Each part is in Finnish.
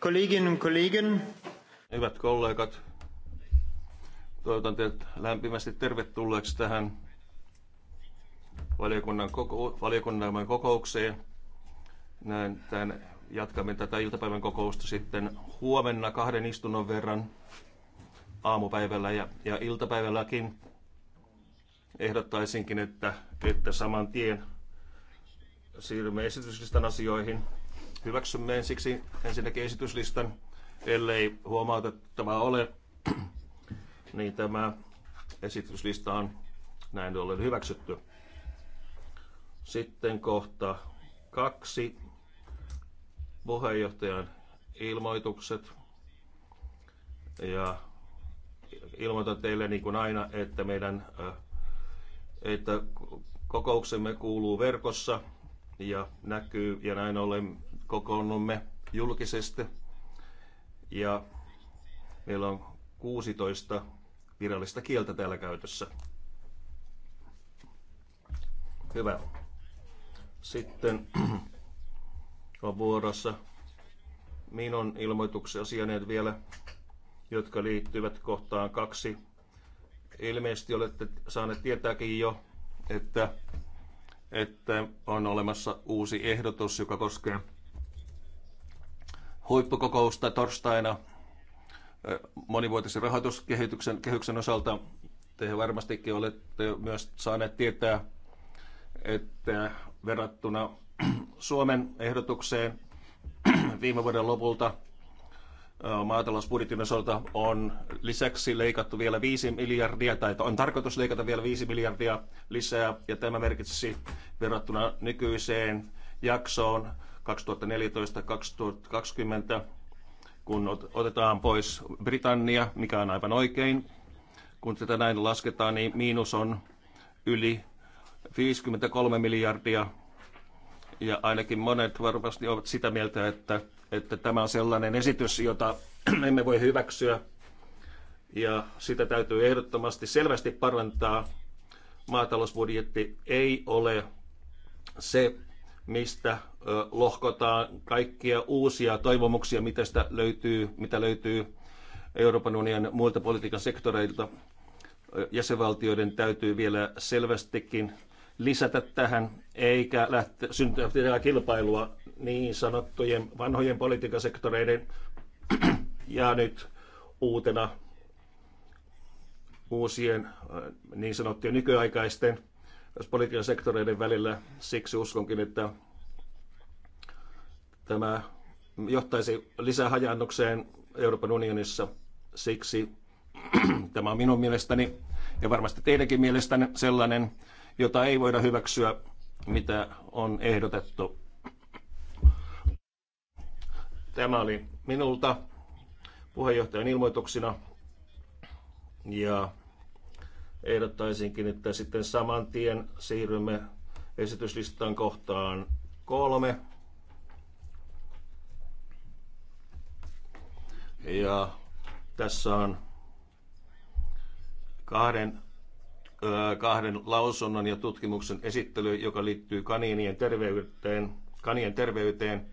Kolleginnen kollegen. Hyvät kollegat, toivotan teidät lämpimästi tervetulleeksi tähän valiokunnan, koko, valiokunnan kokoukseen. Näin, tämän, jatkamme tätä iltapäivän kokousta sitten huomenna kahden istunnon verran aamupäivällä ja, ja iltapäivälläkin. Ehdottaisinkin, että, että saman tien siirrymme esityslistan asioihin. Hyväksymme ensiksi ensinnäkin esityslistan, ellei huomautettavaa ole, niin tämä esityslista on näin ollen hyväksytty. Sitten kohta kaksi, puheenjohtajan ilmoitukset. Ja ilmoitan teille niin kuin aina, että meidän äh, että kokouksemme kuuluu verkossa ja näkyy ja näin ollen kokoonnumme julkisesti ja meillä on 16 virallista kieltä täällä käytössä. Hyvä. Sitten on vuorossa minun ilmoituksia asianeet vielä, jotka liittyvät kohtaan kaksi. Ilmeisesti olette saaneet tietääkin jo, että, että on olemassa uusi ehdotus, joka koskee huippukokousta torstaina monivuotisen rahoituskehityksen kehyksen osalta. Te varmastikin olette myös saaneet tietää, että verrattuna Suomen ehdotukseen viime vuoden lopulta maatalousbudjetin osalta on lisäksi leikattu vielä 5 miljardia, tai on tarkoitus leikata vielä 5 miljardia lisää, ja tämä merkitsisi verrattuna nykyiseen jaksoon 2014-2020, kun otetaan pois Britannia, mikä on aivan oikein. Kun sitä näin lasketaan, niin miinus on yli 53 miljardia. Ja ainakin monet varmasti ovat sitä mieltä, että, että tämä on sellainen esitys, jota emme voi hyväksyä. Ja sitä täytyy ehdottomasti selvästi parantaa. Maatalousbudjetti ei ole se mistä lohkotaan kaikkia uusia toivomuksia, mitä, sitä löytyy, mitä löytyy Euroopan unionin muilta politiikan sektoreilta. Jäsenvaltioiden täytyy vielä selvästikin lisätä tähän, eikä lähteä syntyä kilpailua niin sanottujen vanhojen politiikan sektoreiden ja nyt uutena uusien niin sanottujen nykyaikaisten myös politiikan sektoreiden välillä. Siksi uskonkin, että tämä johtaisi lisähajannukseen Euroopan unionissa. Siksi tämä on minun mielestäni ja varmasti teidänkin mielestäni sellainen, jota ei voida hyväksyä, mitä on ehdotettu. Tämä oli minulta puheenjohtajan ilmoituksina ja ehdottaisinkin, että sitten saman tien siirrymme esityslistan kohtaan kolme. Ja tässä on kahden, kahden lausunnon ja tutkimuksen esittely, joka liittyy kaniinien terveyteen, kanien terveyteen,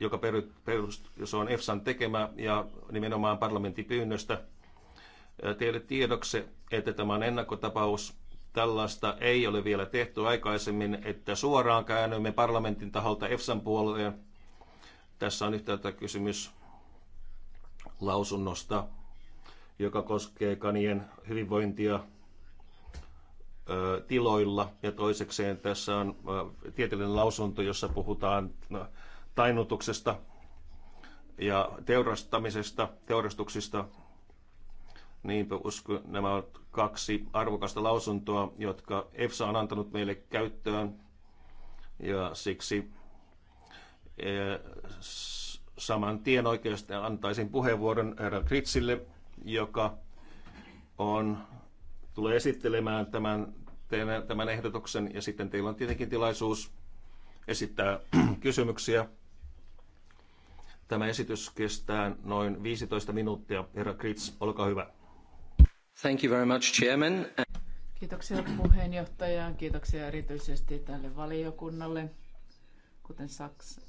joka perustuu, se on EFSAn tekemä ja nimenomaan parlamentin pyynnöstä. Teille tiedoksi että tämä on ennakkotapaus. Tällaista ei ole vielä tehty aikaisemmin, että suoraan käännymme parlamentin taholta EFSAn puoleen. Tässä on yhtäältä kysymys lausunnosta, joka koskee kanien hyvinvointia tiloilla. Ja toisekseen tässä on tieteellinen lausunto, jossa puhutaan no, tainnutuksesta ja teurastamisesta, teurastuksista – Niinpä usko, nämä ovat kaksi arvokasta lausuntoa, jotka EFSA on antanut meille käyttöön. Ja siksi e, saman tien oikeastaan antaisin puheenvuoron herra Kritsille, joka on, tulee esittelemään tämän, tämän ehdotuksen ja sitten teillä on tietenkin tilaisuus esittää kysymyksiä. Tämä esitys kestää noin 15 minuuttia. Herra Krits, olkaa hyvä. Thank you very much, Chairman. Kiitoksia puheenjohtajaan, kiitoksia erityisesti tälle valiokunnalle. Kuten, Saks,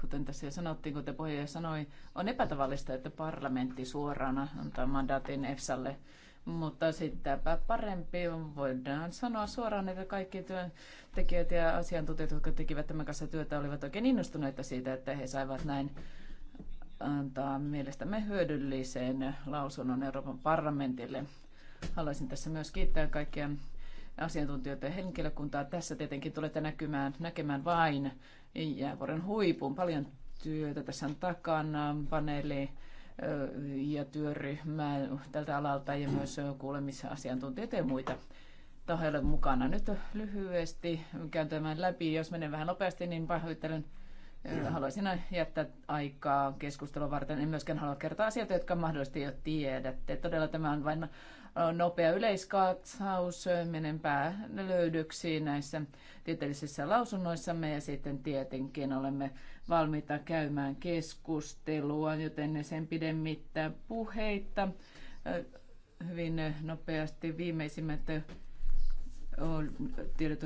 kuten tässä jo sanottiin, kuten puheenjohtaja sanoi, on epätavallista, että parlamentti suorana antaa mandaatin EFSAlle mutta sitäpä parempi on, voidaan sanoa suoraan, että kaikki työntekijät ja asiantuntijat, jotka tekivät tämän kanssa työtä, olivat oikein innostuneita siitä, että he saivat näin antaa mielestämme hyödyllisen lausunnon Euroopan parlamentille. Haluaisin tässä myös kiittää kaikkia asiantuntijoita ja henkilökuntaa. Tässä tietenkin tulette näkymään, näkemään vain jäävuoren huipun. Paljon työtä tässä on takana, paneeli ja työryhmä tältä alalta ja myös kuulemisasiantuntijoita ja muita tahoille mukana. Nyt lyhyesti käyn tämän läpi. Jos menen vähän nopeasti, niin pahoittelen Haluaisin jättää aikaa keskustelua varten. En myöskään halua kertoa asioita, jotka mahdollisesti jo tiedätte. Todella tämä on vain nopea yleiskatsaus. Menen päälöydyksiin näissä tieteellisissä lausunnoissamme ja sitten tietenkin olemme valmiita käymään keskustelua, joten sen pidemmittä puheita. Hyvin nopeasti viimeisimmät tiedot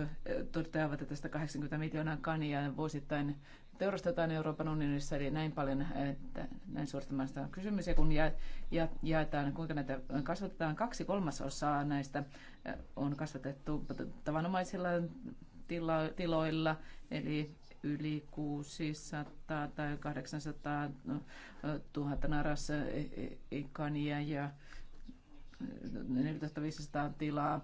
toteavat, että tästä 80 miljoonaa kania vuosittain teurastetaan Euroopan unionissa, eli näin paljon, että näin suurta maista on kysymys. Ja kun ja, ja, jaetaan, kuinka näitä kasvatetaan, kaksi kolmasosaa näistä eh, on kasvatettu tavanomaisilla tila, tiloilla, eli yli 600 tai 800 000 no, naras eh, eh, ikania ja 4500 tilaa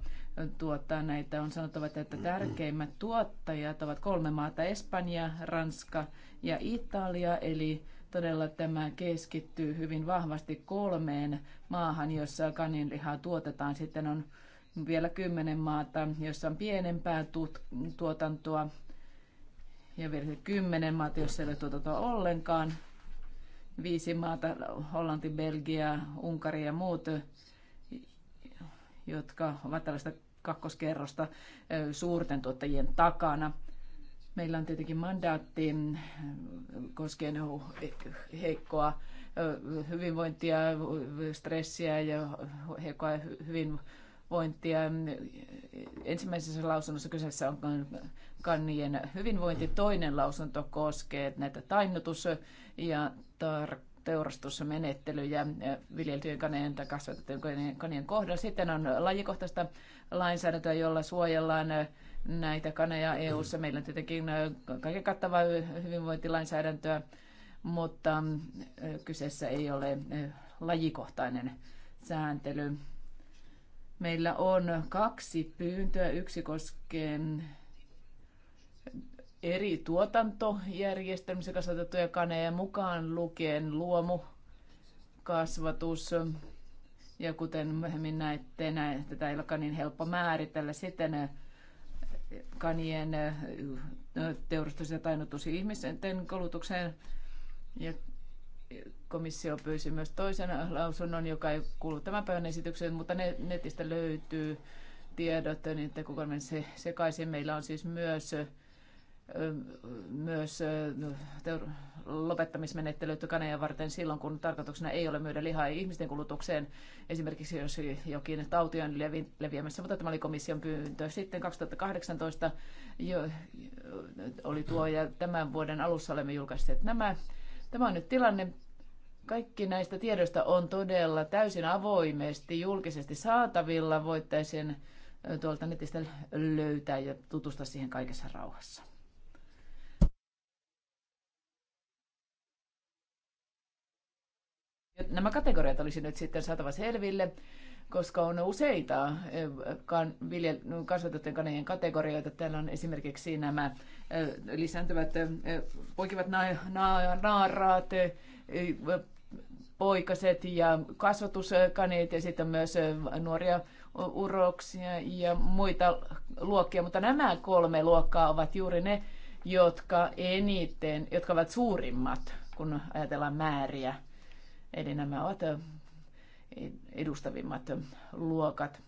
tuottaa näitä. On sanottava, että tärkeimmät tuottajat ovat kolme maata, Espanja, Ranska ja Italia, eli todella tämä keskittyy hyvin vahvasti kolmeen maahan, jossa kaninlihaa tuotetaan. Sitten on vielä kymmenen maata, jossa on pienempää tuotantoa ja vielä kymmenen maata, jossa ei ole tuotantoa ollenkaan. Viisi maata, Hollanti, Belgia, Unkari ja muut jotka ovat tällaista kakkoskerrosta suurten tuottajien takana. Meillä on tietenkin mandaatti koskien heikkoa hyvinvointia, stressiä ja heikkoa hyvinvointia. Ensimmäisessä lausunnossa kyseessä on kannien hyvinvointi. Toinen lausunto koskee näitä tainnutus- ja tar- teurastusmenettelyjä viljeltyjen kaneen tai kasvatettujen kanien kohdalla. Sitten on lajikohtaista lainsäädäntöä, jolla suojellaan näitä kaneja EU-ssa. Meillä on tietenkin kaiken kattavaa hyvinvointilainsäädäntöä, mutta kyseessä ei ole lajikohtainen sääntely. Meillä on kaksi pyyntöä. Yksi koskee eri tuotantojärjestelmissä kasvatettuja kaneja mukaan lukien luomu, kasvatus. Ja kuten myöhemmin näette, näin, tätä ei olekaan niin helppo määritellä. Sitten äh, kanien äh, teurastus ja tainnutus ihmisten kulutukseen. Ja komissio pyysi myös toisen lausunnon, joka ei kuulu tämän päivän esitykseen, mutta netistä löytyy tiedot, niin että kukaan se sekaisin. Meillä on siis myös myös lopettamismenettelyt kaneja varten silloin, kun tarkoituksena ei ole myydä lihaa ihmisten kulutukseen, esimerkiksi jos jokin tauti on leviämässä, mutta tämä oli komission pyyntö. Sitten 2018 jo, oli tuo ja tämän vuoden alussa olemme julkaisseet nämä. Tämä on nyt tilanne. Kaikki näistä tiedoista on todella täysin avoimesti julkisesti saatavilla. Voittaisin tuolta netistä löytää ja tutustua siihen kaikessa rauhassa. Nämä kategoriat olisi nyt sitten saatava selville, koska on useita eh, kasvatettujen kanajien kategorioita. Täällä on esimerkiksi nämä eh, lisääntyvät eh, poikivat naaraat, poikaset ja kasvatuskaneet ja sitten myös nuoria uroksia ja muita luokkia. Mutta nämä kolme luokkaa ovat juuri ne, jotka eniten, jotka ovat suurimmat, kun ajatellaan määriä. Eli nämä ovat edustavimmat luokat.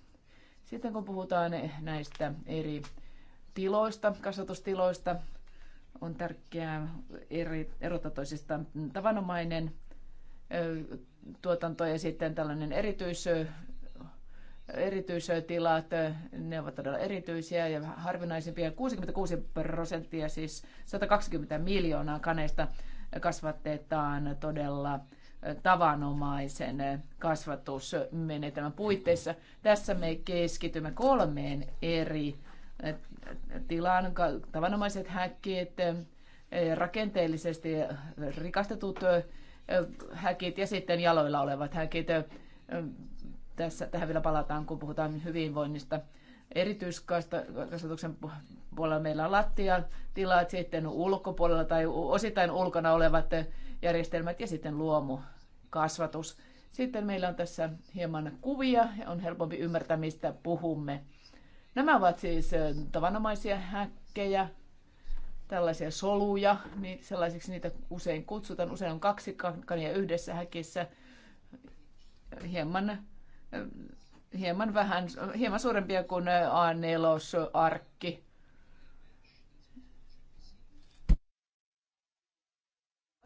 Sitten kun puhutaan näistä eri tiloista, kasvatustiloista, on tärkeää eri, erottaa toisistaan tavanomainen tuotanto ja sitten tällainen erityis, erityistilat, ne ovat todella erityisiä ja harvinaisempia. 66 prosenttia, siis 120 miljoonaa kaneista kasvatetaan todella tavanomaisen kasvatusmenetelmän puitteissa. Tässä me keskitymme kolmeen eri eh, tilaan. Tavanomaiset häkkiet, eh, rakenteellisesti rikastetut eh, häkit ja sitten jaloilla olevat häkit. Tässä, tähän vielä palataan, kun puhutaan hyvinvoinnista. Erityiskasvatuksen puolella meillä on lattiatilat, sitten ulkopuolella tai osittain ulkona olevat järjestelmät ja sitten luomu kasvatus. Sitten meillä on tässä hieman kuvia ja on helpompi ymmärtää, mistä puhumme. Nämä ovat siis tavanomaisia häkkejä, tällaisia soluja, niin sellaisiksi niitä usein kutsutaan. Usein on kaksi kania yhdessä häkissä, hieman, hieman, vähän, hieman suurempia kuin A4-arkki.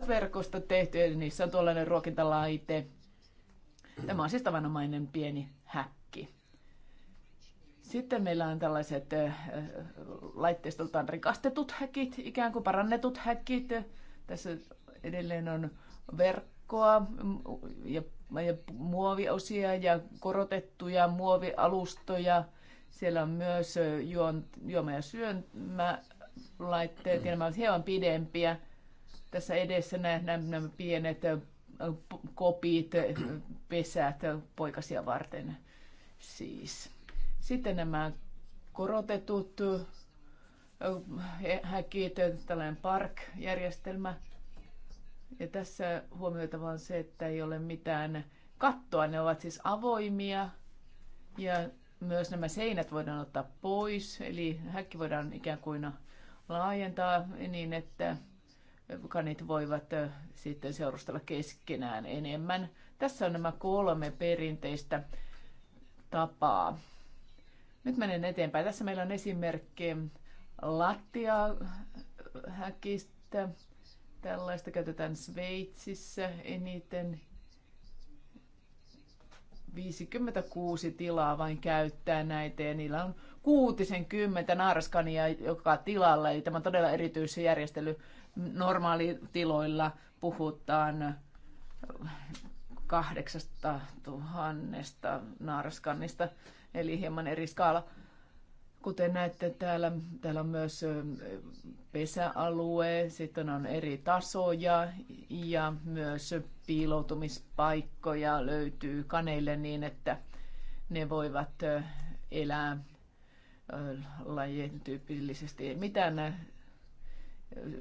verkosta tehty, eli niissä on tuollainen ruokintalaite. Tämä on siis tavanomainen pieni häkki. Sitten meillä on tällaiset laitteistoltaan rikastetut häkit, ikään kuin parannetut häkit. Tässä edelleen on verkkoa ja, ja muoviosia ja korotettuja muovialustoja. Siellä on myös juon, juoma- ja syömälaitteet, ja nämä ovat hieman pidempiä. Tässä edessä nämä, nämä pienet kopit, pesät poikasia varten siis. Sitten nämä korotetut häkit, tällainen park-järjestelmä. Ja tässä huomioitava on se, että ei ole mitään kattoa, ne ovat siis avoimia ja myös nämä seinät voidaan ottaa pois, eli häkki voidaan ikään kuin laajentaa niin, että kanit voivat sitten seurustella keskenään enemmän. Tässä on nämä kolme perinteistä tapaa. Nyt menen eteenpäin. Tässä meillä on esimerkki lattiahäkistä. Tällaista käytetään Sveitsissä eniten. 56 tilaa vain käyttää näitä ja niillä on kuutisen kymmentä naaraskania joka tilalla. Eli tämä on todella erityisjärjestely normaalitiloilla puhutaan kahdeksasta tuhannesta naaraskannista, eli hieman eri skaala. Kuten näette, täällä, täällä on myös pesäalue, sitten on eri tasoja ja myös piiloutumispaikkoja löytyy kaneille niin, että ne voivat elää lajityypillisesti. Mitään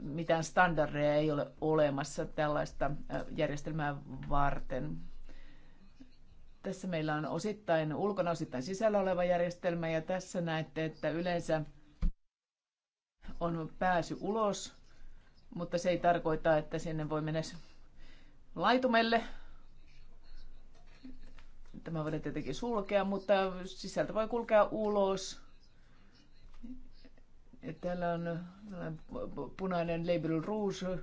mitään standardeja ei ole olemassa tällaista äh, järjestelmää varten. Tässä meillä on osittain ulkona, osittain sisällä oleva järjestelmä ja tässä näette, että yleensä on pääsy ulos, mutta se ei tarkoita, että sinne voi mennä laitumelle. Tämä voidaan tietenkin sulkea, mutta sisältä voi kulkea ulos Täällä on punainen label rouge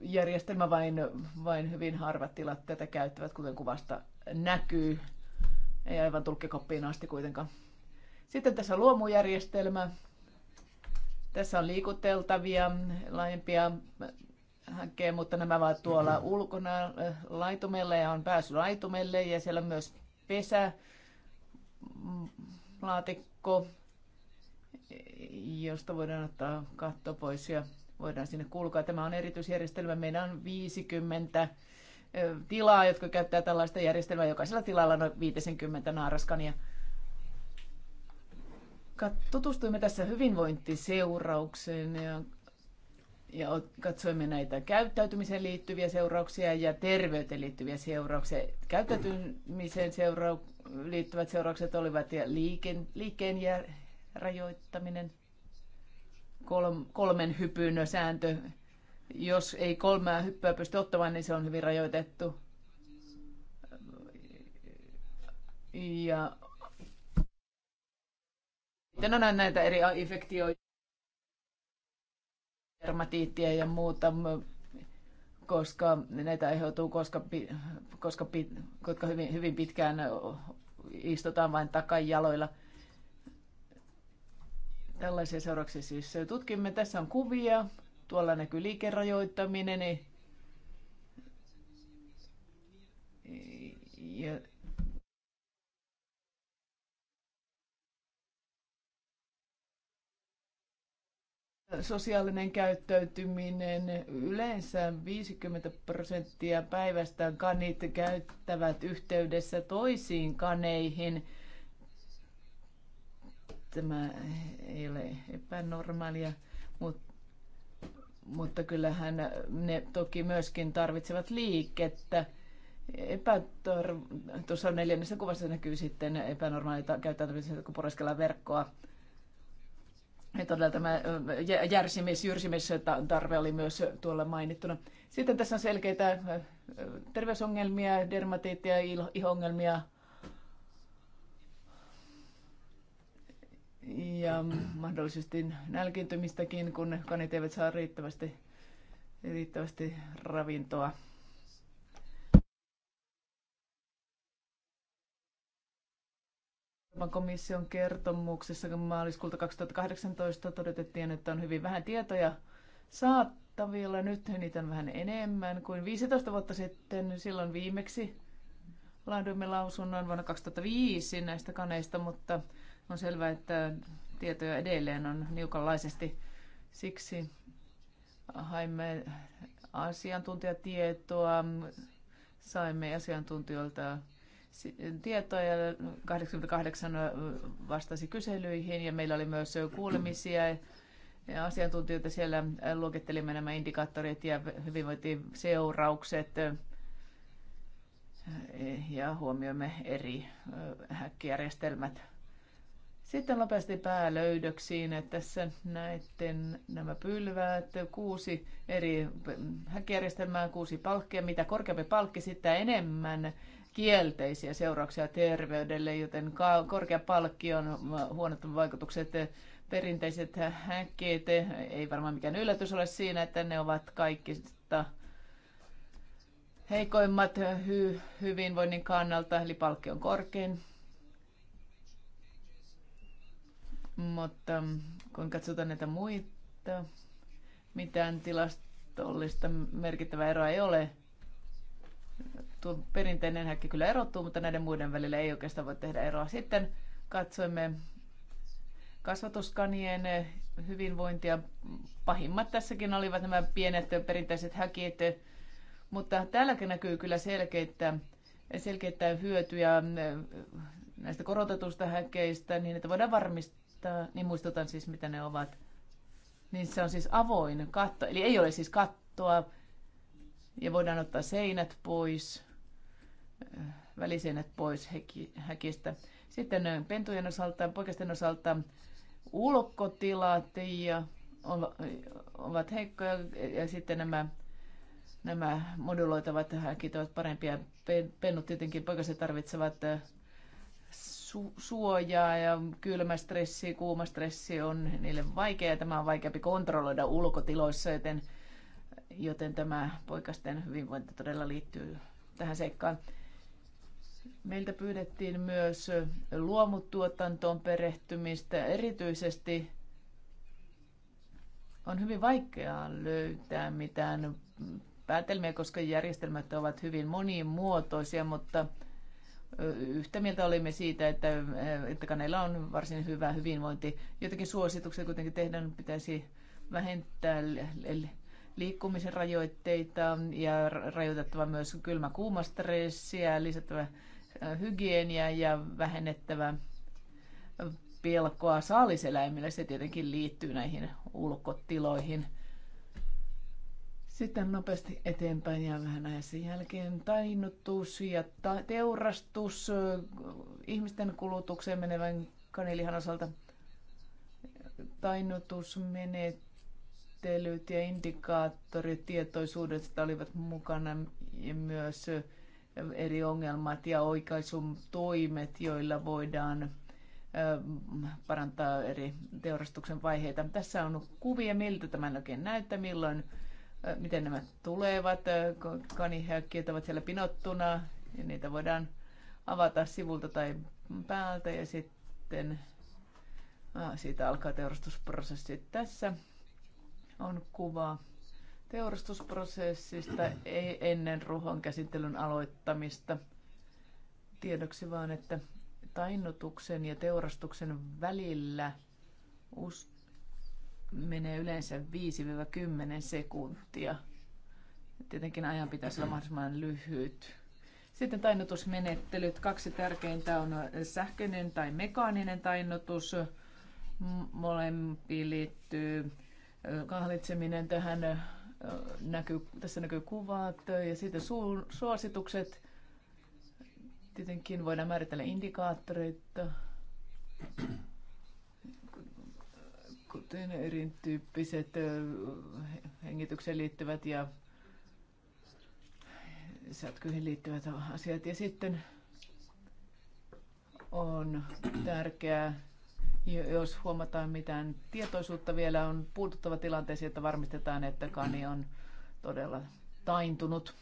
järjestelmä, vain, vain hyvin harvat tilat tätä käyttävät, kuten kuvasta näkyy. Ei aivan tulkkikoppiin asti kuitenkaan. Sitten tässä on luomujärjestelmä. Tässä on liikuteltavia, laajempia hankkeja, mutta nämä ovat tuolla ulkona laitumelle ja on pääsy laitumelle ja siellä on myös pesä, laatikko, josta voidaan ottaa katto pois ja voidaan sinne kulkaa. Tämä on erityisjärjestelmä. Meillä on 50 tilaa, jotka käyttää tällaista järjestelmää. Jokaisella tilalla noin 50 naaraskania. Tutustuimme tässä hyvinvointiseuraukseen ja, ja katsoimme näitä käyttäytymiseen liittyviä seurauksia ja terveyteen liittyviä seurauksia. Käyttäytymiseen seura- liittyvät seuraukset olivat ja liiken, liikkeen ja rajoittaminen – kolmen hypyn sääntö. Jos ei kolmea hyppyä pysty ottamaan, niin se on hyvin rajoitettu. Ja sitten on näitä eri infektioita, dermatiittia ja muuta, koska näitä aiheutuu, koska, koska, koska hyvin, hyvin pitkään istutaan vain takajaloilla – Tällaisia seurauksia siis tutkimme. Tässä on kuvia. Tuolla näkyy liikerajoittaminen. Ja sosiaalinen käyttäytyminen. Yleensä 50 prosenttia päivästään kanit käyttävät yhteydessä toisiin kaneihin. Tämä ei ole epänormaalia, mutta mutta kyllähän ne toki myöskin tarvitsevat liikettä. Epätor... Tuossa neljännessä kuvassa näkyy sitten epänormaalita käyttäytymistä, kun poreskellaan verkkoa. Ja todella tämä järsimis, jyrsimis tarve oli myös tuolla mainittuna. Sitten tässä on selkeitä terveysongelmia, dermatiittia, ihongelmia, ja mahdollisesti nälkiintymistäkin, kun kanit eivät saa riittävästi, riittävästi ravintoa. komission kertomuksessa maaliskuulta 2018 todetettiin, että on hyvin vähän tietoja Saattavilla Nyt niitä on vähän enemmän kuin 15 vuotta sitten. Silloin viimeksi laaduimme lausunnon vuonna 2005 näistä kaneista, mutta on selvää, että tietoja edelleen on niukanlaisesti. Siksi haimme asiantuntijatietoa, saimme asiantuntijoilta tietoa ja 88 vastasi kyselyihin ja meillä oli myös kuulemisia ja asiantuntijoita siellä luokittelimme nämä indikaattorit ja hyvinvointiseuraukset ja huomioimme eri häkkijärjestelmät. Sitten nopeasti päälöydöksiin. Tässä näette nämä pylväät, kuusi eri häkijärjestelmää, kuusi palkkia. Mitä korkeampi palkki, sitä enemmän kielteisiä seurauksia terveydelle, joten korkea palkki on huonot vaikutukset perinteiset häkkeet. Ei varmaan mikään yllätys ole siinä, että ne ovat kaikista heikoimmat hy- hyvinvoinnin kannalta, eli palkki on korkein. Mutta kun katsotaan näitä muita, mitään tilastollista merkittävää eroa ei ole. Tuo perinteinen häkki kyllä erottuu, mutta näiden muiden välillä ei oikeastaan voi tehdä eroa. Sitten katsoimme kasvatuskanien hyvinvointia. Pahimmat tässäkin olivat nämä pienet perinteiset häkit, mutta täälläkin näkyy kyllä selkeitä, selkeitä hyötyjä näistä korotetusta häkeistä niin, että voidaan varmistaa, muistaa, niin muistutan siis mitä ne ovat. Niin se on siis avoin katto, eli ei ole siis kattoa ja voidaan ottaa seinät pois, äh, väliseinät pois häkistä. Sitten äh, pentujen osalta, poikasten osalta ulkotilat ja äh, ovat heikkoja ja sitten nämä nämä moduloitavat häkit ovat parempia. Pennut tietenkin poikaset tarvitsevat su- suojaa ja kylmä stressi, kuuma stressi on niille vaikea. Tämä on vaikeampi kontrolloida ulkotiloissa, joten, joten tämä poikasten hyvinvointi todella liittyy tähän seikkaan. Meiltä pyydettiin myös luomutuotantoon perehtymistä. Erityisesti on hyvin vaikeaa löytää mitään päätelmiä, koska järjestelmät ovat hyvin monimuotoisia, mutta – yhtä mieltä olimme siitä, että, että kaneilla on varsin hyvä hyvinvointi. Jotakin suosituksia kuitenkin tehdään, pitäisi vähentää liikkumisen rajoitteita ja rajoitettava myös kylmä kuuma stressiä, lisättävä hygieniaa ja vähennettävä pelkoa saaliseläimille. Se tietenkin liittyy näihin ulkotiloihin. Sitten nopeasti eteenpäin ja vähän ajan sen jälkeen tainnutus ja ta- teurastus ihmisten kulutukseen menevän kanelihan osalta. Tainnutusmenettelyt ja indikaattorit tietoisuudesta olivat mukana ja myös eri ongelmat ja oikaisun toimet, joilla voidaan parantaa eri teurastuksen vaiheita. Tässä on kuvia, miltä tämä oikein näyttää, milloin miten nämä tulevat. Kanihäkkiöt ovat siellä pinottuna ja niitä voidaan avata sivulta tai päältä ja sitten siitä alkaa teurastusprosessi. Tässä on kuva teurastusprosessista ei ennen ruhon käsittelyn aloittamista. Tiedoksi vaan, että tainnutuksen ja teurastuksen välillä menee yleensä 5-10 sekuntia. Tietenkin ajan pitäisi olla mahdollisimman lyhyt. Sitten tainnutusmenettelyt. Kaksi tärkeintä on sähköinen tai mekaaninen tainnutus. Molempiin liittyy kahlitseminen tähän näkyy, tässä näkyy kuvat ja sitten suositukset. Tietenkin voidaan määritellä indikaattoreita sitten erityyppiset hengitykseen liittyvät ja sätkyihin liittyvät asiat. Ja sitten on tärkeää, jos huomataan mitään tietoisuutta vielä, on puututtava tilanteeseen, että varmistetaan, että kani on todella taintunut.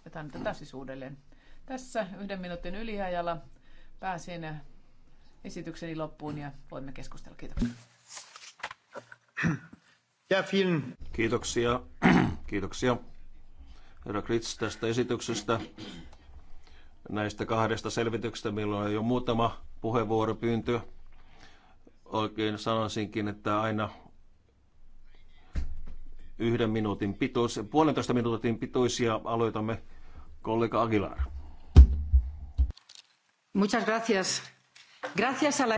Otetaan tätä siis uudelleen. Tässä yhden minuutin yliajalla pääsin esitykseni loppuun ja voimme keskustella. Kiitoksia. Ja film. Kiitoksia. Kiitoksia herra Klits tästä esityksestä. Näistä kahdesta selvityksestä meillä on jo muutama puheenvuoropyyntö. Oikein sanoisinkin, että aina yhden minuutin pituus, puolentoista minuutin pituisia aloitamme kollega Aguilar. Muchas gracias. Gracias a la...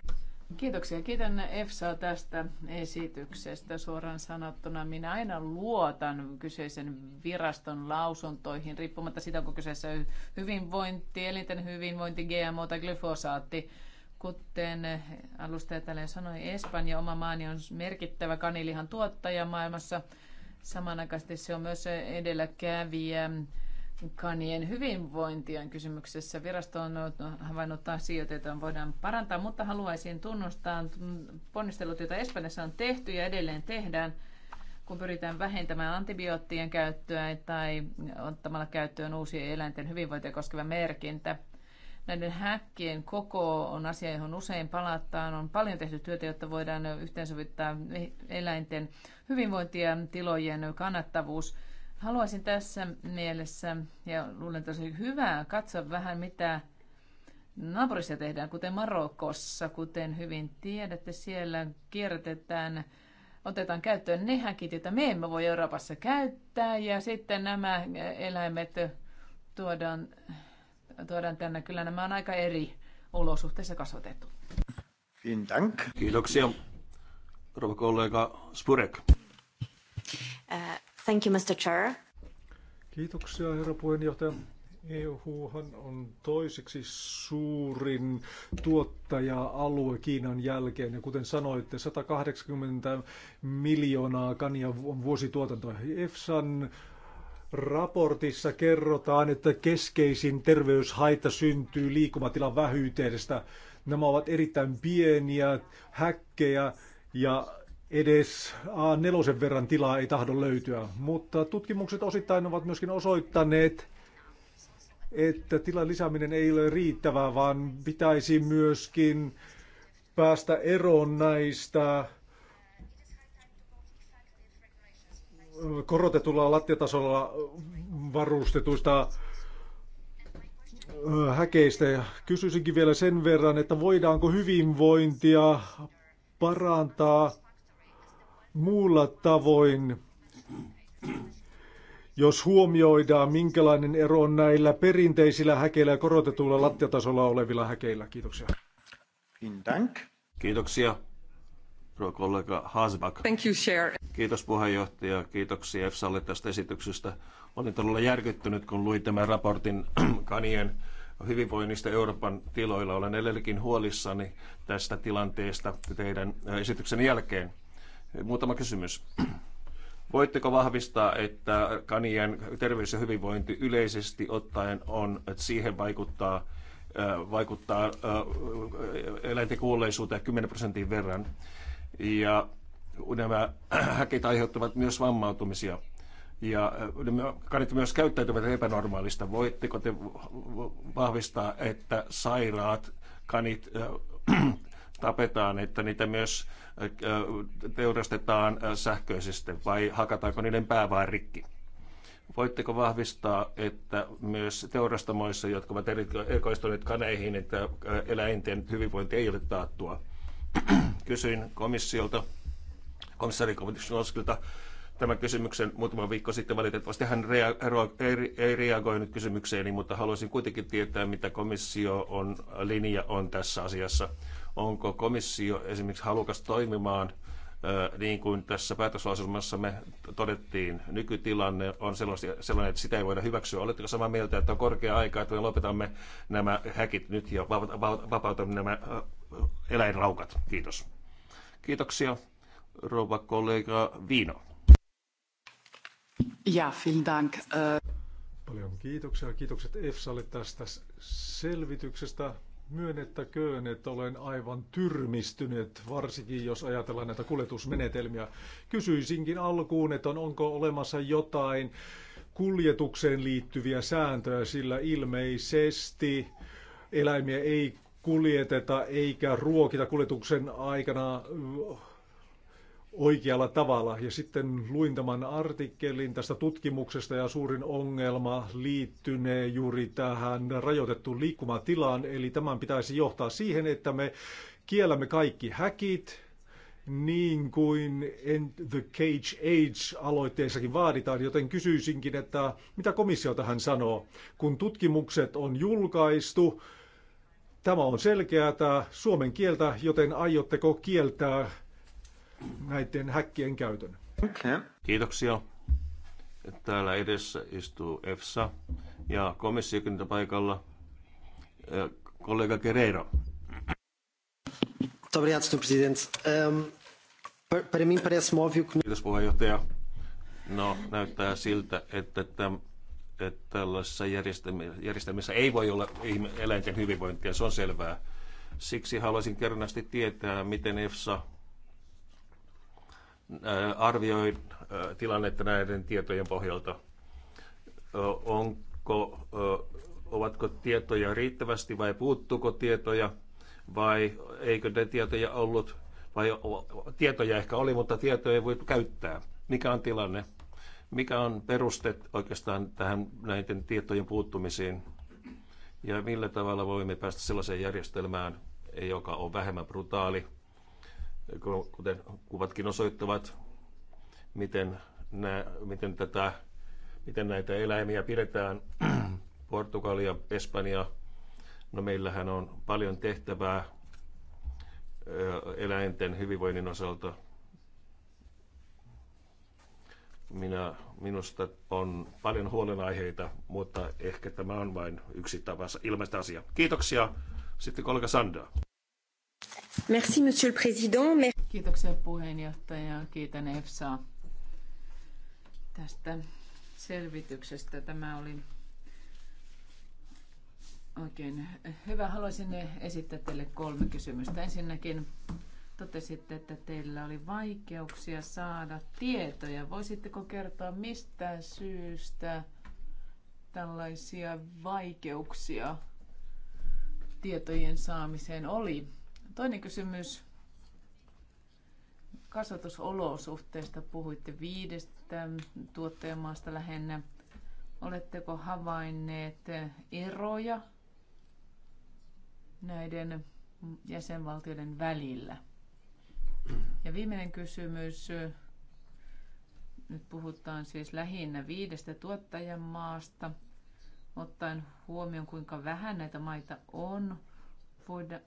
Kiitoksia. Kiitän EFSAa tästä esityksestä. Suoraan sanottuna minä aina luotan kyseisen viraston lausuntoihin, riippumatta siitä, onko kyseessä hyvinvointi, elinten hyvinvointi, GMO tai glyfosaatti. Kuten alustaja tälle sanoi, Espanja, oma maani, on merkittävä kanilihan tuottaja maailmassa. Samanaikaisesti se on myös edelläkävijä kanien hyvinvointi on kysymyksessä. Virasto on havainnut asioita, joita voidaan parantaa, mutta haluaisin tunnustaa ponnistelut, joita Espanjassa on tehty ja edelleen tehdään, kun pyritään vähentämään antibioottien käyttöä tai ottamalla käyttöön uusia eläinten hyvinvointia koskeva merkintä. Näiden häkkien koko on asia, johon usein palataan. On paljon tehty työtä, jotta voidaan yhteensovittaa eläinten hyvinvointia, tilojen kannattavuus – Haluaisin tässä mielessä, ja luulen tosi hyvää, katsoa vähän mitä naapurissa tehdään, kuten Marokossa, kuten hyvin tiedätte, siellä kierrätetään otetaan käyttöön ne häkit, joita me emme voi Euroopassa käyttää, ja sitten nämä eläimet tuodaan, tuodaan tänne. Kyllä nämä on aika eri olosuhteissa kasvatettu. Kiitoksia. Rouva kollega Spurek. Äh, Thank you, Mr. Chair. Kiitoksia, herra puheenjohtaja. EUhan on toiseksi suurin tuottaja-alue Kiinan jälkeen. Ja kuten sanoitte, 180 miljoonaa kania on vuosituotantoa. EFSAn raportissa kerrotaan, että keskeisin terveyshaitta syntyy liikumatilan vähyydestä. Nämä ovat erittäin pieniä häkkejä ja Edes A4 verran tilaa ei tahdo löytyä, mutta tutkimukset osittain ovat myöskin osoittaneet, että tilan lisääminen ei ole riittävää, vaan pitäisi myöskin päästä eroon näistä korotetulla lattiatasolla varustetuista häkeistä. Ja kysyisinkin vielä sen verran, että voidaanko hyvinvointia parantaa muulla tavoin, jos huomioidaan, minkälainen ero on näillä perinteisillä häkeillä ja korotetuilla lattiatasolla olevilla häkeillä? Kiitoksia. Dank. Kiitoksia. Rua kollega Hasbak. Thank you, Chair. Kiitos puheenjohtaja. Kiitoksia EFSAlle tästä esityksestä. Olin todella järkyttynyt, kun luin tämän raportin kanien hyvinvoinnista Euroopan tiloilla. Olen edelleenkin huolissani tästä tilanteesta teidän esityksen jälkeen. Muutama kysymys. Voitteko vahvistaa, että kanien terveys ja hyvinvointi yleisesti ottaen on, että siihen vaikuttaa, vaikuttaa eläinten kuolleisuuteen 10 prosentin verran? Ja nämä häkit aiheuttavat myös vammautumisia. Ja kanit myös käyttäytyvät epänormaalista. Voitteko te vahvistaa, että sairaat kanit tapetaan, että niitä myös äh, teurastetaan äh, sähköisesti vai hakataanko niiden pää vain rikki? Voitteko vahvistaa, että myös teurastamoissa, jotka ovat erikoistuneet kaneihin, että äh, eläinten hyvinvointi ei ole taattua? Kysyin komissiolta, komissari Kovitusnolskilta tämän kysymyksen muutama viikko sitten. Valitettavasti hän rea- ei, ei reagoinut kysymykseeni, mutta haluaisin kuitenkin tietää, mitä komissio on, linja on tässä asiassa onko komissio esimerkiksi halukas toimimaan niin kuin tässä päätöslauselmassa me todettiin, nykytilanne on sellainen, että sitä ei voida hyväksyä. Oletteko samaa mieltä, että on korkea aika, että me lopetamme nämä häkit nyt ja vapautamme nämä eläinraukat? Kiitos. Kiitoksia, rouva kollega Viino. Ja, vielen dank. Paljon kiitoksia. Kiitokset EFSAlle tästä selvityksestä. Myönnettäköön, että olen aivan tyrmistynyt, varsinkin jos ajatellaan näitä kuljetusmenetelmiä. Kysyisinkin alkuun, että on, onko olemassa jotain kuljetukseen liittyviä sääntöjä, sillä ilmeisesti eläimiä ei kuljeteta eikä ruokita kuljetuksen aikana oikealla tavalla. Ja sitten luin tämän artikkelin tästä tutkimuksesta ja suurin ongelma liittynee juuri tähän rajoitettuun liikkumatilaan. Eli tämän pitäisi johtaa siihen, että me kiellämme kaikki häkit, niin kuin End the Cage Age-aloitteessakin vaaditaan, joten kysyisinkin, että mitä komissio tähän sanoo? Kun tutkimukset on julkaistu, tämä on selkeää Suomen kieltä, joten aiotteko kieltää näiden häkkien käytön. Okay. Kiitoksia. Täällä edessä istuu EFSA ja komissiokunta paikalla eh, kollega Guerreiro. para Kiitos puheenjohtaja. No, näyttää siltä, että, että, että tällaisessa järjestelmissä ei voi olla eläinten hyvinvointia, se on selvää. Siksi haluaisin kerrannasti tietää, miten EFSA arvioi tilannetta näiden tietojen pohjalta. Onko, ovatko tietoja riittävästi vai puuttuuko tietoja vai eikö ne tietoja ollut, vai tietoja ehkä oli, mutta tietoja ei voi käyttää. Mikä on tilanne? Mikä on peruste oikeastaan tähän näiden tietojen puuttumisiin? Ja millä tavalla voimme päästä sellaiseen järjestelmään, joka on vähemmän brutaali – kuten kuvatkin osoittavat, miten, nä, miten, tätä, miten näitä eläimiä pidetään. Portugalia, Espanja, no meillähän on paljon tehtävää eläinten hyvinvoinnin osalta. Minä, minusta on paljon huolenaiheita, mutta ehkä tämä on vain yksi tapa ilmaista asia. Kiitoksia. Sitten kollega Sandaa. Merci, monsieur le président. Kiitoksia puheenjohtaja. Kiitän EFSAa tästä selvityksestä. Tämä oli Oikein hyvä. Haluaisin esittää teille kolme kysymystä. Ensinnäkin totesitte, että teillä oli vaikeuksia saada tietoja. Voisitteko kertoa, mistä syystä tällaisia vaikeuksia tietojen saamiseen oli? Toinen kysymys kasvatusolosuhteista puhuitte viidestä tuottajamaasta lähinnä. Oletteko havainneet eroja näiden jäsenvaltioiden välillä? Ja viimeinen kysymys. Nyt puhutaan siis lähinnä viidestä tuottajamaasta. Ottaen huomioon, kuinka vähän näitä maita on, voida,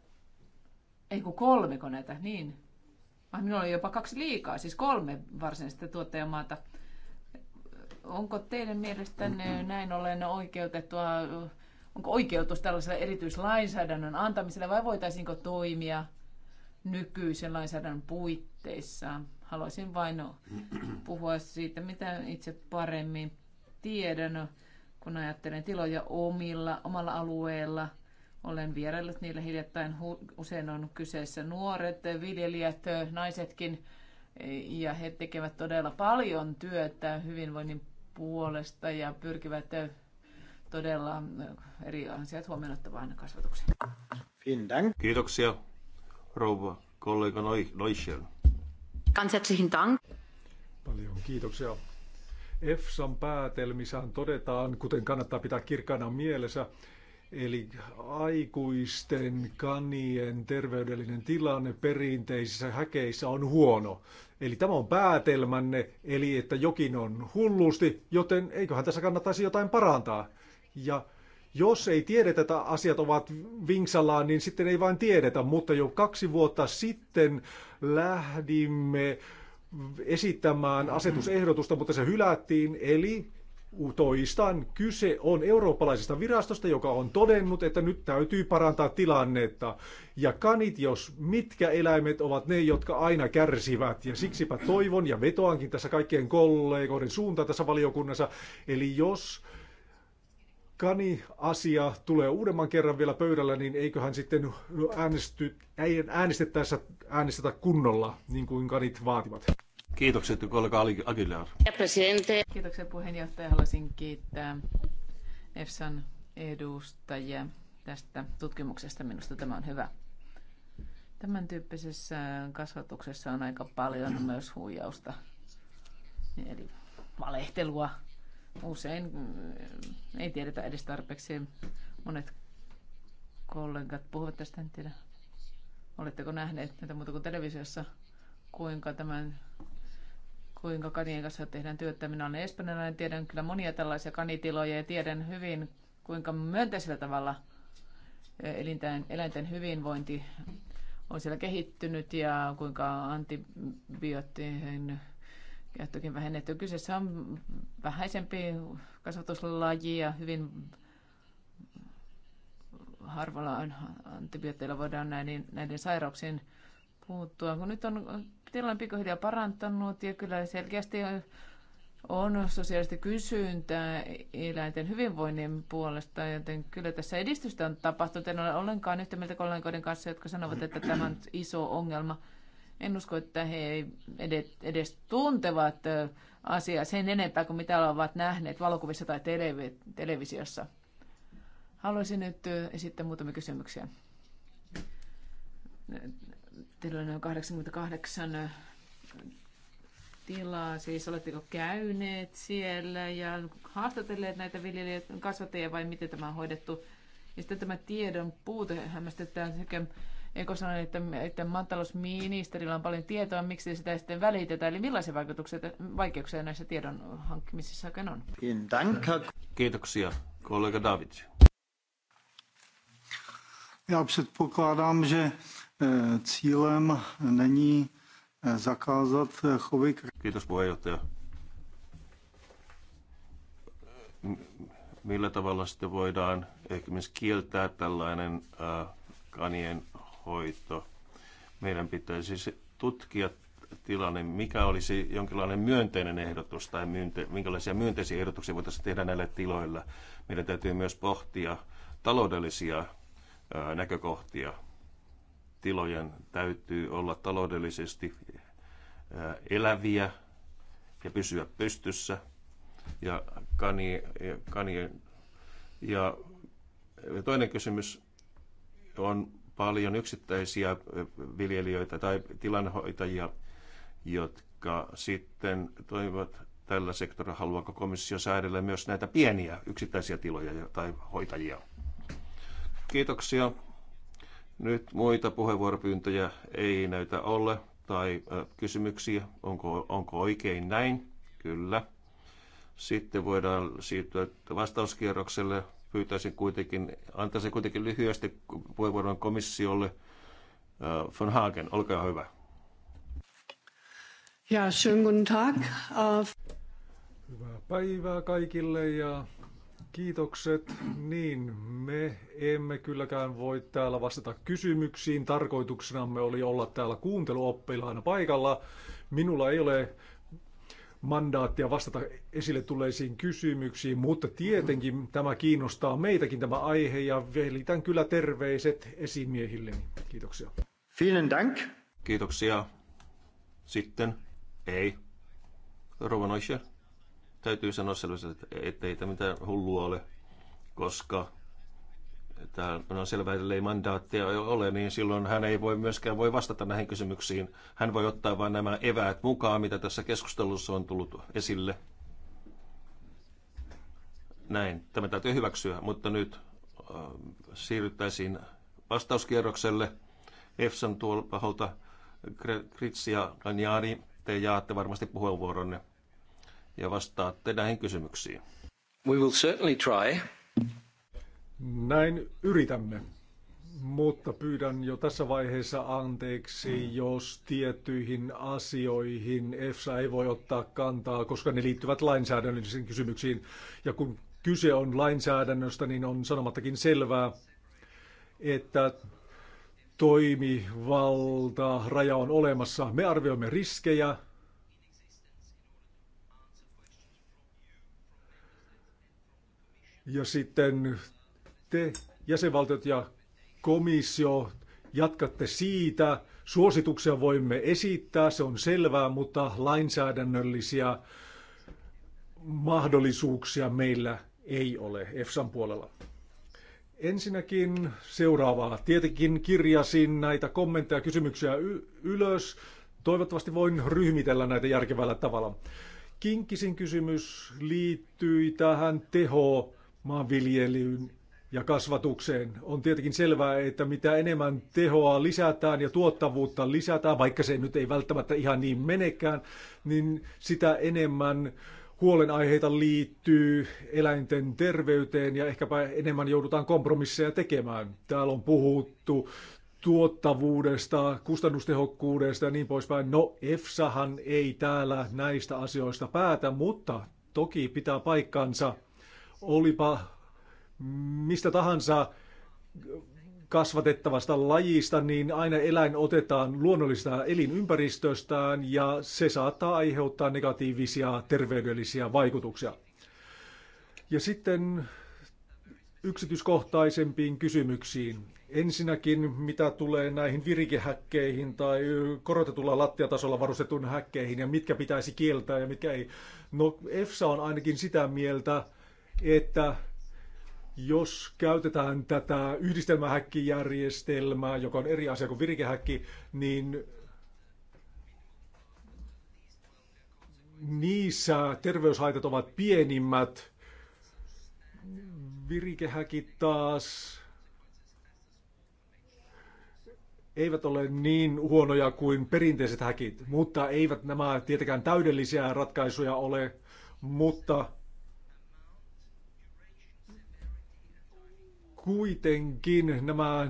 ei kun kolmeko näitä, niin. Ai ah, minulla oli jopa kaksi liikaa, siis kolme varsinaista tuottajamaata. Onko teidän mielestänne näin ollen oikeutettua, onko oikeutus tällaisella erityislainsäädännön antamisella vai voitaisiinko toimia nykyisen lainsäädännön puitteissa? Haluaisin vain puhua siitä, mitä itse paremmin tiedän, kun ajattelen tiloja omilla, omalla alueella – olen vieraillut niillä hiljattain. Usein on kyseessä nuoret viljelijät, naisetkin, ja he tekevät todella paljon työtä hyvinvoinnin puolesta ja pyrkivät todella eri asiat huomioon ottavaan kasvatukseen. Kiitoksia, rouva kollega Neuschel. Ganz herzlichen Dank. Paljon kiitoksia. EFSAn päätelmissähän todetaan, kuten kannattaa pitää kirkkaana mielessä, Eli aikuisten kanien terveydellinen tilanne perinteisissä häkeissä on huono. Eli tämä on päätelmänne, eli että jokin on hullusti, joten eiköhän tässä kannattaisi jotain parantaa. Ja jos ei tiedetä, että asiat ovat vinksallaan, niin sitten ei vain tiedetä, mutta jo kaksi vuotta sitten lähdimme esittämään asetusehdotusta, mutta se hylättiin, eli Toistan, kyse on eurooppalaisesta virastosta, joka on todennut, että nyt täytyy parantaa tilannetta. Ja kanit, jos mitkä eläimet ovat ne, jotka aina kärsivät. Ja siksipä toivon ja vetoankin tässä kaikkien kollegoiden suuntaan tässä valiokunnassa. Eli jos Kani-asia tulee uudemman kerran vielä pöydällä, niin eiköhän sitten äänesty, äännestettäessä äänestetä kunnolla, niin kuin kanit vaativat. Kiitokset kollega Aguilar. Kiitoksia puheenjohtaja. Haluaisin kiittää EFSAn edustajia tästä tutkimuksesta. Minusta tämä on hyvä. Tämän tyyppisessä kasvatuksessa on aika paljon myös huijausta, eli valehtelua. Usein mm, ei tiedetä edes tarpeeksi. Monet kollegat puhuvat tästä, en tiedä. Oletteko nähneet näitä muuta kuin televisiossa, kuinka tämän kuinka kanien kanssa tehdään työtä. Minä olen espanjalainen, tiedän kyllä monia tällaisia kanitiloja ja tiedän hyvin, kuinka myönteisellä tavalla eh, elinten, eläinten hyvinvointi on siellä kehittynyt ja kuinka antibioottien käyttökin vähennetty. Kyseessä on vähäisempi kasvatuslaji ja hyvin harvalla antibiootteilla voidaan näiden, näiden sairauksien puuttua. Kun nyt on tilanne pikkuhiljaa parantanut ja kyllä selkeästi on sosiaalista kysyntää eläinten hyvinvoinnin puolesta, joten kyllä tässä edistystä on tapahtunut. En ole ollenkaan yhtä mieltä kollegoiden kanssa, jotka sanovat, että tämä on iso ongelma. En usko, että he edes tuntevat asiaa sen enempää kuin mitä ovat nähneet valokuvissa tai televisiossa. Haluaisin nyt esittää muutamia kysymyksiä Teillä on 88 tilaa, siis oletteko käyneet siellä ja haastatelleet näitä viljelijöitä, kasvattajia vai miten tämä on hoidettu? Ja sitten tämä tiedon puute hämmästyttää sekä Eko sanoi, että, että maatalousministerillä on paljon tietoa, miksi sitä sitten välitetään? Eli millaisia vaikutuksia, vaikeuksia näissä tiedon hankkimisissa oikein on? Kiitoksia, kollega David. Ja předpokládám, että. Eh, cílem není eh, zakázat eh, chovy... Kiitos puheenjohtaja. Millä tavalla sitten voidaan ehkä myös kieltää tällainen kanien hoito? Meidän pitäisi tutkia tilanne, mikä olisi jonkinlainen myönteinen ehdotus tai myönte, minkälaisia myönteisiä ehdotuksia voitaisiin tehdä näille tiloille. Meidän täytyy myös pohtia taloudellisia näkökohtia tilojen täytyy olla taloudellisesti eläviä ja pysyä pystyssä. Ja, kani, ja, kani, ja toinen kysymys on paljon yksittäisiä viljelijöitä tai tilanhoitajia, jotka sitten toivat tällä sektorilla, haluaako komissio säädellä myös näitä pieniä yksittäisiä tiloja tai hoitajia. Kiitoksia. Nyt muita puheenvuoropyyntöjä ei näytä ole tai kysymyksiä. Onko, onko oikein näin? Kyllä. Sitten voidaan siirtyä vastauskierrokselle. Pyytäisin kuitenkin, antaisin kuitenkin lyhyesti puheenvuoron komissiolle. Von Hagen, olkaa hyvä. Ja, schönen guten Tag. Äh, Hyvää päivää kaikille ja Kiitokset. Niin, me emme kylläkään voi täällä vastata kysymyksiin. Tarkoituksenamme oli olla täällä kuunteluoppilaana paikalla. Minulla ei ole mandaattia vastata esille tulleisiin kysymyksiin, mutta tietenkin tämä kiinnostaa meitäkin tämä aihe ja velitän kyllä terveiset esimiehilleni. Kiitoksia. Vielen dank. Kiitoksia. Sitten ei. Rova täytyy sanoa selvästi, että ei tämä mitään hullua ole, koska tämä on selvää, että ei mandaattia ole, niin silloin hän ei voi myöskään voi vastata näihin kysymyksiin. Hän voi ottaa vain nämä eväät mukaan, mitä tässä keskustelussa on tullut esille. Näin, tämä täytyy hyväksyä, mutta nyt äh, siirryttäisiin vastauskierrokselle. Efsan tuolta Kritsi ja Lanjani, te jaatte varmasti puheenvuoronne ja vastaatte näihin kysymyksiin. We will certainly try. Näin yritämme, mutta pyydän jo tässä vaiheessa anteeksi, jos tiettyihin asioihin EFSA ei voi ottaa kantaa, koska ne liittyvät lainsäädännöllisiin kysymyksiin. Ja kun kyse on lainsäädännöstä, niin on sanomattakin selvää, että toimivalta raja on olemassa. Me arvioimme riskejä, Ja sitten te, jäsenvaltiot ja komissio, jatkatte siitä. Suosituksia voimme esittää, se on selvää, mutta lainsäädännöllisiä mahdollisuuksia meillä ei ole EFSAn puolella. Ensinnäkin seuraavaa. Tietenkin kirjasin näitä kommentteja ja kysymyksiä ylös. Toivottavasti voin ryhmitellä näitä järkevällä tavalla. Kinkkisin kysymys liittyy tähän teho maanviljelyyn ja kasvatukseen. On tietenkin selvää, että mitä enemmän tehoa lisätään ja tuottavuutta lisätään, vaikka se nyt ei välttämättä ihan niin menekään, niin sitä enemmän huolenaiheita liittyy eläinten terveyteen ja ehkäpä enemmän joudutaan kompromisseja tekemään. Täällä on puhuttu tuottavuudesta, kustannustehokkuudesta ja niin poispäin. No, EFSAhan ei täällä näistä asioista päätä, mutta toki pitää paikkansa – olipa mistä tahansa kasvatettavasta lajista, niin aina eläin otetaan luonnollisesta elinympäristöstään ja se saattaa aiheuttaa negatiivisia terveydellisiä vaikutuksia. Ja sitten yksityiskohtaisempiin kysymyksiin. Ensinnäkin, mitä tulee näihin virikehäkkeihin tai korotetulla lattiatasolla varustetun häkkeihin ja mitkä pitäisi kieltää ja mitkä ei. No EFSA on ainakin sitä mieltä, että jos käytetään tätä yhdistelmähäkkijärjestelmää, joka on eri asia kuin virikehäkki, niin niissä terveyshaitat ovat pienimmät. Virikehäkit taas eivät ole niin huonoja kuin perinteiset häkit, mutta eivät nämä tietenkään täydellisiä ratkaisuja ole, mutta kuitenkin nämä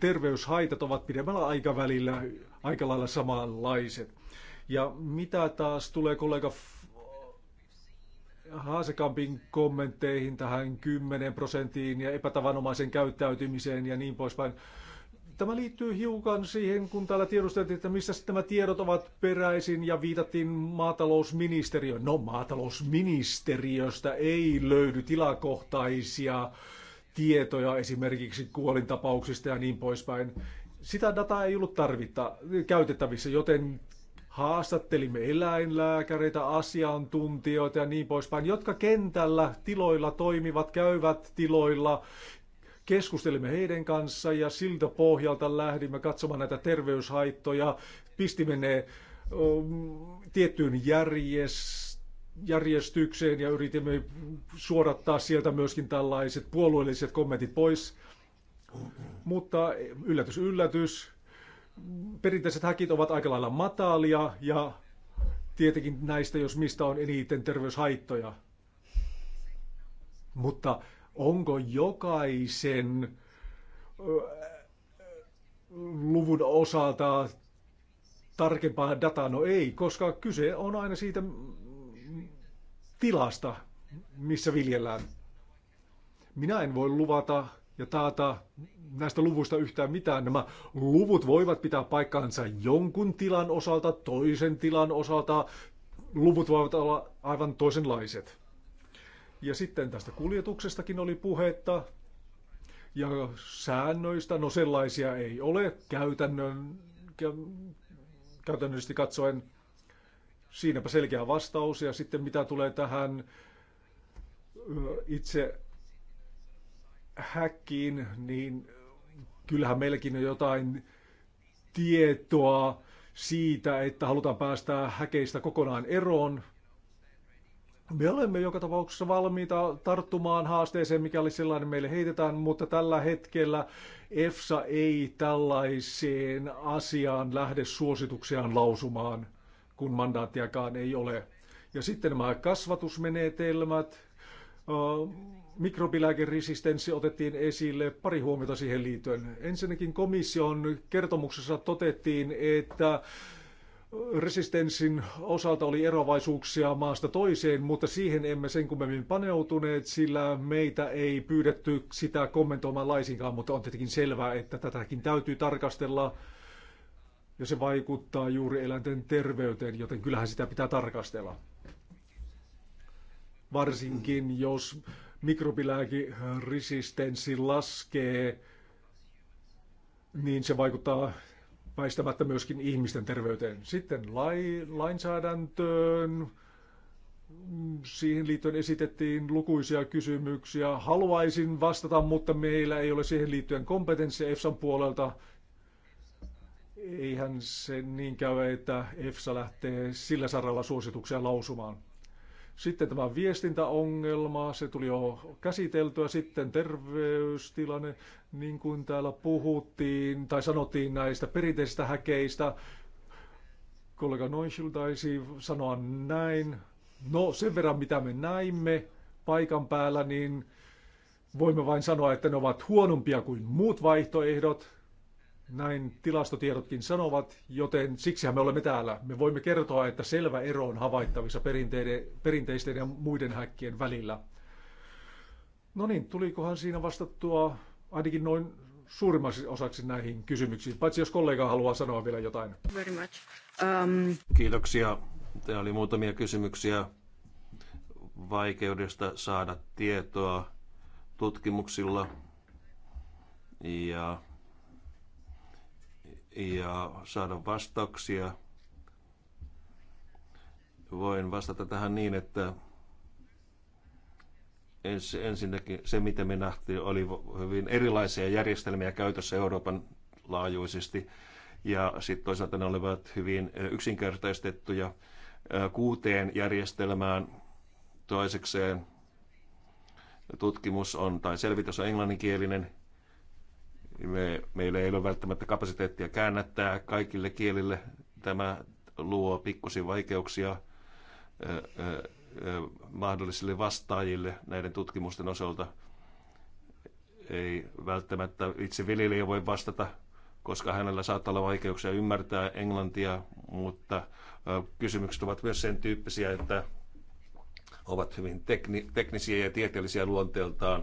terveyshaitat ovat pidemmällä aikavälillä aika lailla samanlaiset. Ja mitä taas tulee kollega Haasekampin kommentteihin tähän 10 prosenttiin ja epätavanomaisen käyttäytymiseen ja niin poispäin. Tämä liittyy hiukan siihen, kun täällä tiedusteltiin, että missä nämä tiedot ovat peräisin ja viitattiin maatalousministeriöön. No maatalousministeriöstä ei löydy tilakohtaisia äh, tietoja esimerkiksi kuolintapauksista ja niin poispäin. Sitä dataa ei ollut tarvitta käytettävissä, joten haastattelimme eläinlääkäreitä, asiantuntijoita ja niin poispäin, jotka kentällä tiloilla toimivat, käyvät tiloilla, keskustelimme heidän kanssa ja siltä pohjalta lähdimme katsomaan näitä terveyshaittoja, pistimme ne um, tiettyyn järjestelmään, järjestykseen ja yritimme suodattaa sieltä myöskin tällaiset puolueelliset kommentit pois. Mutta yllätys, yllätys, perinteiset häkit ovat aika lailla matalia ja tietenkin näistä, jos mistä on eniten terveyshaittoja. Mutta onko jokaisen luvun osalta tarkempaa dataa? No ei, koska kyse on aina siitä, tilasta, missä viljellään. Minä en voi luvata ja taata näistä luvuista yhtään mitään. Nämä luvut voivat pitää paikkaansa jonkun tilan osalta, toisen tilan osalta. Luvut voivat olla aivan toisenlaiset. Ja sitten tästä kuljetuksestakin oli puhetta. Ja säännöistä, no sellaisia ei ole käytännön, käytännöllisesti katsoen. Siinäpä selkeä vastaus. Ja sitten mitä tulee tähän itse häkkiin, niin kyllähän meilläkin on jotain tietoa siitä, että halutaan päästä häkeistä kokonaan eroon. Me olemme joka tapauksessa valmiita tarttumaan haasteeseen, mikäli sellainen meille heitetään, mutta tällä hetkellä EFSA ei tällaiseen asiaan lähde suosituksiaan lausumaan kun mandaattiakaan ei ole. Ja sitten nämä kasvatusmenetelmät, mikrobilääkeresistenssi otettiin esille, pari huomiota siihen liittyen. Ensinnäkin komission kertomuksessa totettiin, että resistenssin osalta oli erovaisuuksia maasta toiseen, mutta siihen emme sen kummemmin paneutuneet, sillä meitä ei pyydetty sitä kommentoimaan laisinkaan, mutta on tietenkin selvää, että tätäkin täytyy tarkastella ja se vaikuttaa juuri eläinten terveyteen, joten kyllähän sitä pitää tarkastella. Varsinkin jos mikrobilääkiresistenssi laskee, niin se vaikuttaa väistämättä myöskin ihmisten terveyteen. Sitten lai, lainsäädäntöön, siihen liittyen esitettiin lukuisia kysymyksiä. Haluaisin vastata, mutta meillä ei ole siihen liittyen kompetenssia EFSAn puolelta eihän se niin käy, että EFSA lähtee sillä saralla suosituksia lausumaan. Sitten tämä viestintäongelma, se tuli jo käsiteltyä. Sitten terveystilanne, niin kuin täällä puhuttiin tai sanottiin näistä perinteisistä häkeistä. Kollega Noisil taisi sanoa näin. No sen verran mitä me näimme paikan päällä, niin voimme vain sanoa, että ne ovat huonompia kuin muut vaihtoehdot. Näin tilastotiedotkin sanovat, joten siksihän me olemme täällä. Me voimme kertoa, että selvä ero on havaittavissa perinteisten ja muiden häkkien välillä. No niin, tulikohan siinä vastattua ainakin noin suurimmaksi osaksi näihin kysymyksiin, paitsi jos kollega haluaa sanoa vielä jotain. Very much. Um... Kiitoksia. Tämä oli muutamia kysymyksiä vaikeudesta saada tietoa tutkimuksilla ja ja saada vastauksia. Voin vastata tähän niin, että ens, ensinnäkin se, mitä me nähtiin, oli hyvin erilaisia järjestelmiä käytössä Euroopan laajuisesti. Ja sitten toisaalta ne olivat hyvin yksinkertaistettuja kuuteen järjestelmään. Toisekseen tutkimus on tai selvitys on englanninkielinen, niin me, meillä ei ole välttämättä kapasiteettia käännättää kaikille kielille. Tämä luo pikkusin vaikeuksia mahdollisille vastaajille näiden tutkimusten osalta. Ei välttämättä itse viljelijä voi vastata, koska hänellä saattaa olla vaikeuksia ymmärtää englantia, mutta kysymykset ovat myös sen tyyppisiä, että ovat hyvin tekni, teknisiä ja tieteellisiä luonteeltaan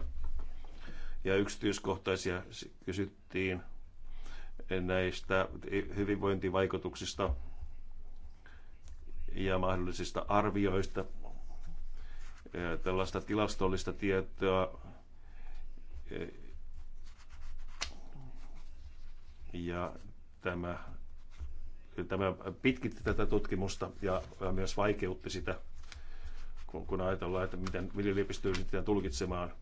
ja yksityiskohtaisia kysyttiin näistä hyvinvointivaikutuksista ja mahdollisista arvioista. Tällaista tilastollista tietoa ja tämä, tämä pitkitti tätä tutkimusta ja myös vaikeutti sitä, kun, kun ajatellaan, että miten viljelijä pystyy sitä tulkitsemaan –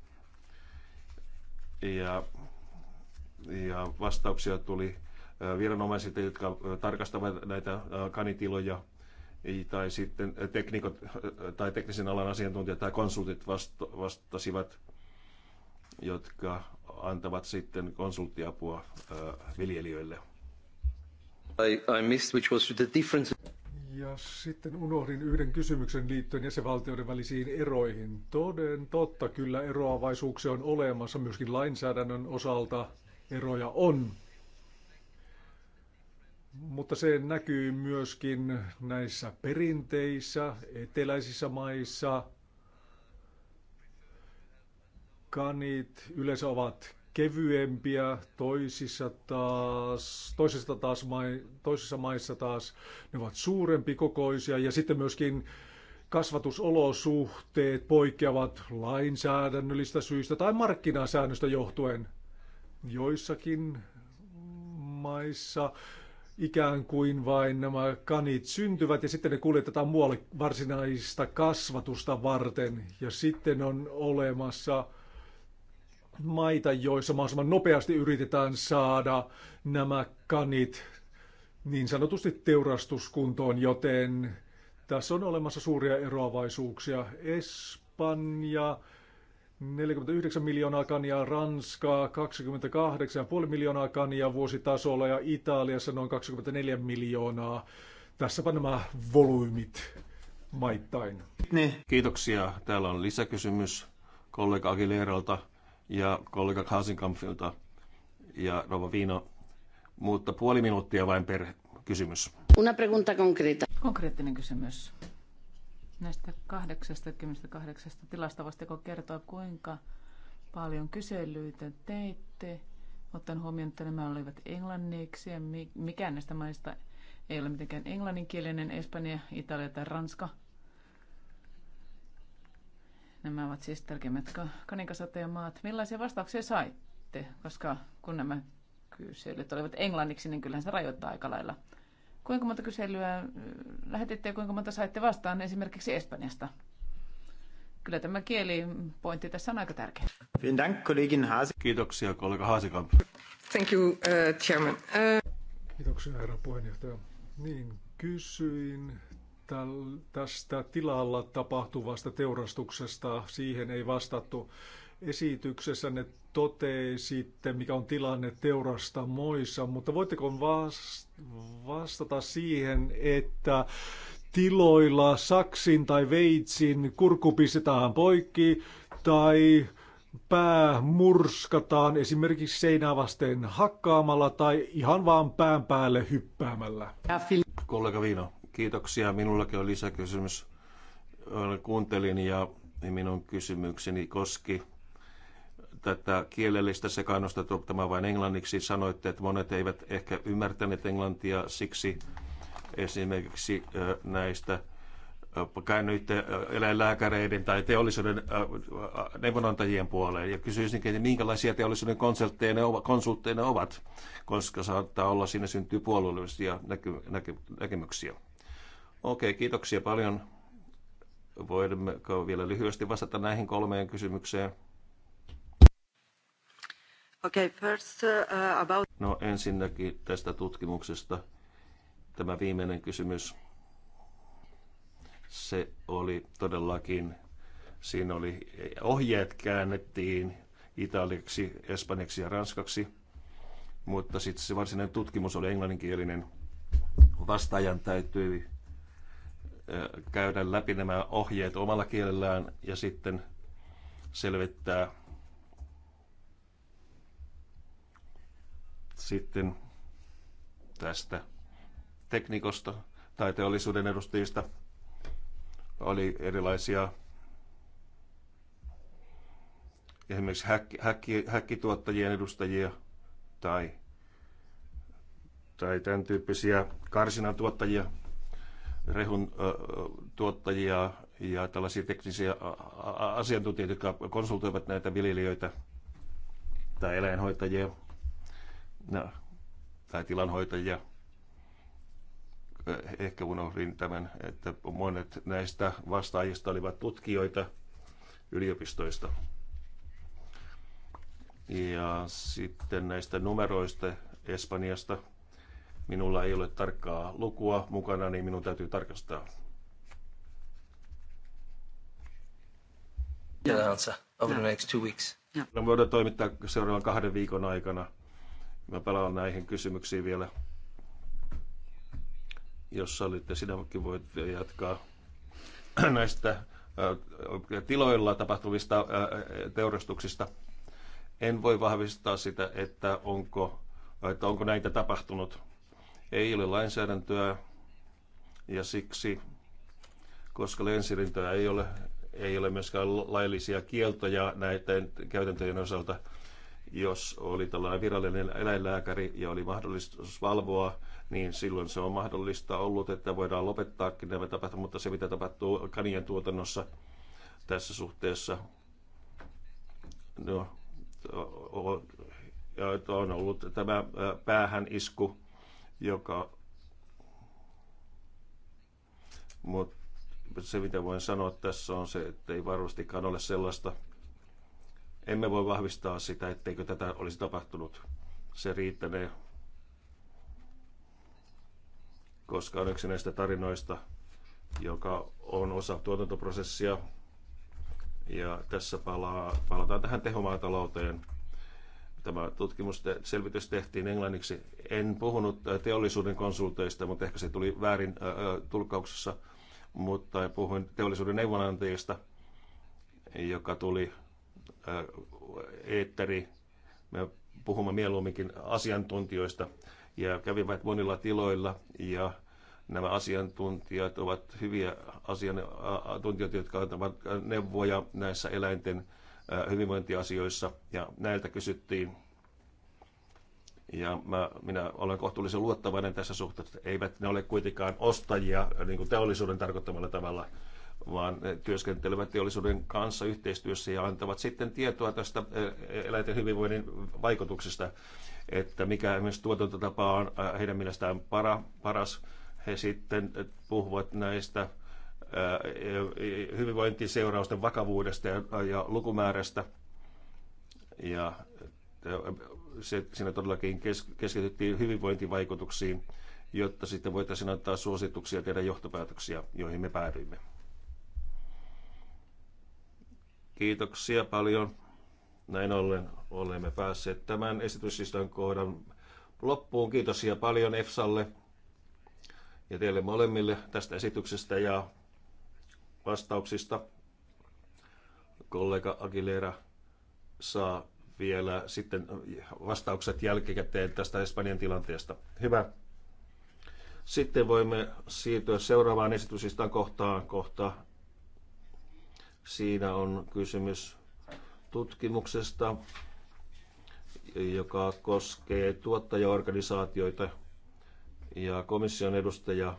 ja, ja vastauksia tuli viranomaisilta, jotka tarkastavat näitä kanitiloja tai sitten teknikot, tai teknisen alan asiantuntijat tai konsultit vastasivat, jotka antavat sitten konsulttiapua viljelijöille. I, I missed, which was the difference. Ja sitten unohdin yhden kysymyksen liittyen jäsenvaltioiden välisiin eroihin. Toden totta, kyllä eroavaisuuksia on olemassa, myöskin lainsäädännön osalta eroja on. Mutta se näkyy myöskin näissä perinteissä, eteläisissä maissa. Kanit yleensä ovat kevyempiä, toisissa taas, toisissa, taas toisissa maissa taas ne ovat suurempi kokoisia ja sitten myöskin kasvatusolosuhteet poikkeavat lainsäädännöllistä syistä tai markkinasäännöstä johtuen. Joissakin maissa ikään kuin vain nämä kanit syntyvät ja sitten ne kuljetetaan muualle varsinaista kasvatusta varten. Ja sitten on olemassa maita, joissa mahdollisimman nopeasti yritetään saada nämä kanit niin sanotusti teurastuskuntoon, joten tässä on olemassa suuria eroavaisuuksia. Espanja 49 miljoonaa kania, Ranska 28,5 miljoonaa kania vuositasolla ja Italiassa noin 24 miljoonaa. Tässäpä nämä volyymit maittain. Kiitoksia. Täällä on lisäkysymys kollega Aguileralta ja kollega Haasinkampfilta ja Rova Viino, mutta puoli minuuttia vain per kysymys. Una pregunta concreta. Konkreettinen kysymys. Näistä 88 tilasta voisitteko kertoa, kuinka paljon kyselyitä teitte, ottaen huomioon, että nämä olivat englanniksi ja mikään näistä maista ei ole mitenkään englanninkielinen, Espanja, Italia tai Ranska – Nämä ovat siis tärkeimmät kanikasateen maat. Millaisia vastauksia saitte? Koska kun nämä kyselyt olivat englanniksi, niin kyllähän se rajoittaa aika lailla. Kuinka monta kyselyä lähetitte ja kuinka monta saitte vastaan esimerkiksi Espanjasta? Kyllä tämä kielipointti tässä on aika tärkeä. Kiitoksia, kollega Haasikamp. Thank you, uh, chairman. Uh... Kiitoksia, herra puheenjohtaja. Niin, kysyin tästä tilalla tapahtuvasta teurastuksesta. Siihen ei vastattu esityksessä ne totesitte, mikä on tilanne teurastamoissa, mutta voitteko vastata siihen, että tiloilla saksin tai veitsin kurkku pistetään poikki tai pää murskataan esimerkiksi seinää vasten hakkaamalla tai ihan vaan pään päälle hyppäämällä? Kollega Viino. Kiitoksia. Minullakin on lisäkysymys. Kuuntelin ja minun kysymykseni koski tätä kielellistä sekannusta, tuottamaa vain englanniksi. Sanoitte, että monet eivät ehkä ymmärtäneet englantia, siksi esimerkiksi näistä käännyitte eläinlääkäreiden tai teollisuuden neuvonantajien puoleen. Ja kysyisinkin, että minkälaisia teollisuuden konsultteja ne, ovat, konsultteja ne ovat, koska saattaa olla siinä syntyy puolueellisia näky, näky, näkemyksiä. Okei, kiitoksia paljon. Voimmeko vielä lyhyesti vastata näihin kolmeen kysymykseen? Okay, first, uh, about... No ensinnäkin tästä tutkimuksesta. Tämä viimeinen kysymys. Se oli todellakin, siinä oli ohjeet käännettiin italiaksi, espanjaksi ja ranskaksi, mutta sitten se varsinainen tutkimus oli englanninkielinen. Vastaajan täytyy käydä läpi nämä ohjeet omalla kielellään ja sitten selvittää sitten tästä teknikosta tai teollisuuden edustajista oli erilaisia esimerkiksi häkki, häkki, häkkituottajien edustajia tai, tai tämän tyyppisiä karsinan tuottajia rehun tuottajia ja tällaisia teknisiä asiantuntijoita, jotka konsultoivat näitä viljelijöitä tai eläinhoitajia no, tai tilanhoitajia. Ehkä unohdin tämän, että monet näistä vastaajista olivat tutkijoita yliopistoista. Ja sitten näistä numeroista Espanjasta – Minulla ei ole tarkkaa lukua mukana, niin minun täytyy tarkastaa. Yeah, answer over the next two weeks. Yeah. No, voidaan toimittaa seuraavan kahden viikon aikana. Mä palaan näihin kysymyksiin vielä. Jos sallitte, sinäkin voit jatkaa näistä äh, tiloilla tapahtuvista äh, teurastuksista. En voi vahvistaa sitä, että onko, että onko näitä tapahtunut ei ole lainsäädäntöä ja siksi, koska lensirintoja ei ole, ei ole myöskään laillisia kieltoja näiden käytäntöjen osalta, jos oli tällainen virallinen eläinlääkäri ja oli mahdollisuus valvoa, niin silloin se on mahdollista ollut, että voidaan lopettaakin nämä tapahtumat, mutta se mitä tapahtuu kanien tuotannossa tässä suhteessa, no, on ollut tämä päähän isku joka... Mutta se, mitä voin sanoa tässä, on se, että ei varmastikaan ole sellaista. Emme voi vahvistaa sitä, etteikö tätä olisi tapahtunut. Se riittänee, koska on yksi näistä tarinoista, joka on osa tuotantoprosessia. Ja tässä palaa, palataan tähän tehomaatalouteen. talouteen tämä tutkimus, selvitys tehtiin englanniksi. En puhunut äh, teollisuuden konsulteista, mutta ehkä se tuli väärin äh, äh, tulkauksessa, mutta puhuin teollisuuden neuvonantajista, joka tuli eetteri. Me puhumme mieluumminkin asiantuntijoista ja kävivät monilla tiloilla ja nämä asiantuntijat ovat hyviä asiantuntijoita, jotka antavat neuvoja näissä eläinten hyvinvointiasioissa ja näiltä kysyttiin. Ja mä, minä olen kohtuullisen luottavainen tässä suhteessa. Eivät ne ole kuitenkaan ostajia niin kuin teollisuuden tarkoittamalla tavalla, vaan ne työskentelevät teollisuuden kanssa yhteistyössä ja antavat sitten tietoa tästä eläinten hyvinvoinnin vaikutuksesta, että mikä myös tuotantotapa on heidän mielestään para, paras. He sitten puhuvat näistä hyvinvointiseurausten vakavuudesta ja, ja lukumäärästä. Ja se, siinä todellakin kes, keskityttiin hyvinvointivaikutuksiin, jotta sitten voitaisiin antaa suosituksia ja tehdä johtopäätöksiä, joihin me päädyimme. Kiitoksia paljon. Näin ollen olemme päässeet tämän esityslistan kohdan loppuun. Kiitos ja paljon EFSAlle ja teille molemmille tästä esityksestä ja vastauksista. Kollega Aguilera saa vielä sitten vastaukset jälkikäteen tästä Espanjan tilanteesta. Hyvä. Sitten voimme siirtyä seuraavaan esityslistan kohtaan. Kohta siinä on kysymys tutkimuksesta, joka koskee tuottajaorganisaatioita ja komission edustaja,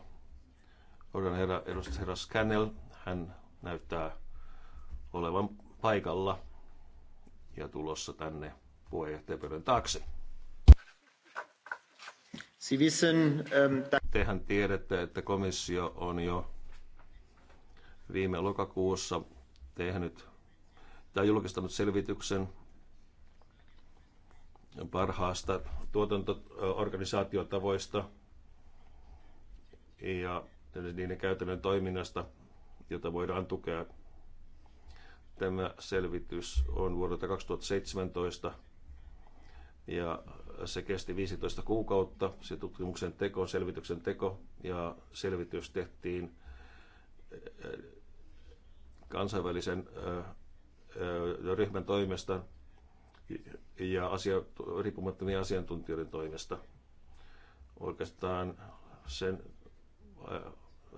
herra, edustaja herra Scannell hän näyttää olevan paikalla ja tulossa tänne puheenjohtajapöydän taakse. Ähm, Tehän tiedätte, että komissio on jo viime lokakuussa tehnyt tai julkistanut selvityksen parhaasta tuotantoorganisaatiotavoista ja niiden käytännön toiminnasta jota voidaan tukea. Tämä selvitys on vuodelta 2017 ja se kesti 15 kuukautta, se tutkimuksen teko, selvityksen teko ja selvitys tehtiin eh, kansainvälisen eh, eh, ryhmän toimesta ja asia, riippumattomien asiantuntijoiden toimesta. Oikeastaan sen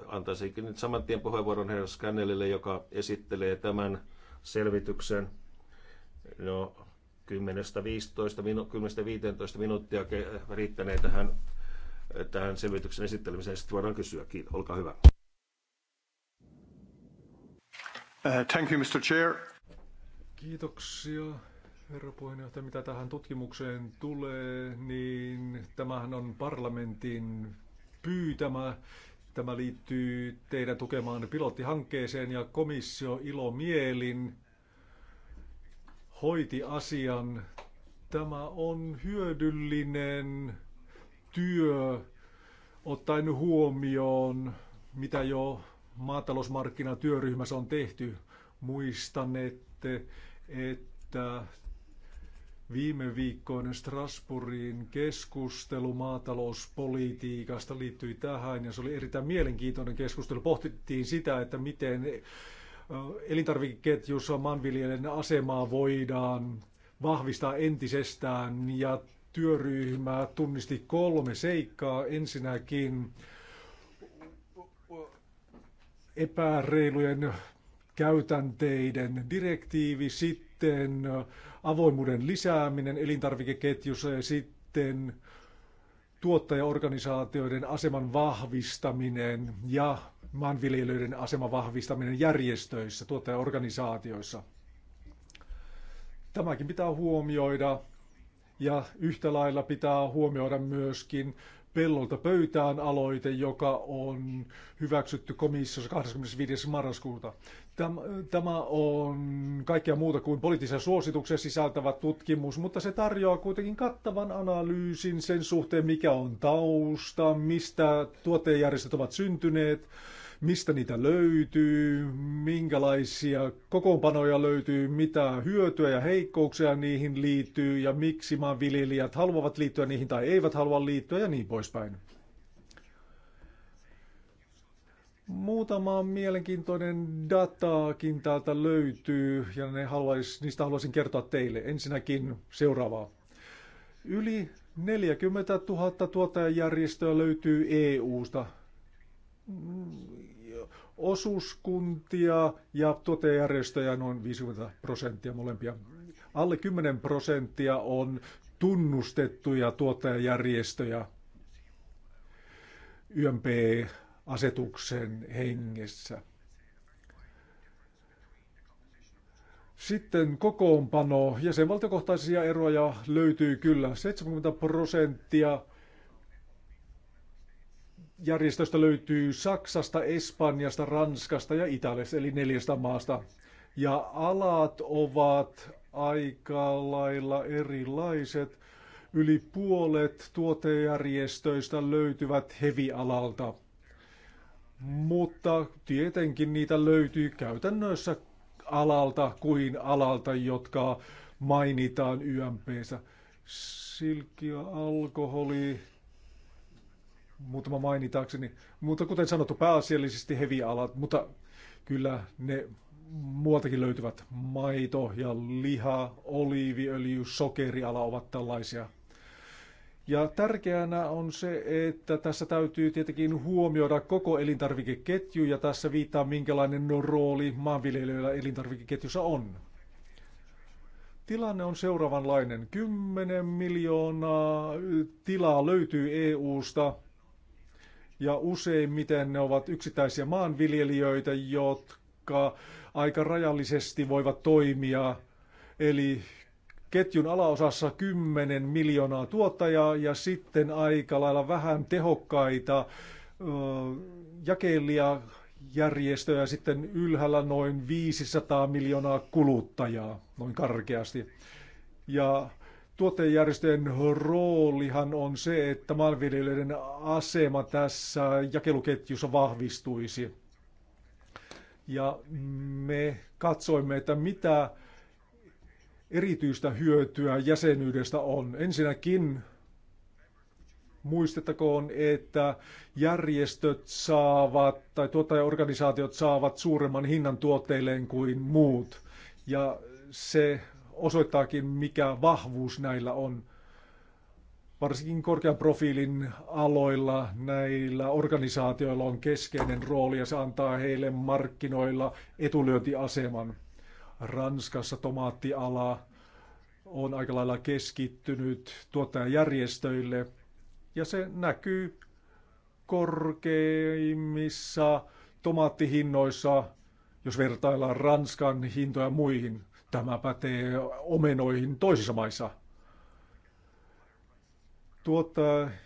antaisinkin nyt saman tien puheenvuoron herra Scannellille, joka esittelee tämän selvityksen. No, 10-15 minu- minuuttia riittänee tähän, tähän selvityksen esittelemiseen. Sitten voidaan kysyä. Kiitos. Olkaa hyvä. Uh, thank you, Mr. Chair. Kiitoksia, herra puheenjohtaja. Mitä tähän tutkimukseen tulee, niin tämähän on parlamentin pyytämä Tämä liittyy teidän tukemaan pilottihankkeeseen ja komissio ilomielin hoiti asian. Tämä on hyödyllinen työ ottaen huomioon, mitä jo maatalousmarkkinatyöryhmässä on tehty. Muistan, että että Viime viikkoinen Strasbourgin keskustelu maatalouspolitiikasta liittyi tähän ja se oli erittäin mielenkiintoinen keskustelu. Pohtittiin sitä, että miten elintarvikeketjussa maanviljelijän asemaa voidaan vahvistaa entisestään ja työryhmä tunnisti kolme seikkaa. Ensinnäkin epäreilujen käytänteiden direktiivi, sitten avoimuuden lisääminen elintarvikeketjussa ja eh, sitten tuottajaorganisaatioiden aseman vahvistaminen ja maanviljelijöiden aseman vahvistaminen järjestöissä, tuottajaorganisaatioissa. Tämäkin pitää huomioida ja yhtä lailla pitää huomioida myöskin pellolta pöytään aloite, joka on hyväksytty komissiossa 25. marraskuuta. Tämä on kaikkea muuta kuin poliittisia suosituksia sisältävä tutkimus, mutta se tarjoaa kuitenkin kattavan analyysin sen suhteen, mikä on tausta, mistä tuottajajärjestöt ovat syntyneet, mistä niitä löytyy, minkälaisia kokoonpanoja löytyy, mitä hyötyä ja heikkouksia niihin liittyy ja miksi maanviljelijät haluavat liittyä niihin tai eivät halua liittyä ja niin poispäin. Muutama mielenkiintoinen dataakin täältä löytyy ja ne haluais, niistä haluaisin kertoa teille. Ensinnäkin seuraavaa. Yli 40 000 tuottajajärjestöä löytyy EU-sta osuuskuntia ja tuottajajärjestöjä noin 50 prosenttia molempia. Alle 10 prosenttia on tunnustettuja tuottajajärjestöjä YMP-asetuksen hengessä. Sitten kokoonpano. Jäsenvaltiokohtaisia eroja löytyy kyllä. 70 prosenttia järjestöstä löytyy Saksasta, Espanjasta, Ranskasta ja Italiasta, eli neljästä maasta. Ja alat ovat aika lailla erilaiset. Yli puolet tuotejärjestöistä löytyvät hevialalta. Mutta tietenkin niitä löytyy käytännössä alalta kuin alalta, jotka mainitaan YMPssä. Silkki ja alkoholi, muutama mainitakseni. Mutta kuten sanottu, pääasiallisesti alat, mutta kyllä ne muualtakin löytyvät maito ja liha, oliiviöljy, sokeriala ovat tällaisia. Ja tärkeänä on se, että tässä täytyy tietenkin huomioida koko elintarvikeketju ja tässä viittaa minkälainen rooli maanviljelijöillä elintarvikeketjussa on. Tilanne on seuraavanlainen. 10 miljoonaa tilaa löytyy EU-sta ja useimmiten ne ovat yksittäisiä maanviljelijöitä, jotka aika rajallisesti voivat toimia. Eli ketjun alaosassa 10 miljoonaa tuottajaa ja sitten aika lailla vähän tehokkaita ö, jakelijajärjestöjä sitten ylhäällä noin 500 miljoonaa kuluttajaa, noin karkeasti. Ja Tuottajajärjestöjen roolihan on se, että maanviljelijöiden asema tässä jakeluketjussa vahvistuisi. Ja me katsoimme, että mitä erityistä hyötyä jäsenyydestä on. Ensinnäkin muistettakoon, että järjestöt saavat tai tuottajaorganisaatiot saavat suuremman hinnan tuotteilleen kuin muut. Ja se osoittaakin, mikä vahvuus näillä on. Varsinkin korkean profiilin aloilla näillä organisaatioilla on keskeinen rooli ja se antaa heille markkinoilla etulyöntiaseman. Ranskassa tomaattiala on aika lailla keskittynyt tuottajajärjestöille ja se näkyy korkeimmissa tomaattihinnoissa, jos vertaillaan Ranskan hintoja muihin. Tämä pätee omenoihin toisissa maissa.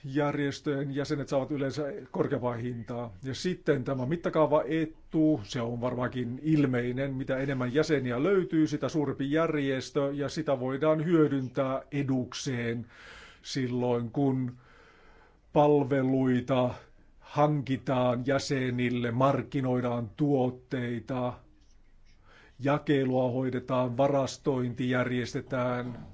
järjestöjen jäsenet saavat yleensä korkeampaa hintaa. Ja sitten tämä mittakaava etu, se on varmaankin ilmeinen. Mitä enemmän jäseniä löytyy, sitä suurempi järjestö ja sitä voidaan hyödyntää edukseen silloin, kun palveluita hankitaan jäsenille, markkinoidaan tuotteita, jakelua hoidetaan, varastointi järjestetään,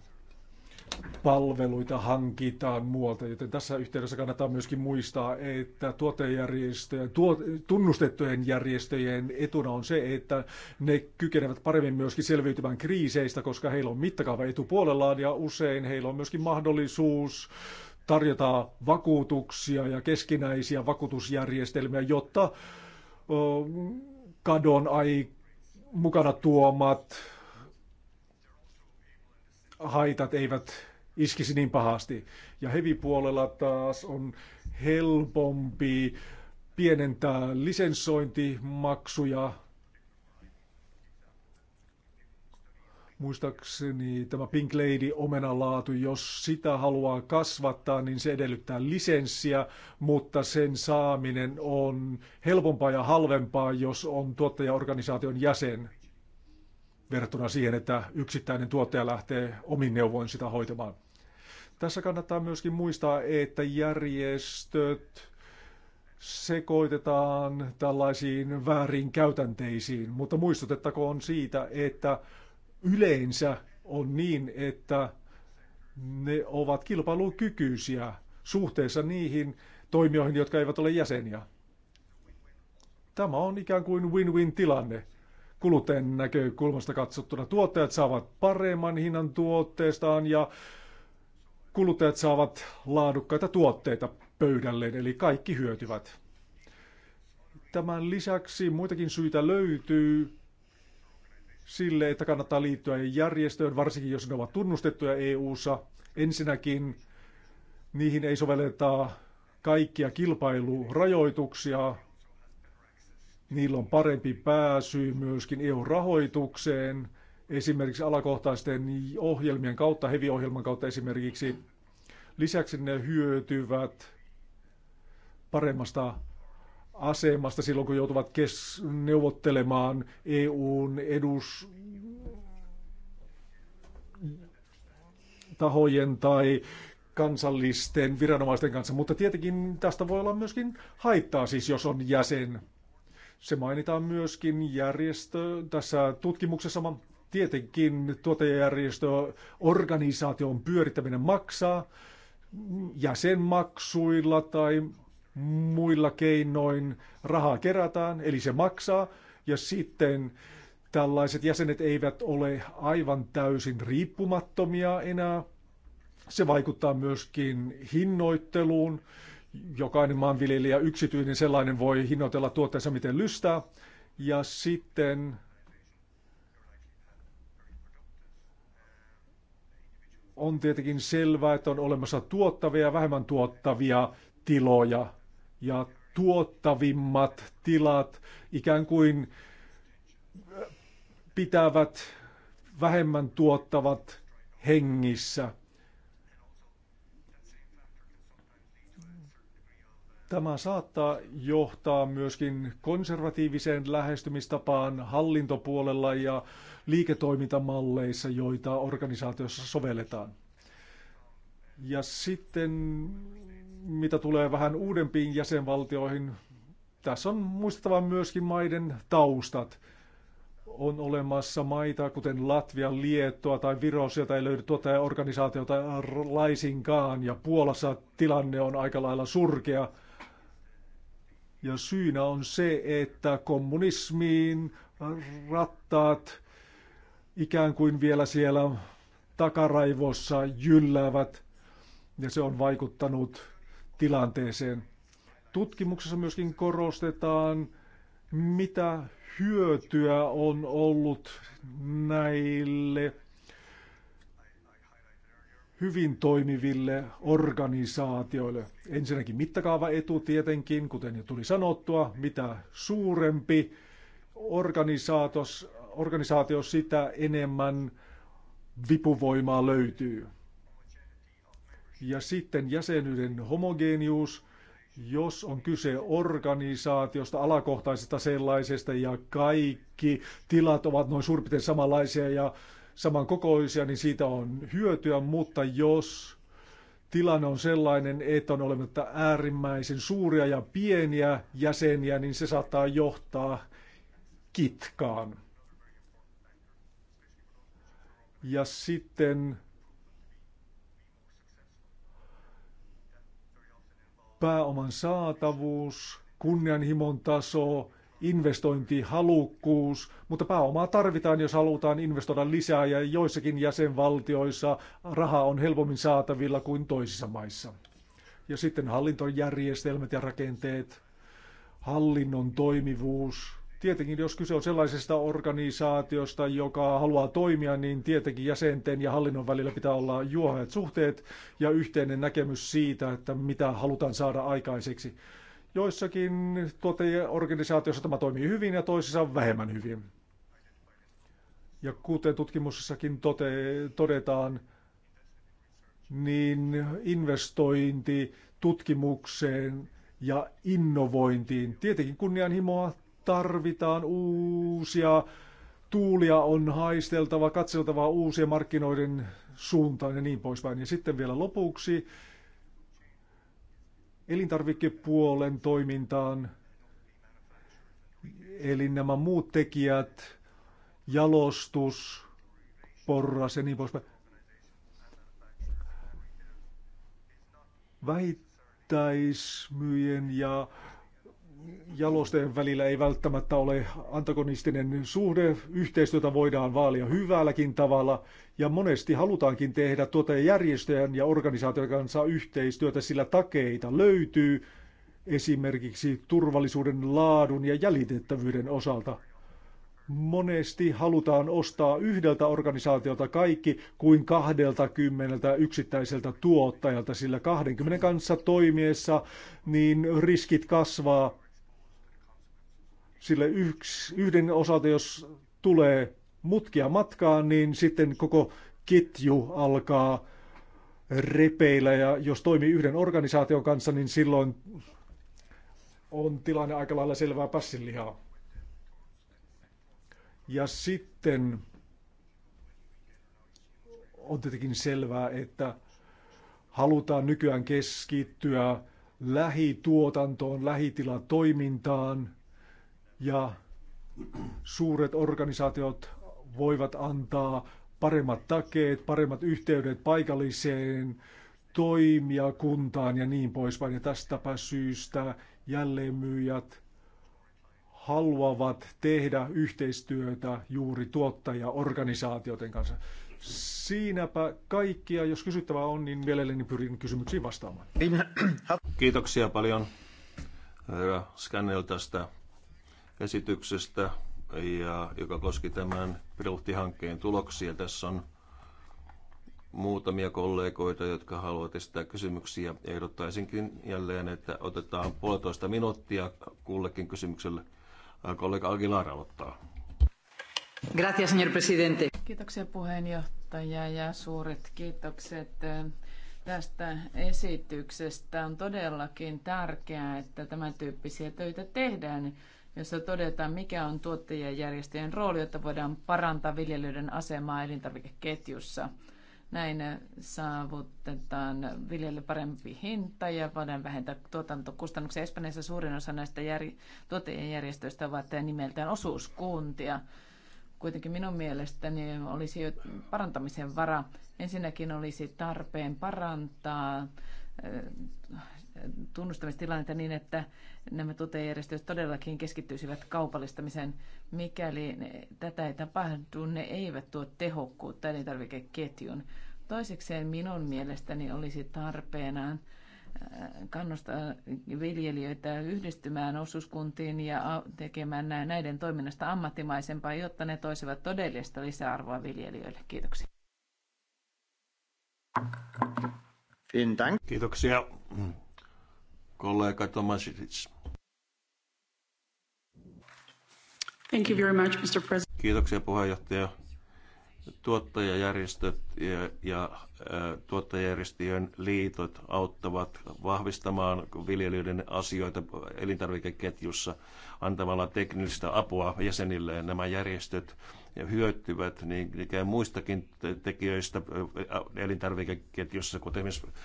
palveluita hankitaan muualta, joten tässä yhteydessä kannattaa myöskin muistaa, että tuotejärjestöjen tuot, tunnustettujen järjestöjen etuna on se, että ne kykenevät paremmin myöskin selviytymään kriiseistä, koska heillä on mittakaava etupuolellaan ja usein heillä on myöskin mahdollisuus tarjota vakuutuksia ja keskinäisiä vakuutusjärjestelmiä, jotta kadon aikaa mukana tuomat haitat eivät iskisi niin pahasti. Ja hevipuolella taas on helpompi pienentää lisensointimaksuja. Muistaakseni tämä Pink Lady omenalaatu, jos sitä haluaa kasvattaa, niin se edellyttää lisenssiä, mutta sen saaminen on helpompaa ja halvempaa, jos on tuottajaorganisaation jäsen verrattuna siihen, että yksittäinen tuottaja lähtee omin neuvoin sitä hoitamaan. Tässä kannattaa myöskin muistaa, että järjestöt sekoitetaan tällaisiin väärin käytänteisiin, mutta muistutettakoon siitä, että yleensä on niin, että ne ovat kilpailukykyisiä suhteessa niihin toimijoihin, jotka eivät ole jäseniä. Tämä on ikään kuin win-win tilanne. Kuluttajan näkökulmasta katsottuna tuottajat saavat paremman hinnan tuotteestaan ja kuluttajat saavat laadukkaita tuotteita pöydälleen, eli kaikki hyötyvät. Tämän lisäksi muitakin syitä löytyy sille, että kannattaa liittyä järjestöön, varsinkin jos ne ovat tunnustettuja EU-ssa. Ensinnäkin niihin ei sovelleta kaikkia kilpailurajoituksia. Niillä on parempi pääsy myöskin EU-rahoitukseen, esimerkiksi alakohtaisten ohjelmien kautta, heviohjelman kautta esimerkiksi. Lisäksi ne hyötyvät paremmasta asemasta silloin, kun joutuvat kes- neuvottelemaan EUn edus tahojen tai kansallisten viranomaisten kanssa, mutta tietenkin tästä voi olla myöskin haittaa, siis jos on jäsen. Se mainitaan myöskin järjestö tässä tutkimuksessa, tietenkin tuottajajärjestö, organisaation pyörittäminen maksaa jäsenmaksuilla tai muilla keinoin rahaa kerätään, eli se maksaa, ja sitten tällaiset jäsenet eivät ole aivan täysin riippumattomia enää. Se vaikuttaa myöskin hinnoitteluun. Jokainen maanviljelijä, yksityinen sellainen, voi hinnoitella tuotteensa miten lystää. Ja sitten on tietenkin selvää, että on olemassa tuottavia ja vähemmän tuottavia tiloja ja tuottavimmat tilat ikään kuin äh, pitävät vähemmän tuottavat hengissä. Tämä saattaa johtaa myöskin konservatiiviseen lähestymistapaan hallintopuolella ja liiketoimintamalleissa, joita organisaatiossa sovelletaan. Ja sitten mitä tulee vähän uudempiin jäsenvaltioihin, tässä on muistettava myöskin maiden taustat. On olemassa maita, kuten Latvia, Liettua tai Viro, sieltä ei löydy organisaatiota laisinkaan, ja Puolassa tilanne on aika lailla surkea. Ja syynä on se, että kommunismiin rattaat ikään kuin vielä siellä takaraivossa jylläävät, ja se on vaikuttanut tilanteeseen. Tutkimuksessa myöskin korostetaan, mitä hyötyä on ollut näille hyvin toimiville organisaatioille. Ensinnäkin mittakaava etu tietenkin, kuten jo tuli sanottua, mitä suurempi organisaatio, sitä enemmän vipuvoimaa löytyy. Ja sitten jäsenyyden homogeenius, jos on kyse organisaatiosta, alakohtaisesta sellaisesta ja kaikki tilat ovat noin suurin samanlaisia ja samankokoisia, niin siitä on hyötyä, mutta jos tilanne on sellainen, että on olematta äärimmäisen suuria ja pieniä jäseniä, niin se saattaa johtaa kitkaan. Ja sitten pääoman saatavuus, kunnianhimon taso, investointihalukkuus, mutta pääomaa tarvitaan, jos halutaan investoida lisää ja joissakin jäsenvaltioissa raha on helpommin saatavilla kuin toisissa maissa. Ja sitten hallintojärjestelmät ja rakenteet, hallinnon toimivuus, Tietenkin, jos kyse on sellaisesta organisaatiosta, joka haluaa toimia, niin tietenkin jäsenten ja hallinnon välillä pitää olla juohajat suhteet ja yhteinen näkemys siitä, että mitä halutaan saada aikaiseksi. Joissakin tuoteorganisaatioissa tämä toimii hyvin ja toisissa vähemmän hyvin. Ja kuten tutkimuksessakin tote, todetaan, niin investointi tutkimukseen ja innovointiin. Tietenkin kunnianhimoa tarvitaan uusia tuulia on haisteltava, katseltava uusien markkinoiden suuntaan ja niin poispäin. Ja sitten vielä lopuksi elintarvikepuolen toimintaan, eli nämä muut tekijät, jalostus, porras ja niin poispäin. Vähittäismyjen ja jalosteen välillä ei välttämättä ole antagonistinen suhde. Yhteistyötä voidaan vaalia hyvälläkin tavalla ja monesti halutaankin tehdä tuottajajärjestöjen ja organisaation kanssa yhteistyötä, sillä takeita löytyy esimerkiksi turvallisuuden laadun ja jäljitettävyyden osalta. Monesti halutaan ostaa yhdeltä organisaatiolta kaikki kuin 20 yksittäiseltä tuottajalta, sillä 20 kanssa toimiessa niin riskit kasvaa sille yksi, yhden osalta, jos tulee mutkia matkaan, niin sitten koko ketju alkaa repeillä ja jos toimii yhden organisaation kanssa, niin silloin on tilanne aika lailla selvää passinlihaa. Ja sitten on tietenkin selvää, että halutaan nykyään keskittyä lähituotantoon, lähitilatoimintaan ja suuret organisaatiot voivat antaa paremmat takeet, paremmat yhteydet paikalliseen toimijakuntaan ja niin poispäin. Ja tästäpä syystä jälleenmyyjät haluavat tehdä yhteistyötä juuri tuottajaorganisaatioiden kanssa. Siinäpä kaikkia. Jos kysyttävää on, niin mielelläni pyrin kysymyksiin vastaamaan. Kiitoksia paljon herra tästä esityksestä, ja, joka koski tämän pilottihankkeen tuloksia. Tässä on muutamia kollegoita, jotka haluavat esittää kysymyksiä. Ehdottaisinkin jälleen, että otetaan puolitoista minuuttia kullekin kysymykselle. Kollega Aguilar aloittaa. Gracias, señor presidente. Kiitoksia puheenjohtaja ja suuret kiitokset eh, tästä esityksestä. On todellakin tärkeää, että tämän tyyppisiä töitä tehdään jossa todetaan, mikä on järjestöjen rooli, jotta voidaan parantaa viljelyiden asemaa elintarvikeketjussa. Näin saavutetaan viljelle parempi hinta ja voidaan vähentää tuotantokustannuksia. Espanjassa suurin osa näistä jär- järjestöistä ovat nimeltään osuuskuntia. Kuitenkin minun mielestäni olisi jo parantamisen vara. Ensinnäkin olisi tarpeen parantaa eh, tunnustamistilannetta niin, että nämä tuottajajärjestöt todellakin keskittyisivät kaupallistamiseen. Mikäli tätä ei tapahdu, ne eivät tuo tehokkuutta elintarvikeketjun. Toisekseen minun mielestäni olisi tarpeenaan äh, kannustaa viljelijöitä yhdistymään osuuskuntiin ja tekemään näiden toiminnasta ammattimaisempaa, jotta ne toisivat todellista lisäarvoa viljelijöille. Kiitoksia. Kiitoksia kollega Tomasic. Thank you very much, Mr. President. Kiitoksia puheenjohtaja. Tuottajajärjestöt ja, ja ä, tuottajajärjestöjen liitot auttavat vahvistamaan viljelijöiden asioita elintarvikeketjussa antamalla teknistä apua jäsenilleen. Nämä järjestöt hyötyvät niin ikään muistakin tekijöistä elintarvikeketjussa, kuten esimerkiksi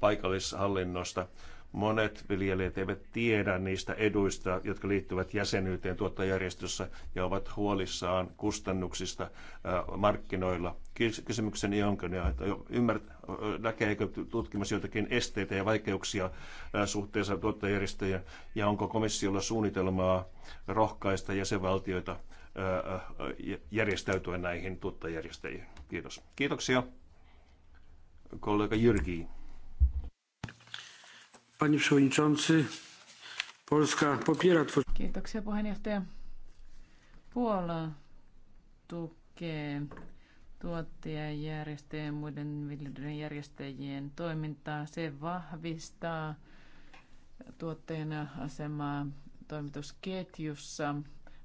paikallishallinnosta. Monet viljelijät eivät tiedä niistä eduista, jotka liittyvät jäsenyyteen tuottajärjestössä ja ovat huolissaan kustannuksista äh, markkinoilla. Kysymykseni onkin, että ymmärt, näkeekö tutkimus joitakin esteitä ja vaikeuksia äh, suhteessa tuottajärjestöjen ja onko komissiolla suunnitelmaa rohkaista jäsenvaltioita äh, järjestäytyä näihin tuottajärjestäjiin. Kiitos. Kiitoksia kollega Jyrki. Pani przewodniczący, Polska popiera twor- Kiitoksia puheenjohtaja. Puola tukee tuottajajärjestöjen ja muiden viljelijöiden järjestäjien toimintaa. Se vahvistaa tuottajana asemaa toimitusketjussa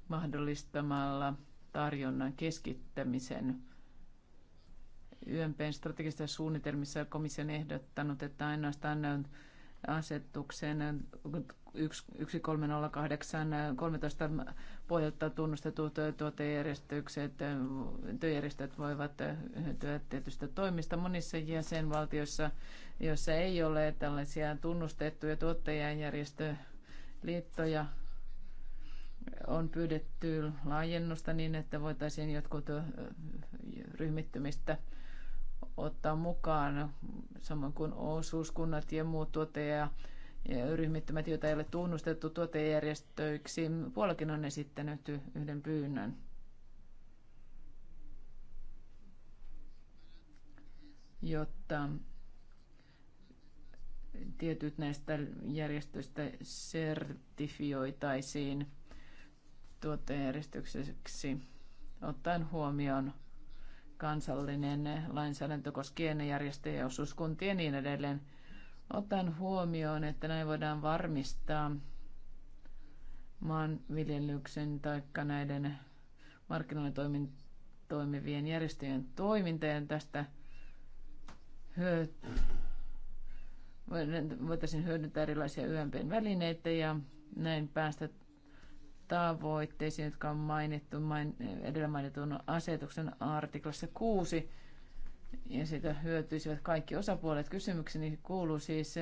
mahdollistamalla tarjonnan keskittämisen. YMPn strategisessa suunnitelmissa komission ehdottanut, että ainoastaan asetuksen 1308 13 pohjalta tunnustetut tuotejärjestykset, työjärjestöt voivat hyötyä tietystä toimista monissa jäsenvaltioissa, joissa ei ole tällaisia tunnustettuja tuottajajärjestöliittoja. On pyydetty laajennusta niin, että voitaisiin jotkut ryhmittymistä ottaa mukaan, samoin kuin osuuskunnat ja muut tuottaja ryhmittymät, joita ei ole tunnustettu tuottajajärjestöiksi. Puolakin on esittänyt yhden pyynnön. jotta tietyt näistä järjestöistä sertifioitaisiin tuottajajärjestykseksi ottaen huomioon kansallinen lainsäädäntö koskien järjestöjen osuuskuntia ja niin edelleen. Otan huomioon, että näin voidaan varmistaa maanviljelyksen tai näiden markkinoilla toimivien järjestöjen toimintojen tästä tästä voitaisiin hyödyntää erilaisia YMPn välineitä ja näin päästä tavoitteisiin, jotka on mainittu main, edellä mainitun asetuksen artiklassa 6, ja siitä hyötyisivät kaikki osapuolet. Kysymykseni kuuluu siis,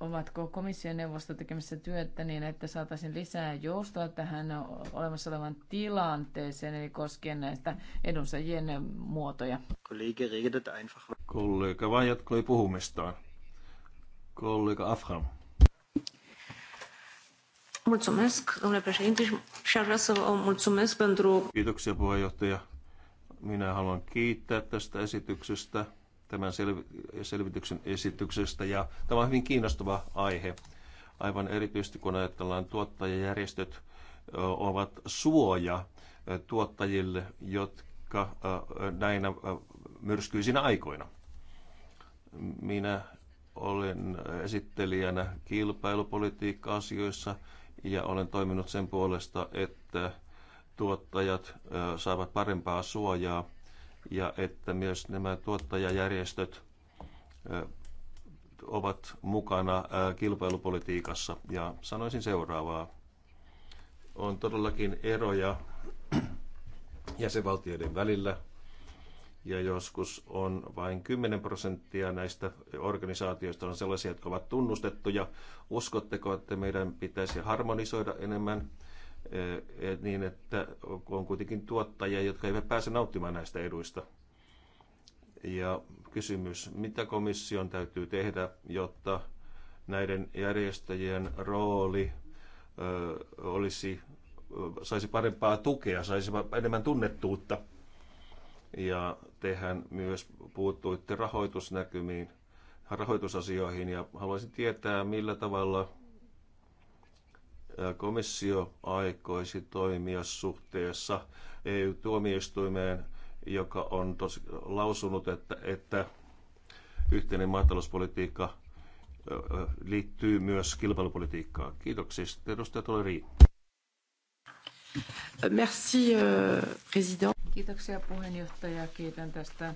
ovatko komission neuvosto tekemässä työtä niin, että saataisiin lisää joustoa tähän olemassa olevan tilanteeseen, eli koskien näistä edunsaajien muotoja? Kollega vaan jatkoi puhumistaan. Kollega Afram. Mulțumesc, domnule președinte, și aș vrea să vă mulțumesc pentru... Kiitoksia puheenjohtaja. Minä haluan kiittää tästä esityksestä, tämän selvi- selvityksen esityksestä. Ja tämä on hyvin kiinnostava aihe, aivan erityisesti kun ajatellaan tuottajajärjestöt ovat suoja tuottajille, jotka näinä myrskyisinä aikoina. Minä olen esittelijänä kilpailupolitiikka-asioissa ja olen toiminut sen puolesta, että tuottajat saavat parempaa suojaa ja että myös nämä tuottajajärjestöt ovat mukana kilpailupolitiikassa. Ja sanoisin seuraavaa. On todellakin eroja jäsenvaltioiden välillä ja joskus on vain 10 prosenttia näistä organisaatioista on sellaisia, jotka ovat tunnustettuja. Uskotteko, että meidän pitäisi harmonisoida enemmän eh, eh, niin, että on kuitenkin tuottajia, jotka eivät pääse nauttimaan näistä eduista? Ja kysymys, mitä komission täytyy tehdä, jotta näiden järjestäjien rooli eh, olisi, saisi parempaa tukea, saisi enemmän tunnettuutta – ja tehän myös puuttuitte rahoitusnäkymiin, rahoitusasioihin ja haluaisin tietää, millä tavalla komissio aikoisi toimia suhteessa EU-tuomioistuimeen, joka on tos, lausunut, että, että yhteinen maatalouspolitiikka liittyy myös kilpailupolitiikkaan. Kiitoksia. Edustaja Toleri. Merci, euh, président. Kiitoksia puheenjohtaja. Kiitän tästä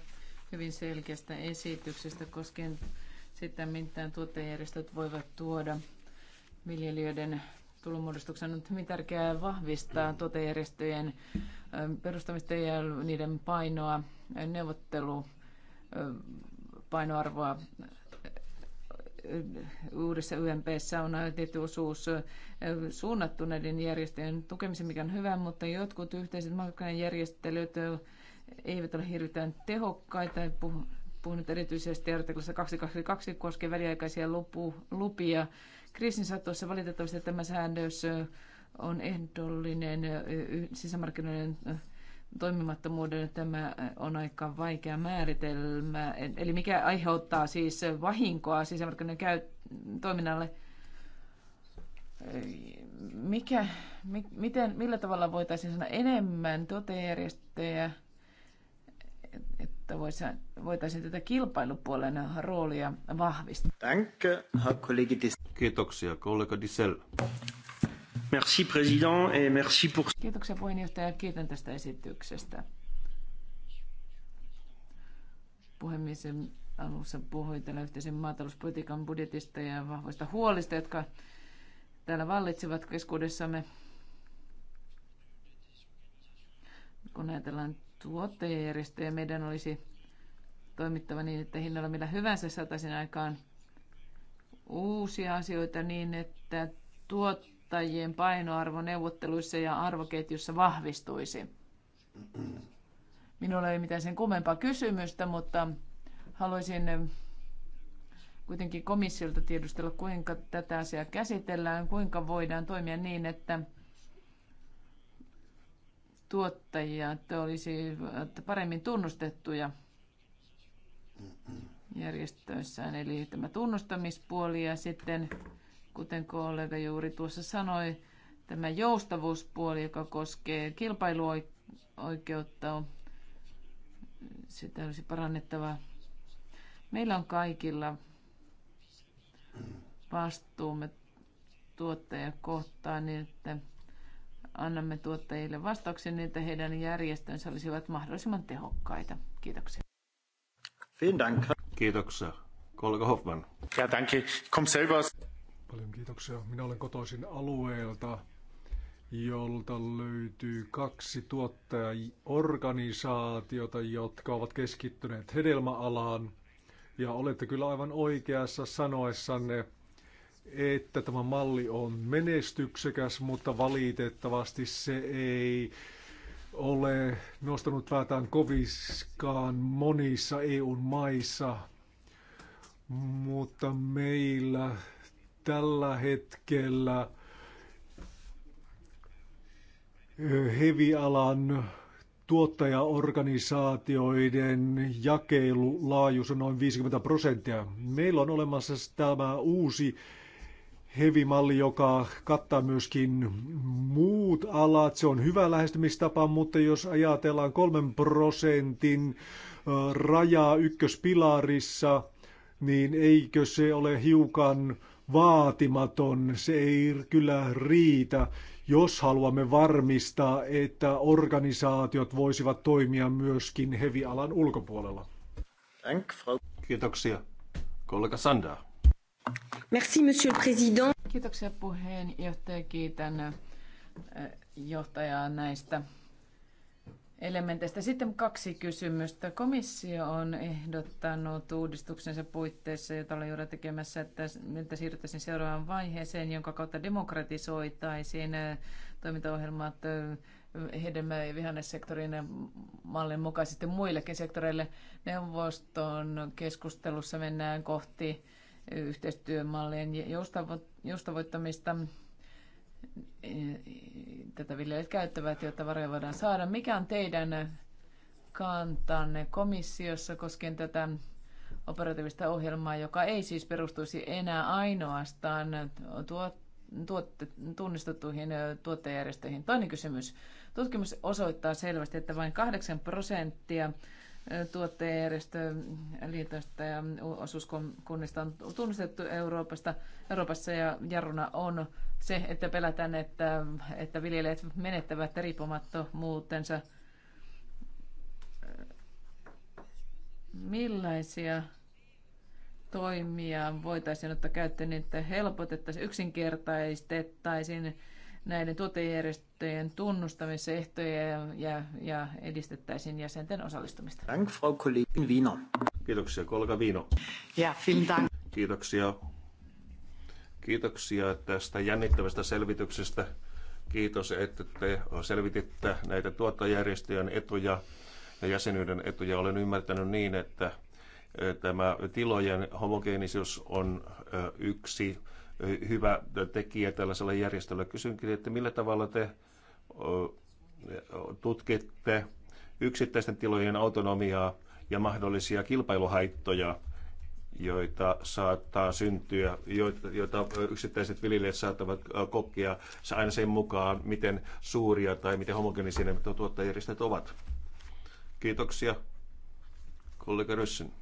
hyvin selkeästä esityksestä koskien sitä, mitä tuottajärjestöt voivat tuoda viljelijöiden tulonmuodostuksen. On hyvin tärkeää vahvistaa tuottajajärjestöjen perustamista ja niiden painoa, neuvottelu painoarvoa uudessa YMPssä on tietty osuus suunnattu näiden järjestöjen tukemiseen, mikä on hyvä, mutta jotkut yhteiset markkinajärjestelyt eivät ole hirveän tehokkaita. Puhun, nyt erityisesti artiklassa 222 koskee väliaikaisia lupu, lupia. Kriisin sattuessa valitettavasti tämä säännös on ehdollinen sisämarkkinoiden toimimattomuuden tämä on aika vaikea määritelmä. Eli mikä aiheuttaa siis vahinkoa sisämarkkinoiden käy- toiminnalle? Mikä, mi, miten, millä tavalla voitaisiin sanoa enemmän tuotejärjestöjä, että voitaisiin, voitaisiin tätä kilpailupuolen roolia vahvistaa? Kiitoksia, kollega Dissel. Merci président et merci pour... Kiitoksia puheenjohtaja, kiitän tästä esityksestä. Puhemies alussa puhui tällä yhteisen maatalouspolitiikan budjetista ja vahvoista huolista, jotka täällä vallitsevat keskuudessamme. Kun ajatellaan tuottajajärjestöjä, meidän olisi toimittava niin, että hinnalla millä hyvänsä saataisiin aikaan uusia asioita niin, että tuottajajärjestöjä kuluttajien painoarvo neuvotteluissa ja arvoketjussa vahvistuisi? Minulla ei ole mitään sen kummempaa kysymystä, mutta haluaisin kuitenkin komissiolta tiedustella, kuinka tätä asiaa käsitellään, kuinka voidaan toimia niin, että tuottajia että olisi paremmin tunnustettuja järjestöissään, eli tämä tunnustamispuoli ja sitten Kuten kollega juuri tuossa sanoi, tämä joustavuuspuoli, joka koskee kilpailuoikeutta, sitä olisi parannettava. Meillä on kaikilla vastuumme tuottaja kohtaan niin, että annamme tuottajille vastauksen niin, että heidän järjestönsä olisivat mahdollisimman tehokkaita. Kiitoksia. Vielen Kiitoksia. Kollega Hoffman. Ja, danke. Komm selber. Paljon kiitoksia. Minä olen kotoisin alueelta, jolta löytyy kaksi tuottajaorganisaatiota, jotka ovat keskittyneet hedelmäalaan. Ja olette kyllä aivan oikeassa sanoessanne, että tämä malli on menestyksekäs, mutta valitettavasti se ei ole nostanut päätään koviskaan monissa eu maissa, mutta meillä tällä hetkellä hevialan tuottajaorganisaatioiden jakelulaajuus on noin 50 prosenttia. Meillä on olemassa tämä uusi hevimalli, joka kattaa myöskin muut alat. Se on hyvä lähestymistapa, mutta jos ajatellaan kolmen prosentin rajaa ykköspilarissa, niin eikö se ole hiukan vaatimaton. Se ei kyllä riitä, jos haluamme varmistaa, että organisaatiot voisivat toimia myöskin hevialan ulkopuolella. Kiitoksia. Kollega Sanda. Merci, monsieur le président. Kiitoksia puheenjohtaja. Kiitän eh, johtajaa näistä elementeistä. Sitten kaksi kysymystä. Komissio on ehdottanut uudistuksensa puitteissa, jota ollaan juuri tekemässä, että, että siirryttäisiin seuraavaan vaiheeseen, jonka kautta demokratisoitaisiin äh, toimintaohjelmat äh, hedelmä- ja vihannessektorin äh, mallin mukaisesti muillekin sektoreille. Neuvoston keskustelussa mennään kohti yhteistyömallien joustavo- joustavoittamista tätä viljelijät käyttävät, jotta varoja voidaan saada. Mikä on teidän kantanne komissiossa koskien tätä operatiivista ohjelmaa, joka ei siis perustuisi enää ainoastaan tuot, Tuotte, tunnistettuihin tuottajärjestöihin. Toinen kysymys. Tutkimus osoittaa selvästi, että vain 8 prosenttia tuottajajärjestöliitosta ja osuuskunnista on tunnistettu Euroopasta, Euroopassa ja jarruna on se, että pelätään, että, että viljelijät menettävät riippumattomuutensa. Millaisia toimia voitaisiin ottaa käyttöön, niin että helpotettaisiin, yksinkertaistettaisiin näiden tuottajajärjestöjen tunnustamisehtoja ja, ja, ja edistettäisiin jäsenten osallistumista. Dank, Frau Kollegin Wiener. Kiitoksia, kollega Viino. Ja, vielen dank. Kiitoksia. Kiitoksia tästä jännittävästä selvityksestä. Kiitos, että te selvititte näitä tuottajärjestöjen etuja ja jäsenyyden etuja. Olen ymmärtänyt niin, että tämä tilojen homogeenisuus on yksi hyvä tekijä tällaisella järjestöllä. Kysynkin, että millä tavalla te tutkitte yksittäisten tilojen autonomiaa ja mahdollisia kilpailuhaittoja, joita saattaa syntyä, joita yksittäiset viljelijät saattavat kokea aina sen mukaan, miten suuria tai miten homogenisia nämä tuottajajärjestöt ovat. Kiitoksia, kollega Rössin.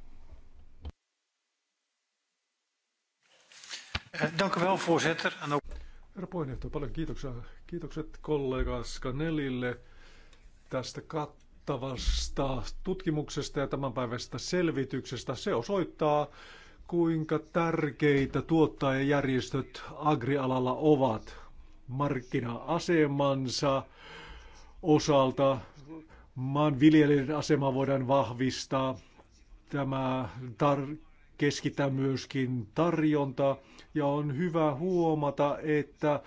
Eh, dank u wel, voorzitter. Herra puheenjohtaja, paljon kiitoksia. Kiitokset kollega Skanelille tästä kattavasta tutkimuksesta ja tämän päivästä selvityksestä. Se osoittaa, kuinka tärkeitä tuottajajärjestöt agrialalla ovat markkina-asemansa osalta. Maanviljelijän asema voidaan vahvistaa. Tämä tar- keskitä myöskin tarjontaa. Ja on hyvä huomata, että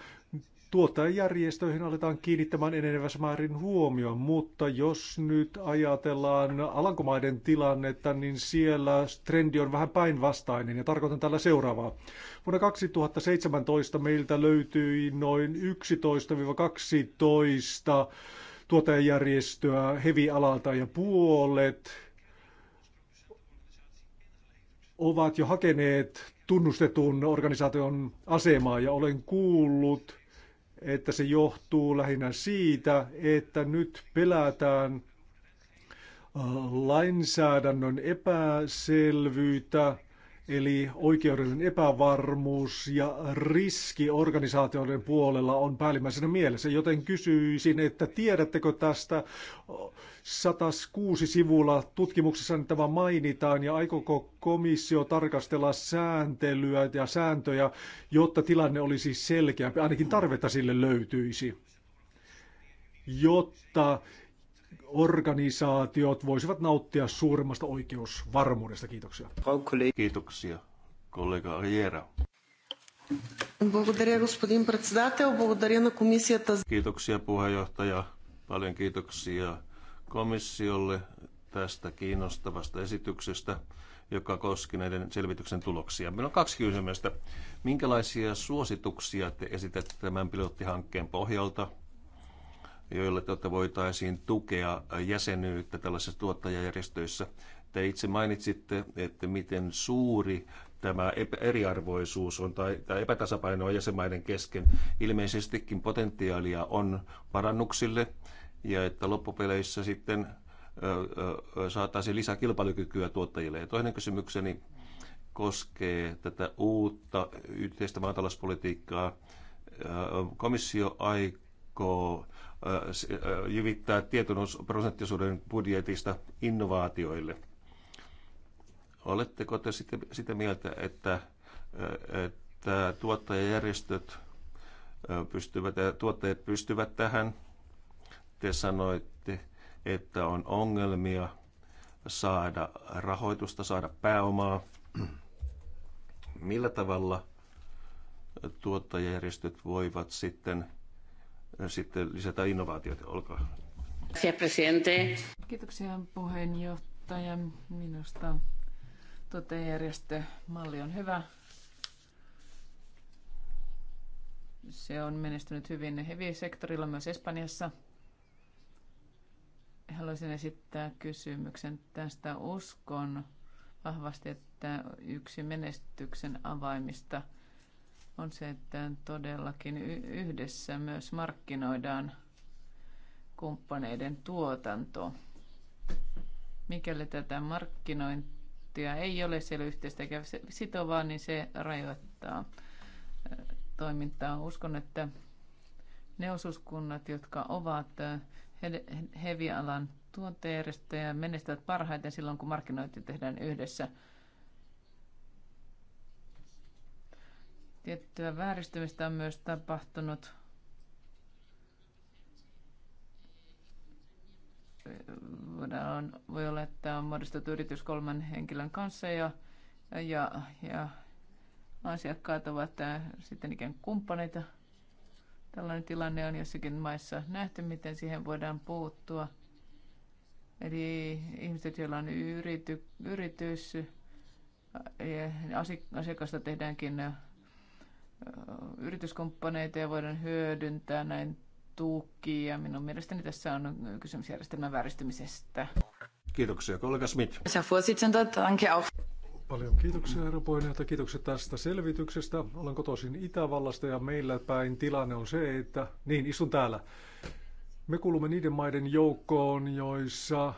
tuottajajärjestöihin aletaan kiinnittämään enenevässä määrin huomioon, mutta jos nyt ajatellaan Alankomaiden tilannetta, niin siellä trendi on vähän päinvastainen ja tarkoitan tällä seuraavaa. Vuonna 2017 meiltä löytyi noin 11-12 tuottajajärjestöä hevialalta ja puolet ovat jo hakeneet tunnustetun organisaation asemaa ja olen kuullut, että se johtuu lähinnä siitä, että nyt pelätään äh, lainsäädännön epäselvyyttä, eli oikeudellinen epävarmuus ja riski organisaatioiden puolella on päällimmäisenä mielessä, joten kysyisin, että tiedättekö tästä 106 sivulla tutkimuksessa tämä mainitaan ja aikooko komissio tarkastella sääntelyä ja sääntöjä, jotta tilanne olisi selkeämpi, ainakin tarvetta sille löytyisi, jotta organisaatiot voisivat nauttia suuremmasta oikeusvarmuudesta. Kiitoksia. Kiitoksia, kollega Riera. Kiitoksia puheenjohtaja. Paljon kiitoksia komissiolle tästä kiinnostavasta esityksestä, joka koski näiden selvityksen tuloksia. Meillä on kaksi kysymystä. Minkälaisia suosituksia te esitätte tämän pilottihankkeen pohjalta, joille te voitaisiin tukea jäsenyyttä tällaisissa tuottajajärjestöissä? Te itse mainitsitte, että miten suuri tämä eriarvoisuus on tai, tämä epätasapaino on jäsenmaiden kesken. Ilmeisestikin potentiaalia on parannuksille ja että loppupeleissä sitten saataisiin lisää kilpailukykyä tuottajille. Ja toinen kysymykseni koskee tätä uutta yhteistä maatalouspolitiikkaa. Komissio aikoo jyvittää tietyn prosenttisuuden budjetista innovaatioille. Oletteko te sitä mieltä, että, että tuottajajärjestöt pystyvät, tuottajat pystyvät tähän – te sanoitte, että on ongelmia saada rahoitusta, saada pääomaa. Millä tavalla tuottajärjestöt voivat sitten, sitten lisätä innovaatioita? Olkaa Kiitoksia puheenjohtaja. Minusta tuottajajärjestömalli on hyvä. Se on menestynyt hyvin heavy-sektorilla myös Espanjassa – Haluaisin esittää kysymyksen tästä uskon vahvasti, että yksi menestyksen avaimista on se, että todellakin yhdessä myös markkinoidaan kumppaneiden tuotanto. Mikäli tätä markkinointia ei ole siellä yhteistä eikä sitovaa, niin se rajoittaa toimintaa. Uskon, että ne osuuskunnat, jotka ovat hevialan tuottajärjestöjä menestyvät parhaiten silloin, kun markkinointi tehdään yhdessä. Tiettyä vääristymistä on myös tapahtunut. Voidaan, voi olla, että on muodostettu yritys kolman henkilön kanssa ja, ja, ja asiakkaat ovat äh, sitten ikään kumppaneita – Tällainen tilanne on jossakin maissa nähty, miten siihen voidaan puuttua. Eli ihmiset, joilla on yrity, yritys, asiakasta tehdäänkin yrityskumppaneita ja voidaan hyödyntää näin tukia. Minun mielestäni tässä on kysymys järjestelmän vääristymisestä. Kiitoksia, kollega Smith. Paljon kiitoksia herra puheenjohtaja, kiitokset tästä selvityksestä. Olen kotoisin Itävallasta ja meillä päin tilanne on se, että... Niin, istun täällä. Me kuulumme niiden maiden joukkoon, joissa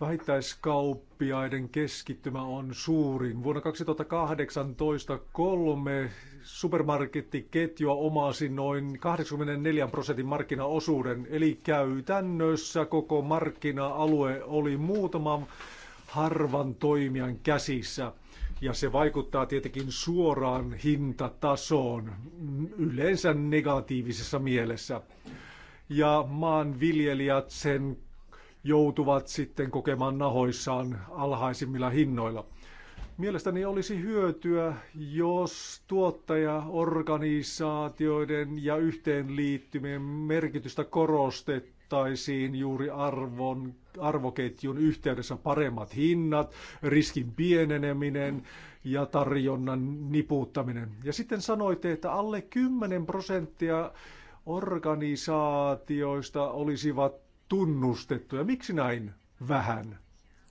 vähittäiskauppiaiden keskittymä on suurin. Vuonna 2018 kolme supermarkettiketjua omasi noin 84 prosentin markkinaosuuden, eli käytännössä koko markkina-alue oli muutaman harvan toimijan käsissä. Ja se vaikuttaa tietenkin suoraan hintatasoon, yleensä negatiivisessa mielessä. Ja maanviljelijät sen joutuvat sitten kokemaan nahoissaan alhaisimmilla hinnoilla. Mielestäni olisi hyötyä, jos tuottajaorganisaatioiden ja yhteenliittymien merkitystä korostettaisiin taattaisiin juuri arvon, arvoketjun yhteydessä paremmat hinnat, riskin pieneneminen ja tarjonnan niputtaminen. Ja sitten sanoitte, että alle 10 prosenttia organisaatioista olisivat tunnustettuja. Miksi näin vähän?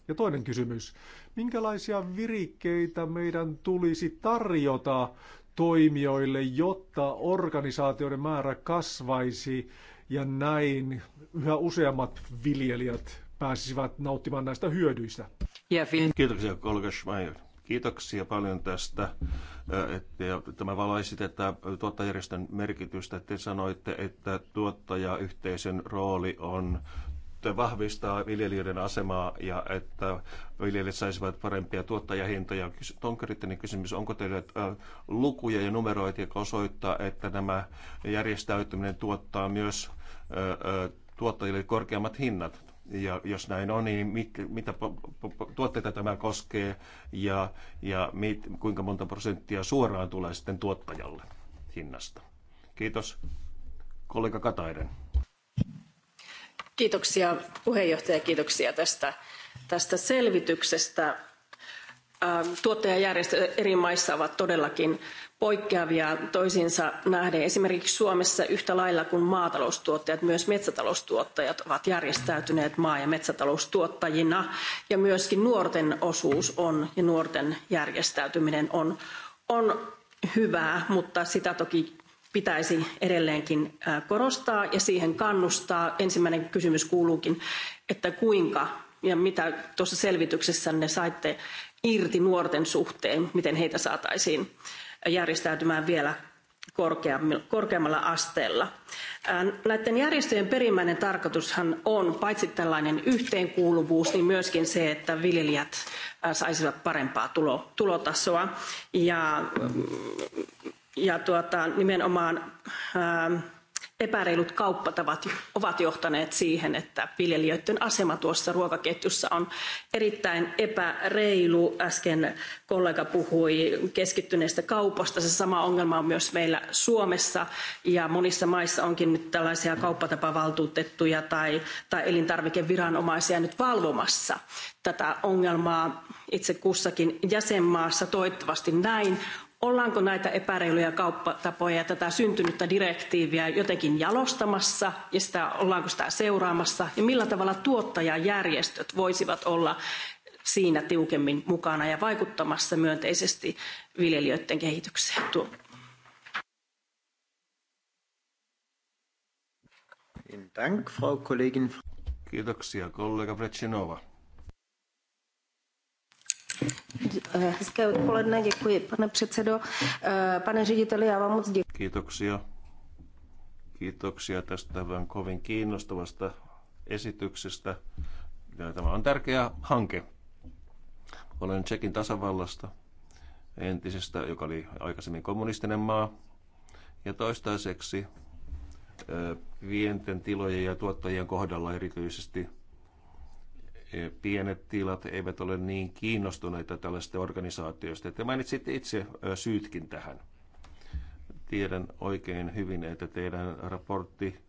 Ja toinen kysymys. Minkälaisia virikkeitä meidän tulisi tarjota toimijoille, jotta organisaatioiden määrä kasvaisi ja näin yhä useammat viljelijät pääsisivät nauttimaan näistä hyödyistä. Kiitoksia kollega Schmeier. Kiitoksia paljon tästä, äh, että tämä valaisi tätä tuottajärjestön merkitystä. Te sanoitte, että tuottajayhteisön rooli on vahvistaa viljelijöiden asemaa ja että viljelijät saisivat parempia tuottajahintoja. Tonkerittinen kysymys, onko teillä äh, lukuja ja numeroita, jotka osoittaa, että nämä järjestäytyminen tuottaa myös tuottajille korkeammat hinnat. Ja jos näin on, niin mit, mitä tuotteita tämä koskee ja, ja mit, kuinka monta prosenttia suoraan tulee sitten tuottajalle hinnasta. Kiitos. Kollega Katainen. Kiitoksia puheenjohtaja, kiitoksia tästä, tästä selvityksestä. Tuottajajärjestöt eri maissa ovat todellakin poikkeavia toisiinsa nähden. Esimerkiksi Suomessa yhtä lailla kuin maataloustuottajat, myös metsätaloustuottajat ovat järjestäytyneet maa- ja metsätaloustuottajina. Ja myöskin nuorten osuus on ja nuorten järjestäytyminen on, on hyvää, mutta sitä toki pitäisi edelleenkin korostaa ja siihen kannustaa. Ensimmäinen kysymys kuuluukin, että kuinka ja mitä tuossa selvityksessänne saitte irti nuorten suhteen, miten heitä saataisiin järjestäytymään vielä korkeammalla asteella. Näiden järjestöjen perimmäinen tarkoitushan on paitsi tällainen yhteenkuuluvuus, niin myöskin se, että viljelijät saisivat parempaa tulo, tulotasoa. Ja, ja tuota, nimenomaan ää, epäreilut kauppatavat ovat johtaneet siihen, että viljelijöiden asema tuossa ruokaketjussa on erittäin epäreilu. Äsken kollega puhui keskittyneestä kaupasta. Se sama ongelma on myös meillä Suomessa ja monissa maissa onkin nyt tällaisia kauppatapavaltuutettuja tai, tai elintarvikeviranomaisia nyt valvomassa tätä ongelmaa itse kussakin jäsenmaassa. Toivottavasti näin Ollaanko näitä epäreiluja kauppatapoja ja tätä syntynyttä direktiiviä jotenkin jalostamassa ja sitä, ollaanko sitä seuraamassa ja millä tavalla tuottajajärjestöt voisivat olla siinä tiukemmin mukana ja vaikuttamassa myönteisesti viljelijöiden kehitykseen? Kiitoksia kollega Vrechinova. Hezké odpoledne, děkuji, pane předsedo. Eh, pane řediteli, já vám moc děkuji. Kiitoksia. Kiitoksia tästä vähän kovin kiinnostavasta esityksestä. tämä on tärkeä hanke. Olen Tsekin tasavallasta entisestä, joka oli aikaisemmin kommunistinen maa. Ja toistaiseksi pienten eh, tilojen ja tuottajien kohdalla erityisesti – E, pienet tilat eivät ole niin kiinnostuneita tällaisista organisaatioista. Te mainitsitte itse syytkin tähän. Tiedän oikein hyvin, että teidän raportti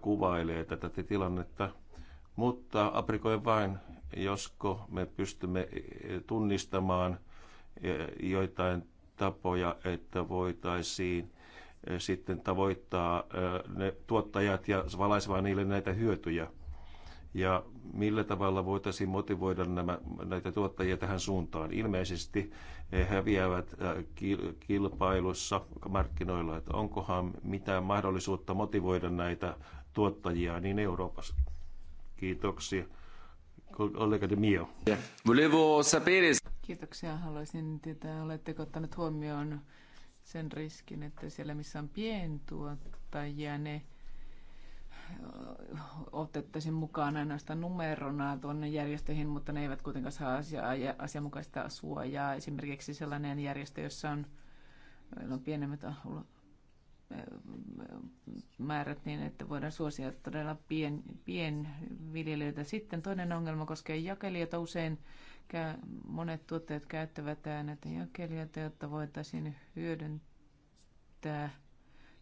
kuvailee tätä tilannetta, mutta aprikoin vain, josko me pystymme e, tunnistamaan e, joitain tapoja, että voitaisiin sitten tavoittaa ne tuottajat ja valaisemaan niille näitä hyötyjä – ja millä tavalla voitaisiin motivoida nämä, näitä tuottajia tähän suuntaan. Ilmeisesti he häviävät äh, kilpailussa markkinoilla, että onkohan mitään mahdollisuutta motivoida näitä tuottajia niin Euroopassa. Kiitoksia. Kollega de Mio. Kiitoksia. Haluaisin tietää, oletteko ottanut huomioon sen riskin, että siellä missä on pientuottajia, ne otettaisiin mukaan ainoastaan numerona tuonne järjestöihin, mutta ne eivät kuitenkaan saa asia- asianmukaista suojaa. Esimerkiksi sellainen järjestö, jossa on, on pienemmät määrät niin, että voidaan suosia todella pien, pienviljelijöitä. Sitten toinen ongelma koskee jakelijoita. Usein monet tuottajat käyttävät näitä jakelijoita, jotta voitaisiin hyödyntää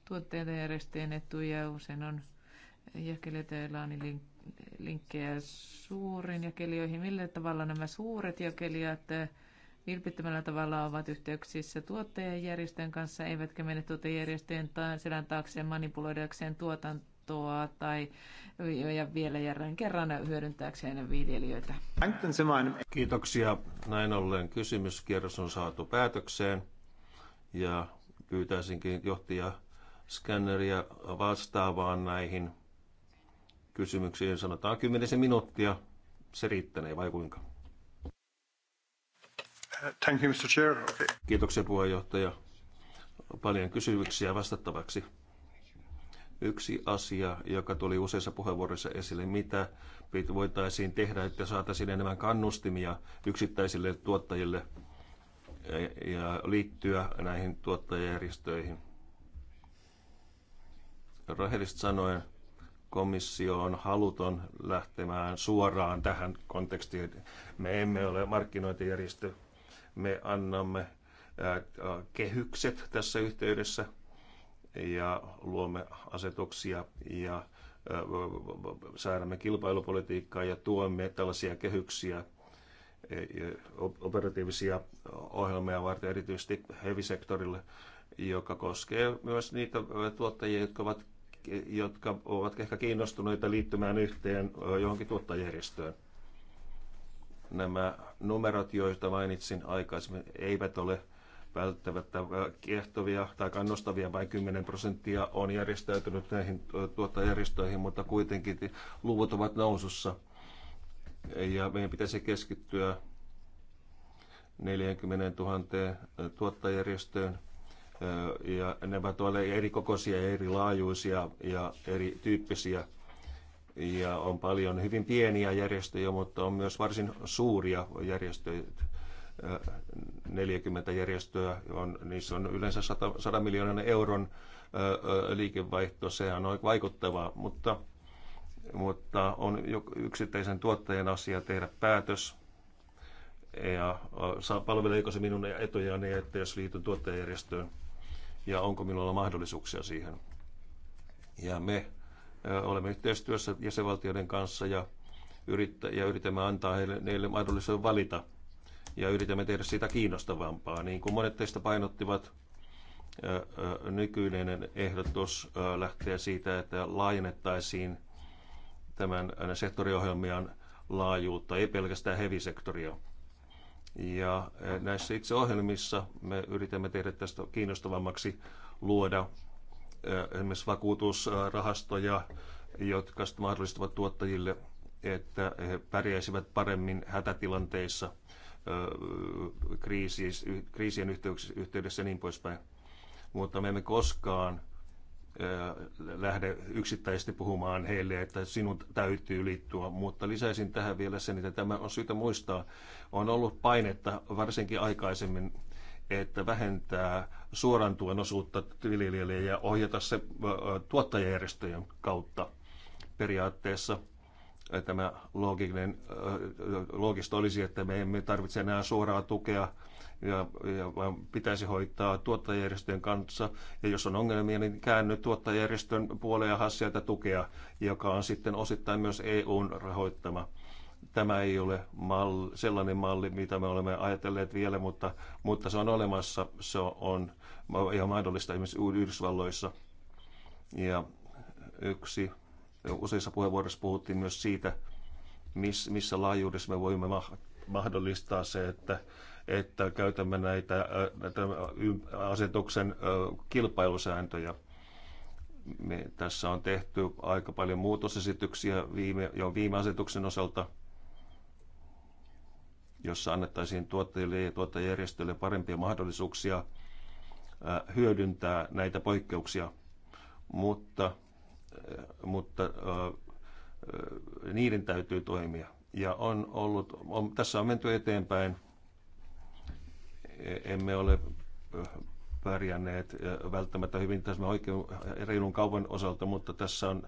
tuotteiden järjestöjen etuja. Usein on jakelijoita, niin linkkejä suurin jakelijoihin. Millä tavalla nämä suuret jakelijat eh, vilpittömällä tavalla ovat yhteyksissä tuottajajärjestön kanssa, eivätkä mene tuottajajärjestöjen selän taakse manipuloidakseen tuotantoa tai ja vielä järjen kerran hyödyntääkseen viljelijöitä. Kiitoksia. Näin ollen kysymyskierros on saatu päätökseen ja pyytäisinkin johtaja skanneria vastaavaan näihin kysymyksiin, sanotaan kymmenisen minuuttia. Se riittänee vai kuinka? Thank you, Mr. Chair. Okay. Kiitoksia puheenjohtaja. Paljon kysymyksiä vastattavaksi. Yksi asia, joka tuli useissa puheenvuoroissa esille, mitä voitaisiin tehdä, että saataisiin enemmän kannustimia yksittäisille tuottajille ja liittyä näihin tuottajajärjestöihin. Rehellisesti sanoen, komissio on haluton lähtemään suoraan tähän kontekstiin. Me emme ole markkinointijärjestö, me annamme äh, kehykset tässä yhteydessä ja luomme asetuksia ja äh, säädämme kilpailupolitiikkaa ja tuomme tällaisia kehyksiä äh, operatiivisia ohjelmia varten erityisesti hevisektorille, joka koskee myös niitä tuottajia, jotka ovat jotka ovat ehkä kiinnostuneita liittymään yhteen johonkin tuottajärjestöön. Nämä numerot, joita mainitsin aikaisemmin, eivät ole välttämättä kiehtovia tai kannustavia, vain 10 prosenttia on järjestäytynyt näihin tuottajärjestöihin, mutta kuitenkin luvut ovat nousussa. Ja meidän pitäisi keskittyä 40 000 tuottajärjestöön ja ne ovat eri kokoisia, eri laajuisia ja eri tyyppisiä. Ja on paljon hyvin pieniä järjestöjä, mutta on myös varsin suuria järjestöjä. 40 järjestöä, on, niissä on yleensä 100, 100 miljoonan euron liikevaihto, sehän on vaikuttavaa, mutta, mutta on yksittäisen tuottajan asia tehdä päätös, ja palveleeko se minun etujani, että jos liityn tuottajajärjestöön ja onko minulla mahdollisuuksia siihen. Ja me olemme yhteistyössä jäsenvaltioiden kanssa ja, yrittä, ja yritämme antaa heille, heille mahdollisuuden valita ja yritämme tehdä sitä kiinnostavampaa. Niin kuin monet teistä painottivat, nykyinen ehdotus lähtee siitä, että laajennettaisiin tämän sektoriohjelmien laajuutta, ei pelkästään hevisektoria. Ja eh, näissä itse ohjelmissa me yritämme tehdä tästä kiinnostavammaksi luoda eh, esimerkiksi vakuutusrahastoja, jotka mahdollistavat tuottajille, että he pärjäisivät paremmin hätätilanteissa, eh, kriisien yhteydessä ja niin poispäin. Mutta me emme koskaan lähde yksittäisesti puhumaan heille, että sinun täytyy liittyä, mutta lisäisin tähän vielä sen, että tämä on syytä muistaa. On ollut painetta varsinkin aikaisemmin, että vähentää suoran tuen osuutta viljelijälle ja ohjata se tuottajajärjestöjen kautta. Periaatteessa tämä looginen, loogista olisi, että me emme tarvitse enää suoraa tukea ja, ja vaan pitäisi hoitaa tuottajärjestöjen kanssa. Ja jos on ongelmia, niin käänny tuottajärjestön puoleen ja sieltä tukea, joka on sitten osittain myös EUn rahoittama. Tämä ei ole malli, sellainen malli, mitä me olemme ajatelleet vielä, mutta, mutta se on olemassa. Se on ihan mahdollista esimerkiksi Yhdysvalloissa. Ja yksi, useissa puheenvuoroissa puhuttiin myös siitä, missä laajuudessa me voimme mahdollistaa se, että että käytämme näitä, näitä asetuksen kilpailusääntöjä. Me, tässä on tehty aika paljon muutosesityksiä viime, jo viime asetuksen osalta, jossa annettaisiin tuottajille ja tuottajajärjestöille parempia mahdollisuuksia hyödyntää näitä poikkeuksia, mutta, mutta niiden täytyy toimia. Ja on ollut, on, tässä on menty eteenpäin emme ole äh, pärjänneet äh, välttämättä hyvin tässä oikein äh, reilun kaupan osalta, mutta tässä on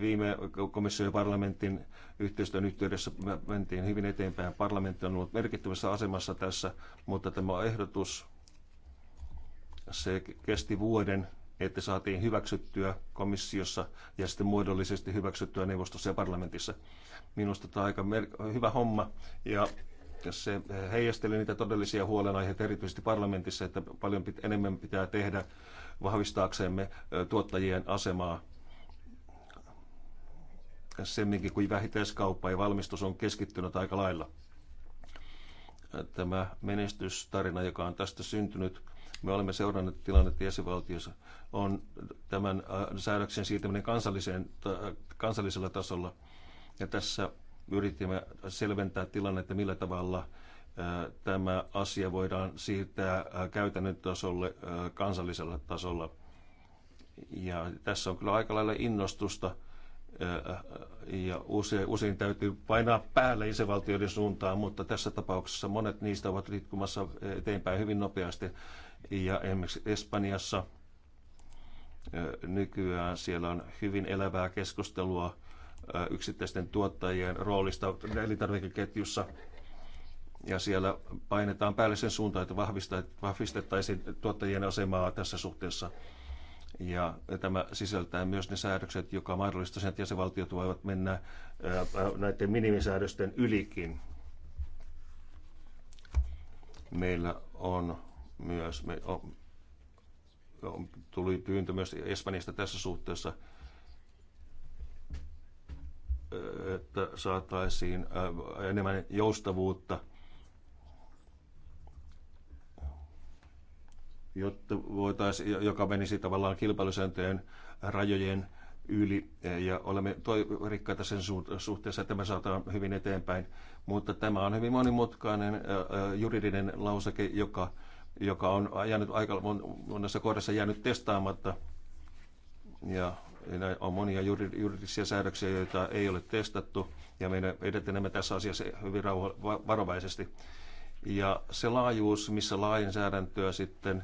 viime komission ja parlamentin yhteistyön yhteydessä mentiin hyvin eteenpäin. Parlamentti on ollut merkittävässä asemassa tässä, mutta tämä ehdotus se kesti vuoden, että saatiin hyväksyttyä komissiossa ja sitten muodollisesti hyväksyttyä neuvostossa ja parlamentissa. Minusta tämä on aika hyvä homma ja koska se eh, heijasteli niitä todellisia huolenaiheita erityisesti parlamentissa, että paljon pit, enemmän pitää tehdä vahvistaaksemme eh, tuottajien asemaa semminkin kuin vähittäiskauppa ja valmistus on keskittynyt aika lailla. Eh, tämä menestystarina, joka on tästä syntynyt, me olemme seuranneet tilannetta jäsenvaltiossa, on tämän säädöksen siirtäminen kansalliseen, kansallisella tasolla. Ja tässä yritimme selventää tilannetta, millä tavalla tämä asia voidaan siirtää käytännön tasolle kansallisella tasolla. Ja tässä on kyllä aika lailla innostusta ja usein, usein täytyy painaa päälle isävaltioiden suuntaan, mutta tässä tapauksessa monet niistä ovat liikkumassa eteenpäin hyvin nopeasti. Ja esimerkiksi Espanjassa nykyään siellä on hyvin elävää keskustelua yksittäisten tuottajien roolista elintarvikeketjussa. Ja siellä painetaan päälle sen suuntaan, että vahvistettaisiin tuottajien asemaa tässä suhteessa. Ja tämä sisältää myös ne säädökset, joka mahdollista sen, että jäsenvaltiot voivat mennä näiden minimisäädösten ylikin. Meillä on myös, me on, tuli pyyntö myös Espanjasta tässä suhteessa, että saataisiin enemmän joustavuutta, jotta voitaisiin, joka menisi tavallaan kilpailusääntöjen rajojen yli ja olemme rikkaita sen suhteessa, että me saadaan hyvin eteenpäin. Mutta tämä on hyvin monimutkainen juridinen lauseke, joka, joka on jäänyt aika monessa kohdassa jäänyt testaamatta. Ja on monia juridisia säädöksiä, joita ei ole testattu, ja meidän edetenemme tässä asiassa hyvin varovaisesti. Ja se laajuus, missä lainsäädäntöä sitten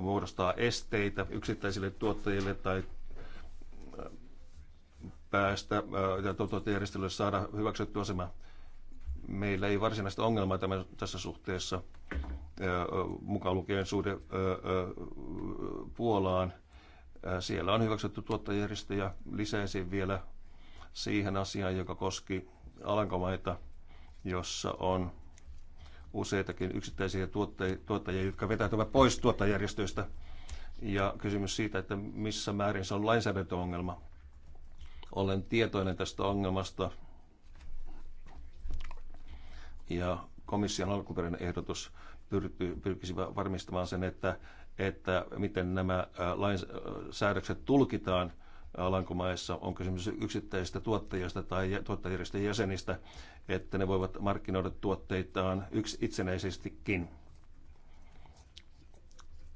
muodostaa esteitä yksittäisille tuottajille tai päästä ja tuottajärjestelylle saada hyväksytty asema. Meillä ei varsinaista ongelmaa tämän, tässä suhteessa, mukaan lukien suhde Puolaan – siellä on hyväksytty ja Lisäisin vielä siihen asiaan, joka koski Alankomaita, jossa on useitakin yksittäisiä tuottajia, jotka vetäytyvät pois tuottajärjestöistä. Ja kysymys siitä, että missä määrin se on lainsäädäntöongelma. Olen tietoinen tästä ongelmasta. Ja komission alkuperäinen ehdotus pyrkisi varmistamaan sen, että, että miten nämä äh, lainsäädökset äh, tulkitaan Alankomaissa, on kysymys yksittäisistä tuottajista tai tuottajärjestöjen jäsenistä, että ne voivat markkinoida tuotteitaan yksi itsenäisestikin.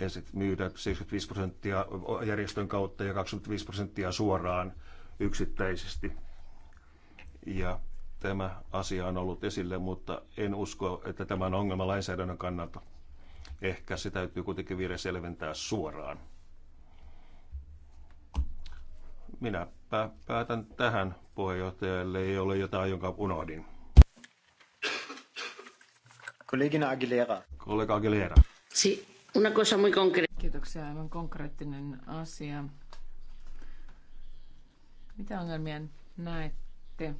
Ja sitten myydä 75 prosenttia järjestön kautta ja 25 prosenttia suoraan yksittäisesti. Ja tämä asia on ollut esille, mutta en usko, että tämä on ongelma lainsäädännön kannalta Ehkä se täytyy kuitenkin vielä selventää suoraan. Minä päätän tähän puheenjohtajalle, ei ole jotain, jonka unohdin. Kollegina Aguilera. Kollega Aguilera. Si, una cosa muy concreta. Kiitoksia, aivan konkreettinen asia. Mitä ongelmia näette,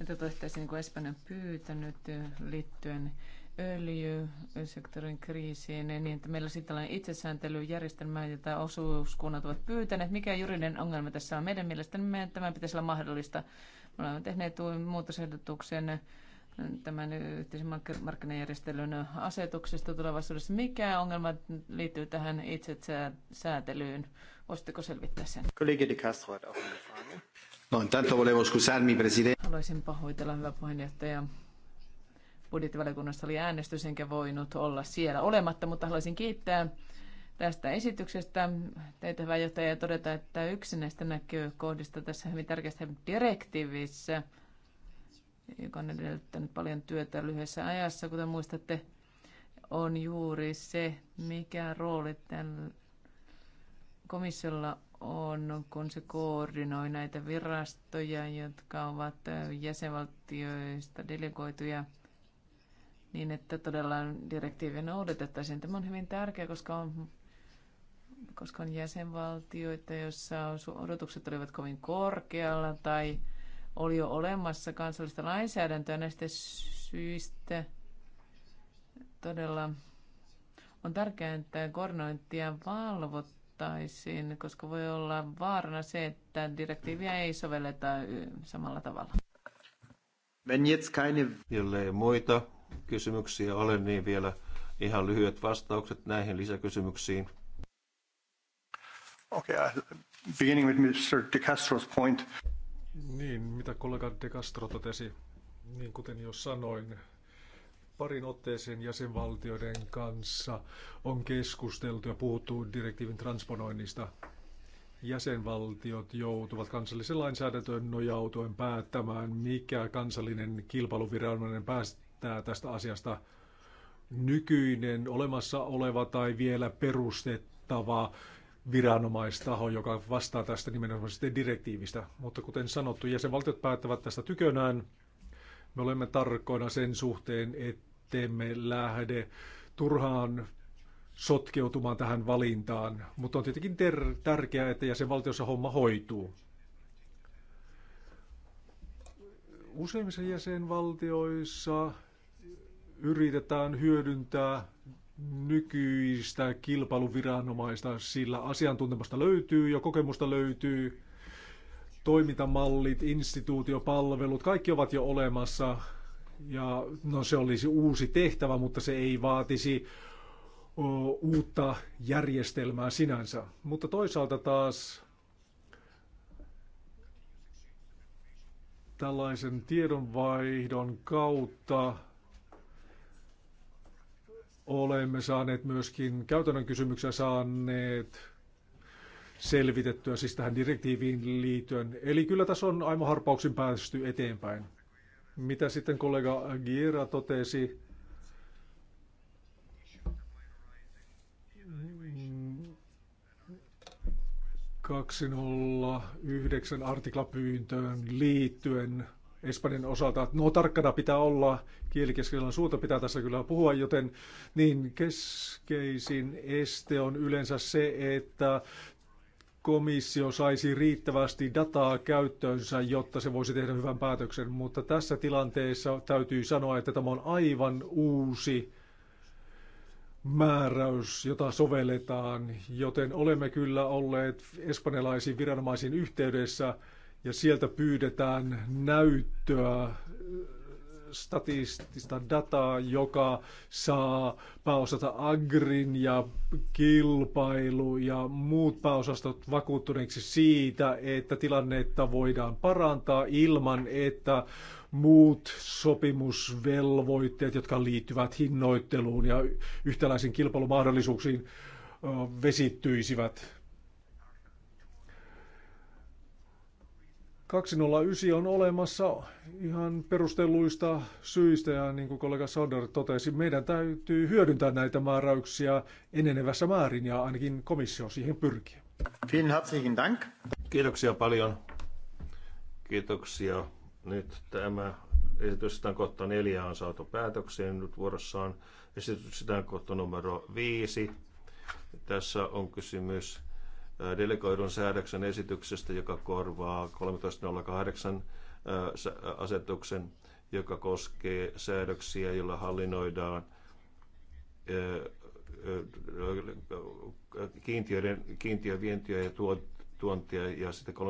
että tehtäisiin niin kuin Espanja pyytänyt liittyen öljysektorin kriisiin, niin, niin että meillä sitten tällainen itsesääntelyjärjestelmä, jota osuuskunnat ovat pyytäneet. Mikä juridinen ongelma tässä on? Meidän mielestämme tämä pitäisi olla mahdollista. Me olemme tehneet muutosehdotuksen tämän yhteisen markkinajärjestelyn asetuksesta tulevaisuudessa. Mikä ongelma liittyy tähän itsesäätelyyn? Voisitteko selvittää sen? No, intanto volevo scusarmi, presidente. Haluaisin pahoitella, hyvä puheenjohtaja Budjettivaliokunnassa oli äänestys, enkä voinut olla siellä olematta, mutta haluaisin kiittää tästä esityksestä teitä pääjohtaja ja todeta, että yksi näistä näkökohdista tässä hyvin tärkeässä direktiivissä, joka on edellyttänyt paljon työtä lyhyessä ajassa, kuten muistatte, on juuri se, mikä rooli tällä komissiolla on, kun se koordinoi näitä virastoja, jotka ovat jäsenvaltioista delegoituja niin, että todella direktiivi noudatettaisiin. Tämä on hyvin tärkeä, koska on, koska on jäsenvaltioita, joissa odotukset olivat kovin korkealla tai oli jo olemassa kansallista lainsäädäntöä näistä syistä. Todella on tärkeää, että koordinointia valvottaisiin, koska voi olla vaarana se, että direktiiviä ei sovelleta samalla tavalla. Wenn jetzt keine... muita kysymyksiä ole, niin vielä ihan lyhyet vastaukset näihin lisäkysymyksiin. Okay, beginning with Mr. De Castro's point. Niin, mitä kollega De Castro totesi, niin kuten jo sanoin, parin otteeseen jäsenvaltioiden kanssa on keskusteltu ja puhuttu direktiivin transponoinnista. Jäsenvaltiot joutuvat kansallisen lainsäädäntöön nojautuen päättämään, mikä kansallinen kilpailuviranomainen pääs päättää tästä asiasta nykyinen olemassa oleva tai vielä perustettava viranomaistaho, joka vastaa tästä sitten direktiivistä. Mutta kuten sanottu, jäsenvaltiot päättävät tästä tykönään. Me olemme tarkkoina sen suhteen, ettemme lähde turhaan sotkeutumaan tähän valintaan, mutta on tietenkin ter- tärkeää, että jäsenvaltiossa homma hoituu. Useimmissa jäsenvaltioissa yritetään hyödyntää nykyistä kilpailuviranomaista, sillä asiantuntemusta löytyy ja kokemusta löytyy, toimintamallit, instituutiopalvelut, kaikki ovat jo olemassa. Ja no se olisi uusi tehtävä, mutta se ei vaatisi o, uutta järjestelmää sinänsä. Mutta toisaalta taas tällaisen tiedonvaihdon kautta Olemme saaneet myöskin käytännön kysymyksiä saaneet selvitettyä siis tähän direktiiviin liittyen. Eli kyllä tässä on aimo harpauksin päästy eteenpäin. Mitä sitten kollega Gira totesi, yhdeksän artiklapyyntöön liittyen Espanjan osalta. No tarkkana pitää olla, kielikeskustelun suuta pitää tässä kyllä puhua, joten niin keskeisin este on yleensä se, että komissio saisi riittävästi dataa käyttöönsä, jotta se voisi tehdä hyvän päätöksen, mutta tässä tilanteessa täytyy sanoa, että tämä on aivan uusi määräys, jota sovelletaan, joten olemme kyllä olleet espanjalaisiin viranomaisiin yhteydessä, ja sieltä pyydetään näyttöä, äh, statistista dataa, joka saa pääosata Agrin ja kilpailu ja muut pääosastot vakuuttuneeksi siitä, että tilannetta voidaan parantaa ilman, että muut sopimusvelvoitteet, jotka liittyvät hinnoitteluun ja yhtäläisiin kilpailumahdollisuuksiin, äh, vesittyisivät. 209 on olemassa ihan perustelluista syistä ja niin kuin kollega Sander totesi, meidän täytyy hyödyntää näitä määräyksiä enenevässä määrin ja ainakin komissio siihen pyrkii. Vielen herzlichen Dank. Kiitoksia paljon. Kiitoksia. Nyt tämä esitysstään kohta neljä on saatu päätökseen. Nyt vuorossa on esitysstään kohta numero viisi. Tässä on kysymys delegoidun säädöksen esityksestä, joka korvaa 1308 asetuksen, joka koskee säädöksiä, joilla hallinnoidaan kiintiöiden, kiintiövientiä ja tuontia. Ja sitten 13.06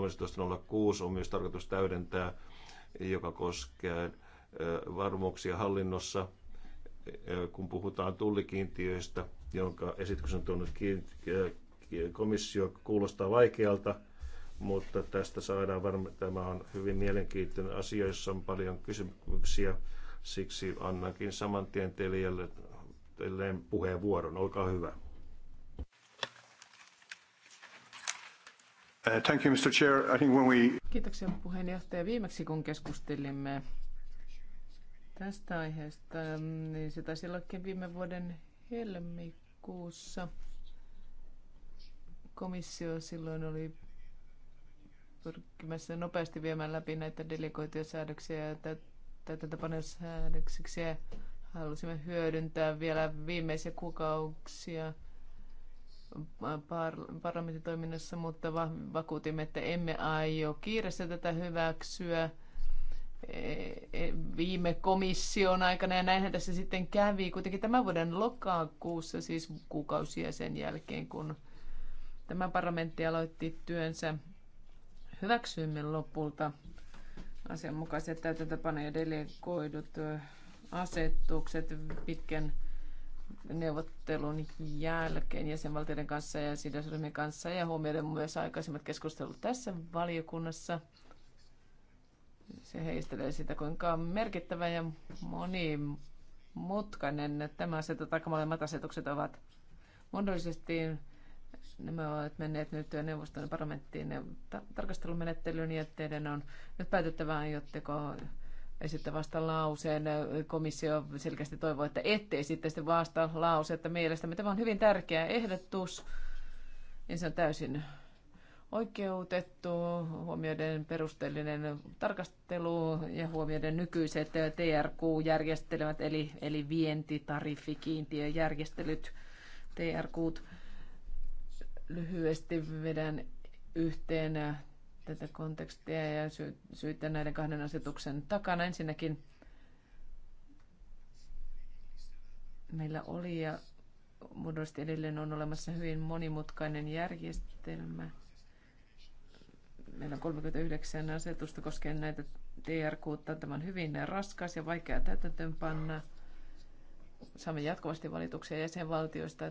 on myös tarkoitus täydentää, joka koskee varmuuksia hallinnossa, kun puhutaan tullikiintiöistä, jonka esityksen on tuonut komissio kuulostaa vaikealta, mutta tästä saadaan varmaan, tämä on hyvin mielenkiintoinen asia, jossa on paljon kysymyksiä. Siksi annankin saman tien teille, teille puheenvuoron. Olkaa hyvä. Uh, thank you, Mr. Chair. I think when we... Kiitoksia puheenjohtaja. Viimeksi kun keskustelimme tästä aiheesta, niin se taisi viime vuoden helmikuussa – komissio silloin oli pyrkimässä nopeasti viemään läpi näitä delegoituja säädöksiä ja täytäntöpanoja säädöksiksi ja halusimme hyödyntää vielä viimeisiä kuukauksia par- parlamentin toiminnassa, mutta va- vakuutimme, että emme aio kiireessä tätä hyväksyä e- e- viime komission aikana, ja näinhän tässä sitten kävi. Kuitenkin tämän vuoden lokakuussa, siis kuukausia sen jälkeen, kun Tämä parlamentti aloitti työnsä. Hyväksyimme lopulta asianmukaiset täytäntöpano- ja delegoidut asetukset pitkän neuvottelun jälkeen jäsenvaltioiden kanssa ja sidosryhmien kanssa ja huomioiden myös aikaisemmat keskustelut tässä valiokunnassa. Se heistelee sitä, kuinka merkittävä ja monimutkainen tämä asetus tai molemmat asetukset ovat. Muodollisesti Nämä ovat menneet nyt neuvoston parlamenttiin ta- tarkastelumenettelyyn ja niin teidän on nyt päätettävä, aiotteko esittää vasta lauseen. Komissio selkeästi toivoo, että ettei sitten sitten vasta että mielestäni. Tämä on hyvin tärkeä ehdotus ja se on täysin oikeutettu, huomioiden perusteellinen tarkastelu ja huomioiden nykyiset TRQ-järjestelmät, eli, eli vientitariffikiintiöjärjestelyt, TRQ lyhyesti vedän yhteen tätä kontekstia ja sy- syytä näiden kahden asetuksen takana. Ensinnäkin meillä oli ja muodollisesti edelleen on olemassa hyvin monimutkainen järjestelmä. Meillä on 39 asetusta koskien näitä TRQ. Tämä on hyvin raskas ja vaikea täytäntöönpanna. Saamme jatkuvasti valituksia jäsenvaltioista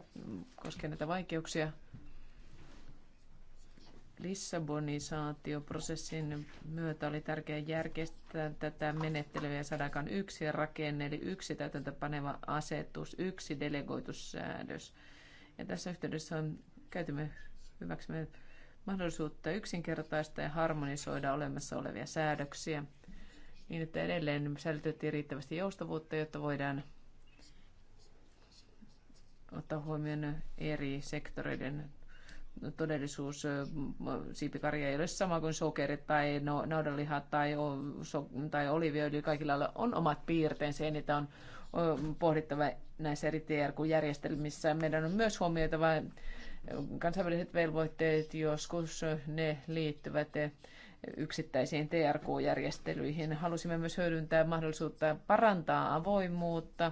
koskien näitä vaikeuksia. Lissabonisaatioprosessin myötä oli tärkeää järkeistää tätä menettelyä ja saada aikaan yksi rakenne, eli yksi täytäntöpaneva asetus, yksi delegoitussäädös. Ja tässä yhteydessä on, käytämme hyväksymme mahdollisuutta yksinkertaista ja harmonisoida olemassa olevia säädöksiä niin, että edelleen säilytettiin riittävästi joustavuutta, jotta voidaan ottaa huomioon eri sektoreiden todellisuus, siipikarja ei ole sama kuin sokerit tai no, naudanlihat tai, so, tai oliviöljy, kaikilla on omat piirteensä ja niitä on pohdittava näissä eri TRQ-järjestelmissä. Meidän on myös huomioitava kansainväliset velvoitteet, joskus ne liittyvät yksittäisiin TRQ-järjestelyihin. Halusimme myös hyödyntää mahdollisuutta parantaa avoimuutta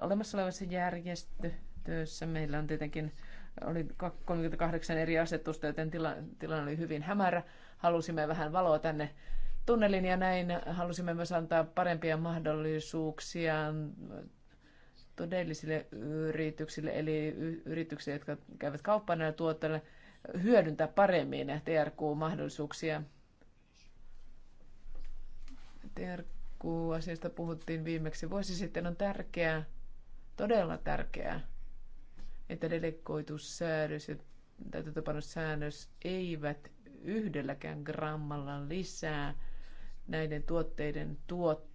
olemassa olevassa järjestössä. Meillä on tietenkin oli 38 eri asetusta, joten tila, tilanne oli hyvin hämärä. Halusimme vähän valoa tänne tunnelin ja näin halusimme myös antaa parempia mahdollisuuksia todellisille yrityksille, eli yrityksille, jotka käyvät kauppaan näillä tuotteilla, hyödyntää paremmin TRQ-mahdollisuuksia. TRQ-asiasta puhuttiin viimeksi vuosi sitten. On tärkeää, todella tärkeää, että delegoitussäädös ja täytäntöpanosäännös eivät yhdelläkään grammalla lisää näiden tuotteiden tuot,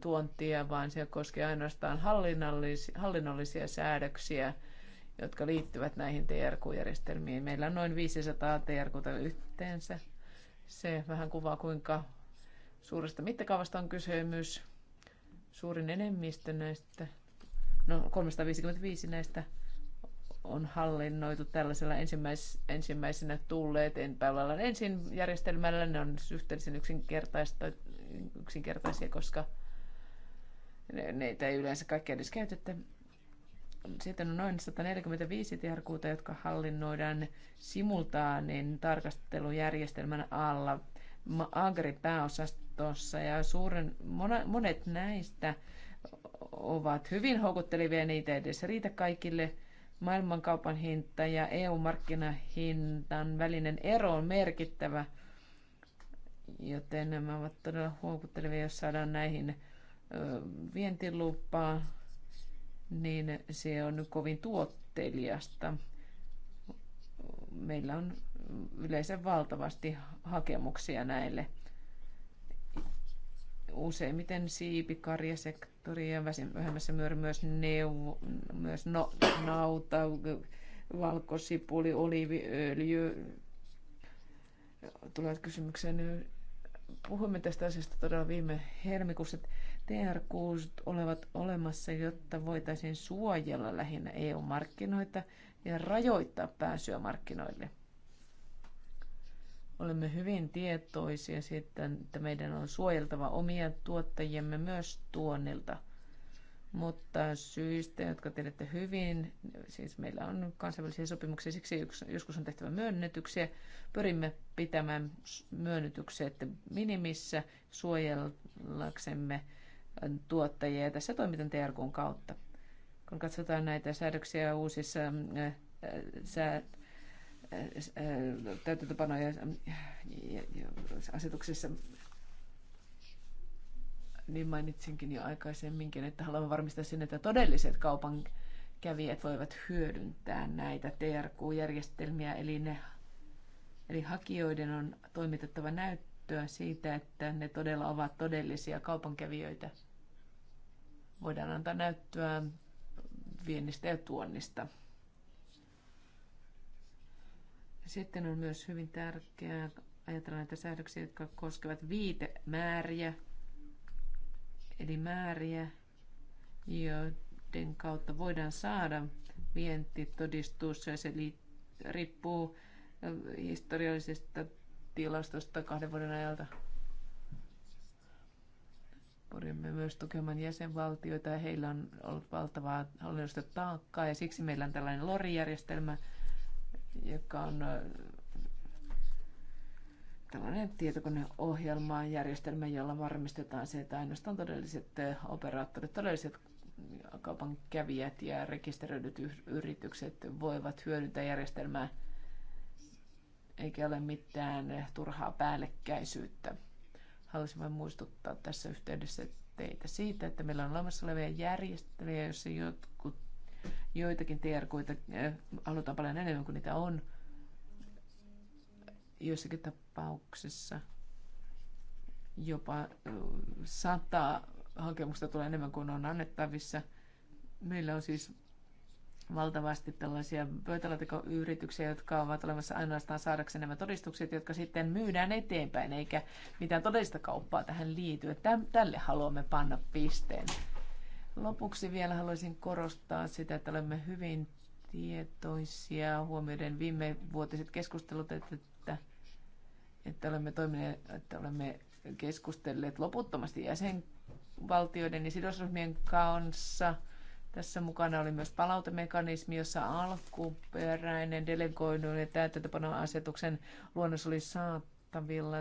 tuontia, vaan se koskee ainoastaan hallinnollis, hallinnollisia säädöksiä, jotka liittyvät näihin TRQ-järjestelmiin. Meillä on noin 500 trq yhteensä. Se vähän kuvaa, kuinka suuresta mittakaavasta on kysymys. Suurin enemmistö näistä, no 355 näistä on hallinnoitu tällaisella ensimmäis, ensimmäisenä tulleet enpäivällä ensin järjestelmällä. Ne on suhteellisen yksinkertaisia, koska ne, niitä ei yleensä kaikkea edes käytetä. Sitten on noin 145 tiharkuuta, jotka hallinnoidaan simultaanin tarkastelujärjestelmän alla Agri-pääosastossa ja suuren, monet näistä ovat hyvin houkuttelevia, niitä ei edes riitä kaikille – maailmankaupan hinta ja EU-markkinahintan välinen ero on merkittävä, joten nämä ovat todella huokuttelevia, jos saadaan näihin vientilupaa, niin se on kovin tuotteliasta. Meillä on yleensä valtavasti hakemuksia näille useimmiten siipikarjasektori ja vähemmässä myörin myös, neuvo, myös no, nauta, valkosipuli, oliiviöljy tulee kysymykseen. Puhumme tästä asiasta todella viime helmikuussa. TRQ olevat olemassa, jotta voitaisiin suojella lähinnä EU-markkinoita ja rajoittaa pääsyä markkinoille – Olemme hyvin tietoisia siitä, että meidän on suojeltava omia tuottajiemme myös tuonnilta. Mutta syistä, jotka tiedätte hyvin, siis meillä on kansainvälisiä sopimuksia, siksi joskus on tehtävä myönnytyksiä. Pyrimme pitämään myönnytykset minimissä suojellaksemme tuottajia tässä toimitan TRKn kautta. Kun katsotaan näitä säädöksiä uusissa äh, äh, sää, täytäntöpanoja asetuksessa niin mainitsinkin jo aikaisemminkin, että haluamme varmistaa sen, että todelliset kaupan kävijät voivat hyödyntää näitä TRQ-järjestelmiä, eli, ne, eli hakijoiden on toimitettava näyttöä siitä, että ne todella ovat todellisia kaupankävijöitä. Voidaan antaa näyttöä viennistä ja tuonnista. Sitten on myös hyvin tärkeää ajatella näitä säädöksiä, jotka koskevat viitemääriä, eli määriä, joiden kautta voidaan saada vientitodistus, ja se riippuu historiallisesta tilastosta kahden vuoden ajalta. Pyrimme myös tukemaan jäsenvaltioita ja heillä on ollut valtavaa hallinnollista taakkaa ja siksi meillä on tällainen lorijärjestelmä, järjestelmä joka on tällainen tietokoneohjelma järjestelmä, jolla varmistetaan se, että ainoastaan todelliset operaattorit, todelliset kaupan kävijät ja rekisteröidyt yritykset voivat hyödyntää järjestelmää, eikä ole mitään turhaa päällekkäisyyttä. Haluaisin vain muistuttaa tässä yhteydessä teitä siitä, että meillä on olemassa olevia järjestelmiä, joissa jotkut joitakin TRKita eh, halutaan paljon enemmän kuin niitä on joissakin tapauksissa. jopa eh, sata hakemusta tulee enemmän kuin on annettavissa. Meillä on siis valtavasti tällaisia pöytälaatikoyrityksiä, jotka ovat olemassa ainoastaan saadakseen nämä todistukset, jotka sitten myydään eteenpäin, eikä mitään todellista kauppaa tähän liity. Tälle haluamme panna pisteen. Lopuksi vielä haluaisin korostaa sitä, että olemme hyvin tietoisia huomioiden viime vuotiset keskustelut, että, että, että, olemme, toimineet, että olemme keskustelleet loputtomasti jäsenvaltioiden ja sidosryhmien kanssa. Tässä mukana oli myös palautemekanismi, jossa alkuperäinen delegoidun ja täytäntöpanon asetuksen luonnos oli saatu saatavilla.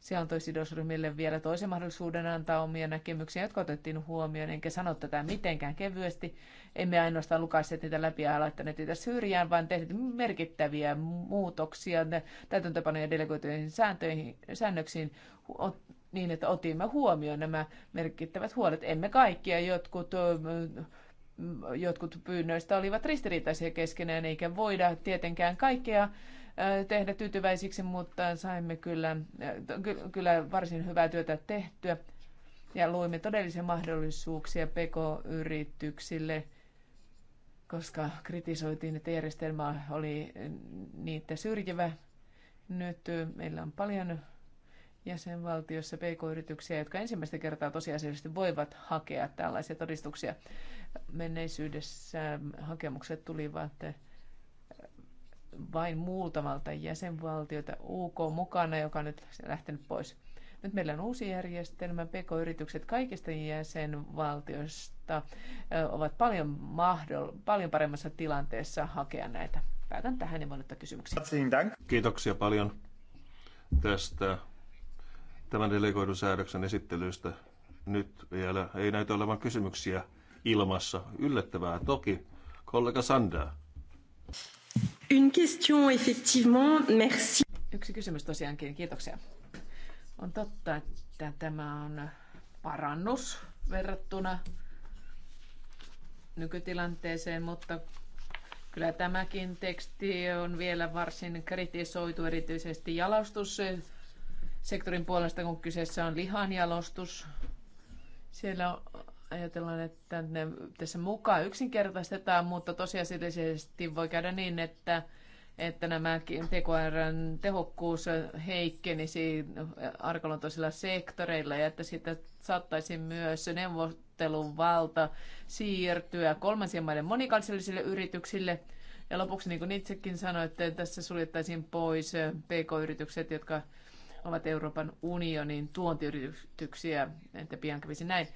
Se antoi sidosryhmille vielä toisen mahdollisuuden antaa omia näkemyksiä, jotka otettiin huomioon, enkä sano tätä mitenkään kevyesti. Emme ainoastaan lukaisseet niitä läpi ja laittaneet niitä syrjään, vaan tehneet merkittäviä muutoksia täytäntöpanojen delegoituihin sääntöihin, säännöksiin niin, että otimme huomioon nämä merkittävät huolet. Emme kaikkia, jotkut jotkut pyynnöistä olivat ristiriitaisia keskenään, eikä voida tietenkään kaikkea tehdä tyytyväisiksi, mutta saimme kyllä, kyllä varsin hyvää työtä tehtyä ja luimme todellisia mahdollisuuksia PK-yrityksille, koska kritisoitiin, että järjestelmä oli niitä syrjivä. Nyt meillä on paljon jäsenvaltiossa PK-yrityksiä, jotka ensimmäistä kertaa tosiasiallisesti voivat hakea tällaisia todistuksia. Menneisyydessä hakemukset tulivat vain muutamalta jäsenvaltiota, UK mukana, joka on nyt lähtenyt pois. Nyt meillä on uusi järjestelmä. PK-yritykset kaikista jäsenvaltioista ovat paljon, mahdoll- paljon paremmassa tilanteessa hakea näitä. Päätän tähän ja voin ottaa kysymyksiä. Kiitoksia paljon tästä tämän delegoidun säädöksen esittelystä. Nyt vielä ei näytä olevan kysymyksiä ilmassa. Yllättävää toki. Kollega Sandaa. Une question, effectivement. Merci. Yksi kysymys tosiaankin, kiitoksia. On totta, että tämä on parannus verrattuna nykytilanteeseen, mutta kyllä tämäkin teksti on vielä varsin kritisoitu erityisesti jalostussektorin puolesta, kun kyseessä on lihanjalostus. Siellä ajatellaan, että ne tässä mukaan yksinkertaistetaan, mutta tosiasiallisesti voi käydä niin, että, että nämä TKRn tehokkuus heikkenisi arkaluontoisilla sektoreilla ja että siitä saattaisi myös neuvottelun valta siirtyä kolmansien maiden monikansallisille yrityksille. Ja lopuksi, niin kuin itsekin sanoitte, tässä suljettaisiin pois PK-yritykset, jotka ovat Euroopan unionin tuontiyrityksiä, että pian kävisi näin.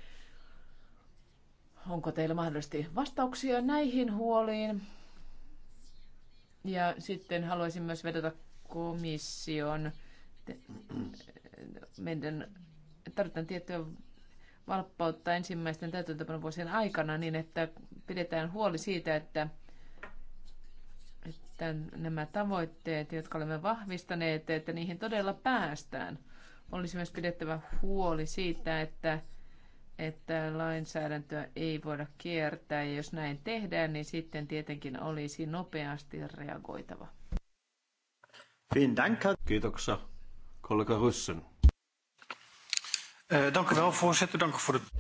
Onko teillä mahdollisesti vastauksia näihin huoliin? Ja sitten haluaisin myös vedota komission. Meidän tarvitaan tiettyä valppautta ensimmäisten täytäntöpanon vuosien aikana niin, että pidetään huoli siitä, että, että nämä tavoitteet, jotka olemme vahvistaneet, että niihin todella päästään. Olisi myös pidettävä huoli siitä, että että lainsäädäntöä ei voida kiertää ja jos näin tehdään, niin sitten tietenkin olisi nopeasti reagoitava. Kiitoksia, kollega Ryssen. Äh,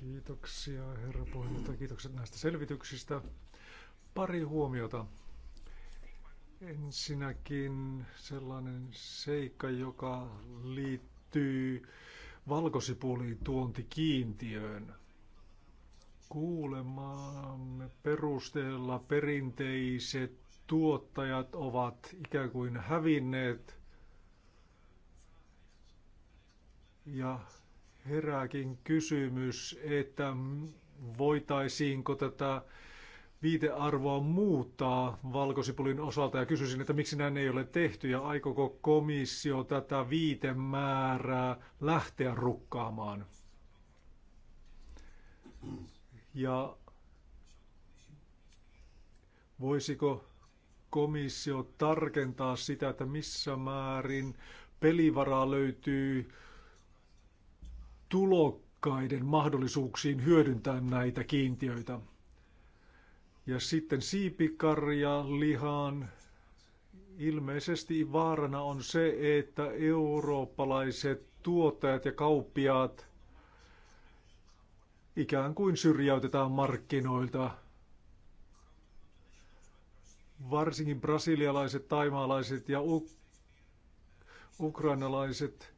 Kiitoksia, herra puheenjohtaja. Kiitokset näistä selvityksistä. Pari huomiota. Ensinnäkin sellainen seikka, joka liittyy valkosipulin tuontikiintiöön. Kuulemaamme perusteella perinteiset tuottajat ovat ikään kuin hävinneet ja herääkin kysymys, että voitaisiinko tätä viitearvoa muuttaa valkosipulin osalta ja kysyisin, että miksi näin ei ole tehty ja aikoko komissio tätä viitemäärää lähteä rukkaamaan? Ja voisiko komissio tarkentaa sitä, että missä määrin pelivaraa löytyy tulokkaiden mahdollisuuksiin hyödyntää näitä kiintiöitä? Ja sitten siipikarja lihaan. Ilmeisesti vaarana on se, että eurooppalaiset tuottajat ja kauppiaat ikään kuin syrjäytetään markkinoilta. Varsinkin brasilialaiset, taimaalaiset ja uk- ukrainalaiset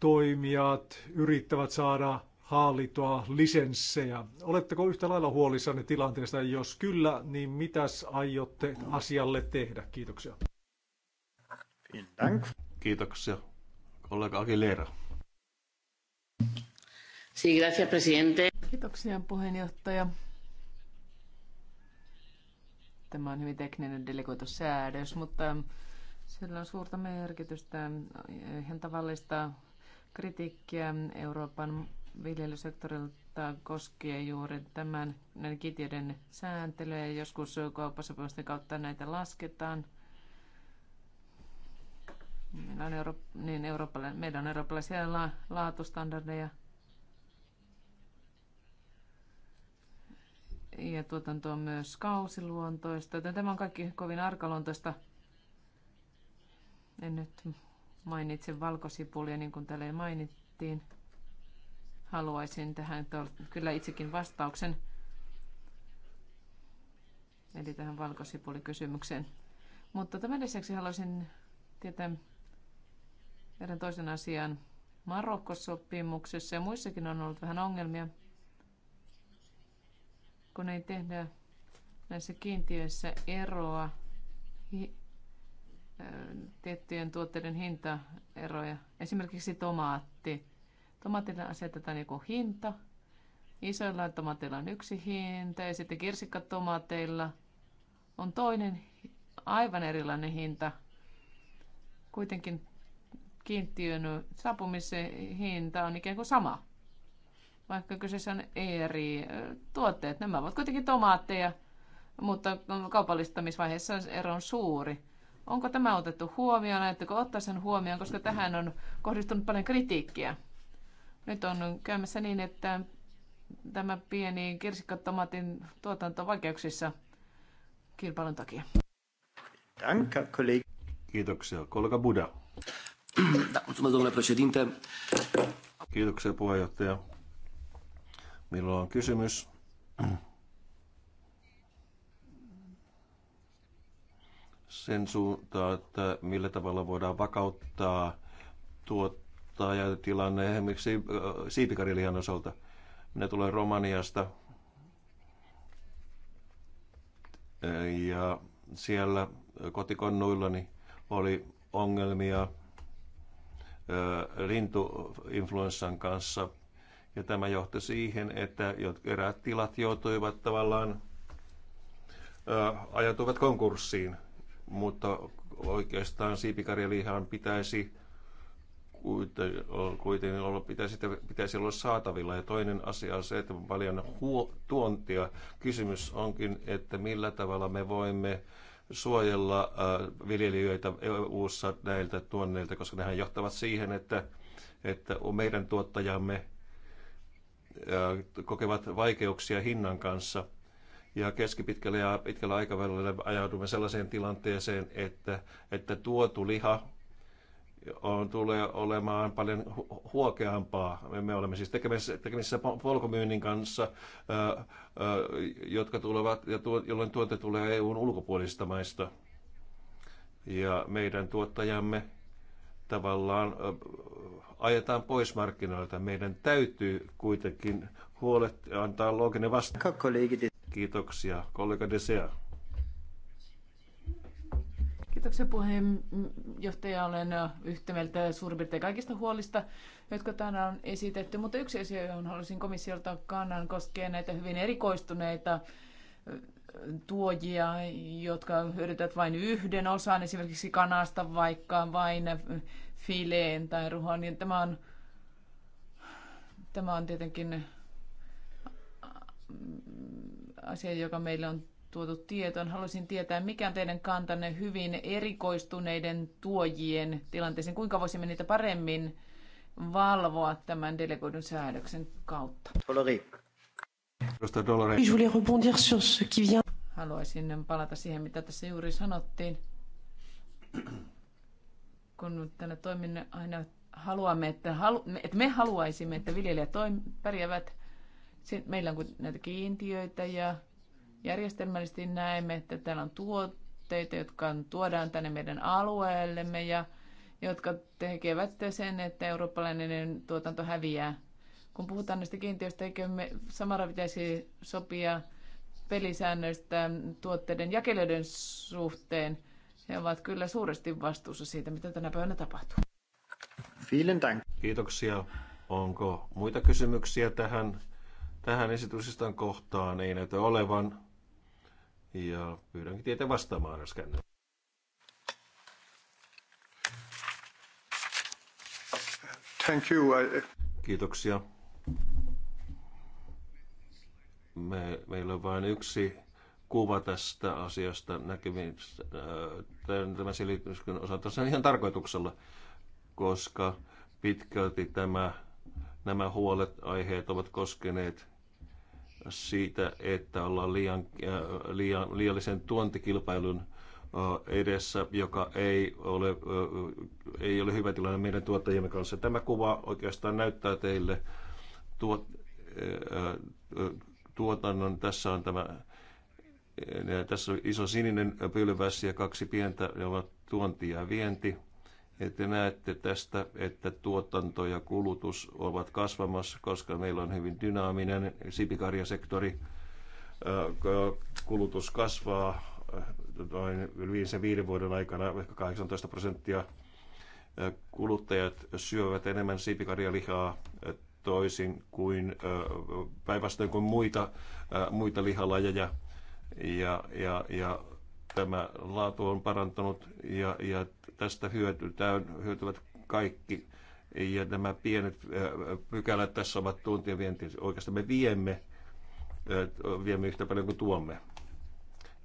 toimijat yrittävät saada haalittua lisenssejä. Oletteko yhtä lailla huolissanne tilanteesta? Jos kyllä, niin mitäs aiotte asialle tehdä? Kiitoksia. Kiitoksia. Kollega Aguilera. Sí, gracias, presidente. Kiitoksia, puheenjohtaja. Tämä on hyvin tekninen delegoitussäädös, mutta sillä on suurta merkitystä ihan tavallista kritiikkiä Euroopan viljelysektorilta koskee juuri tämän näiden kiintiöiden sääntelyä. Joskus kauppasopimusten kautta näitä lasketaan. Meillä on, Euroop- niin eurooppala, meillä on eurooppalaisia la, laatustandardeja ja tuotanto on myös kausiluontoista, joten tämä on kaikki kovin arkaluontoista. En nyt mainitse valkosipulia, niin kuin täällä mainittiin haluaisin tähän kyllä itsekin vastauksen. Eli tähän valkosipulikysymykseen. Mutta tämän lisäksi haluaisin tietää erään toisen asian. Marokkosopimuksessa ja muissakin on ollut vähän ongelmia, kun ei tehdä näissä kiintiöissä eroa tiettyjen tuotteiden hintaeroja. Esimerkiksi tomaatti Tomaatille asetetaan joku hinta. Isoilla tomaatilla on yksi hinta ja sitten kirsikkatomaateilla on toinen aivan erilainen hinta. Kuitenkin kiintiön saapumisen hinta on ikään kuin sama, vaikka kyseessä on eri tuotteet. Nämä ovat kuitenkin tomaatteja, mutta kaupallistamisvaiheessa ero on suuri. Onko tämä otettu huomioon? Ajatteko ottaa sen huomioon, koska tähän on kohdistunut paljon kritiikkiä? Nyt on käymässä niin, että tämä pieni kirsikkatomaatin tuotanto on vaikeuksissa kilpailun takia. Danke, kollega. Kiitoksia, kollega Buda. Kiitoksia, puheenjohtaja. Milloin on kysymys? sen suuntaan, että millä tavalla voidaan vakauttaa tuot, tilanne esimerkiksi äh, siipikarilihan osalta. Minä tulen Romaniasta ja siellä kotikonnuillani oli ongelmia äh, lintuinfluenssan kanssa. Ja tämä johti siihen, että eräät tilat joutuivat tavallaan, äh, ajatuvat konkurssiin, mutta oikeastaan siipikarjalihan pitäisi kuitenkin olla, pitäisi, pitäisi olla saatavilla. Ja toinen asia on se, että on paljon huo, tuontia. Kysymys onkin, että millä tavalla me voimme suojella äh, viljelijöitä EU-ssa näiltä tuonneilta, koska nehän johtavat siihen, että, että meidän tuottajamme äh, kokevat vaikeuksia hinnan kanssa. Ja keskipitkällä ja pitkällä aikavälillä ajaudumme sellaiseen tilanteeseen, että, että tuotu liha on, tulee olemaan paljon huokeampaa. Me olemme siis tekemisissä, tekemisissä polkumyynnin kanssa, ää, ää, jotka tulevat, ja tuo, jolloin tuote tulee EUn ulkopuolisista maista. Ja meidän tuottajamme tavallaan ää, ajetaan pois markkinoilta. Meidän täytyy kuitenkin huolet antaa looginen vasta. Kiitoksia, kollega Desea. Kiitoksia puheenjohtaja. Olen yhtä mieltä suurin piirtein kaikista huolista, jotka tänään on esitetty. Mutta yksi asia, johon haluaisin komissiolta kannan, koskee näitä hyvin erikoistuneita tuojia, jotka hyödyttävät vain yhden osan, esimerkiksi kanasta vaikka vain fileen tai ruhoon. Niin tämä, on, tämä on tietenkin asia, joka meillä on tuotu tietoon. Haluaisin tietää, mikä on teidän kantanne hyvin erikoistuneiden tuojien tilanteeseen. Kuinka voisimme niitä paremmin valvoa tämän delegoidun säädöksen kautta? Haluaisin palata siihen, mitä tässä juuri sanottiin. Kun tänne toiminne aina haluamme, että, halu, että me haluaisimme, että viljelijät toim, pärjäävät. Meillä on näitä kiintiöitä ja järjestelmällisesti näemme, että täällä on tuotteita, jotka tuodaan tänne meidän alueellemme ja jotka tekevät sen, että eurooppalainen tuotanto häviää. Kun puhutaan näistä kiintiöistä, eikö me samalla pitäisi sopia pelisäännöistä tuotteiden jakelijoiden suhteen? He ovat kyllä suuresti vastuussa siitä, mitä tänä päivänä tapahtuu. Kiitoksia. Onko muita kysymyksiä tähän, tähän esitysistan kohtaan? Niin, Ei näytä olevan. Ja pyydänkin teitä vastaamaan, jos Thank you. Kiitoksia. Me, meillä on vain yksi kuva tästä asiasta näkemistä. Äh, tämä selityskin osalta on ihan tarkoituksella, koska pitkälti tämä, nämä huolet, aiheet ovat koskeneet siitä, että ollaan liian, äh, liian, liiallisen tuontikilpailun äh, edessä, joka ei ole, äh, ei ole hyvä tilanne meidän tuottajiemme kanssa. Tämä kuva oikeastaan näyttää teille tuot, tuotannon. Tässä on tämä tässä on iso sininen pylväs ja kaksi pientä, ne ovat tuonti ja vienti te näette tästä, että tuotanto ja kulutus ovat kasvamassa, koska meillä on hyvin dynaaminen sipikarjasektori. Kulutus kasvaa noin viisen viiden vuoden aikana ehkä 18 prosenttia. Kuluttajat syövät enemmän siipikarjalihaa toisin kuin päinvastoin kuin muita, muita lihalajeja. Ja, ja, ja Tämä laatu on parantunut ja, ja tästä hyötytään, hyötyvät kaikki. Ja nämä pienet pykälät tässä ovat tuntien vienti. Oikeastaan me viemme, viemme yhtä paljon kuin tuomme.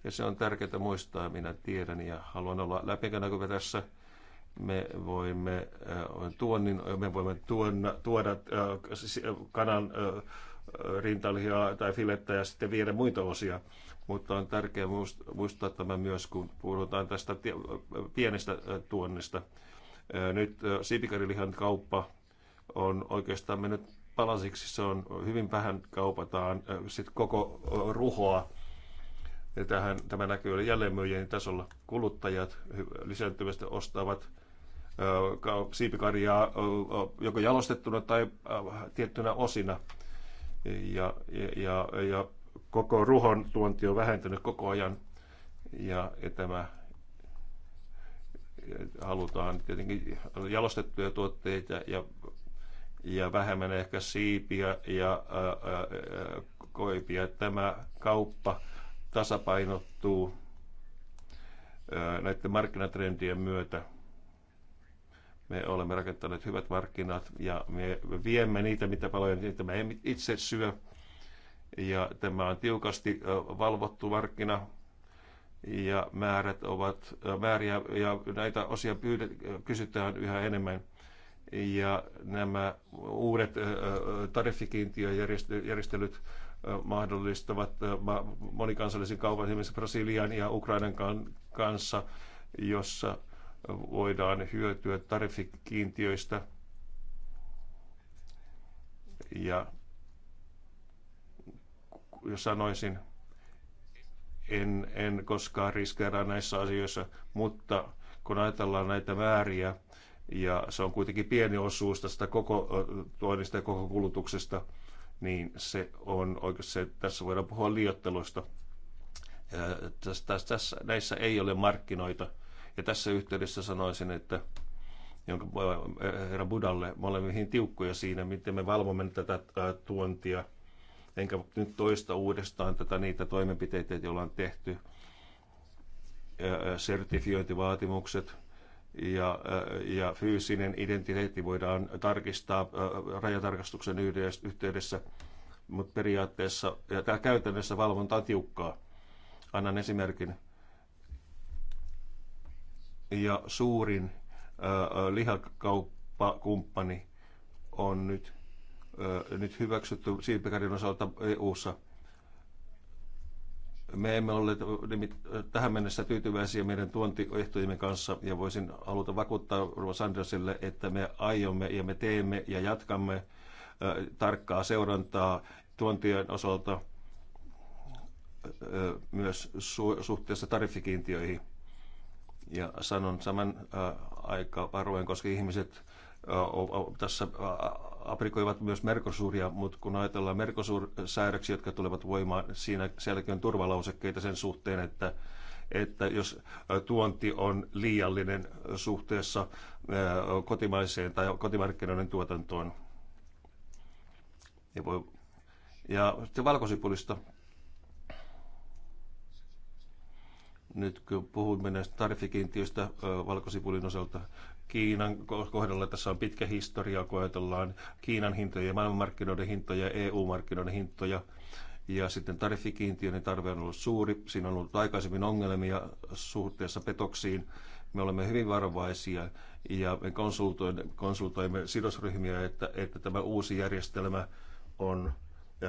Ja se on tärkeää muistaa, minä tiedän ja haluan olla läpinäkyvä tässä. Me voimme, tuonnin, me voimme tuona, tuoda kanan rintalihaa tai filettä ja sitten viedä muita osia mutta on tärkeää muistaa tämä myös, kun puhutaan tästä pienestä tuonnista. Nyt siipikarilihan kauppa on oikeastaan mennyt palasiksi, se on hyvin vähän kaupataan sit koko ruhoa. Ja tähän, tämä näkyy jälleenmyyjien tasolla. Kuluttajat lisääntyvästi ostavat siipikarjaa joko jalostettuna tai tiettynä osina. Ja, ja, ja, ja koko ruhon tuonti on vähentynyt koko ajan ja, ja tämä halutaan tietenkin jalostettuja tuotteita ja, ja vähemmän ehkä siipiä ja ää, ää, koipia. Tämä kauppa tasapainottuu ää, näiden markkinatrendien myötä. Me olemme rakentaneet hyvät markkinat ja me viemme niitä, mitä paljon niitä me emme itse syö ja tämä on tiukasti valvottu markkina ja määrät ovat, määriä ja näitä osia pyydet, kysytään yhä enemmän. Ja nämä uudet tariffikiintiöjärjestelyt mahdollistavat monikansallisen kaupan esimerkiksi Brasilian ja Ukrainan kanssa, jossa voidaan hyötyä tariffikiintiöistä. Ja jos sanoisin, en, en koskaan riskeeraa näissä asioissa, mutta kun ajatellaan näitä määriä, ja se on kuitenkin pieni osuus tästä koko tuonnista ja koko kulutuksesta, niin se on oikeastaan, se, tässä voidaan puhua liiottelusta. tässä, tässä, tässä, näissä ei ole markkinoita. Ja tässä yhteydessä sanoisin, että jonka herra Budalle, me olemme hyvin tiukkoja siinä, miten me valvomme tätä tuontia – Enkä nyt toista uudestaan tätä niitä toimenpiteitä, joilla on tehty sertifiointivaatimukset ja, ja fyysinen identiteetti voidaan tarkistaa rajatarkastuksen yhteydessä, mutta periaatteessa ja tämä käytännössä valvonta on tiukkaa. Annan esimerkin. Ja suurin lihakauppakumppani on nyt nyt hyväksytty siipikarjan osalta EU-ssa. Me emme ole tähän mennessä tyytyväisiä meidän tuontiehtojemme kanssa ja voisin haluta vakuuttaa Ruva Sandersille, että me aiomme ja me teemme ja jatkamme tarkkaa seurantaa tuontien osalta myös suhteessa tariffikiintiöihin. Ja sanon saman aika varoen, koska ihmiset tässä aprikoivat myös Mercosuria, mutta kun ajatellaan Mercosur-säädöksiä, jotka tulevat voimaan, siinä sielläkin on turvalausekkeita sen suhteen, että, että jos tuonti on liiallinen suhteessa kotimaiseen tai kotimarkkinoiden tuotantoon. Ja, voi, ja sitten valkosipulista. Nyt kun puhumme näistä tariffikiintiöistä valkosipulin osalta, Kiinan kohdalla tässä on pitkä historia, kun ajatellaan Kiinan hintoja, maailmanmarkkinoiden hintoja, EU-markkinoiden hintoja. Ja sitten tariffikiintiöiden tarve on ollut suuri. Siinä on ollut aikaisemmin ongelmia suhteessa petoksiin. Me olemme hyvin varovaisia ja me konsultoimme, konsultoimme sidosryhmiä, että, että tämä uusi järjestelmä on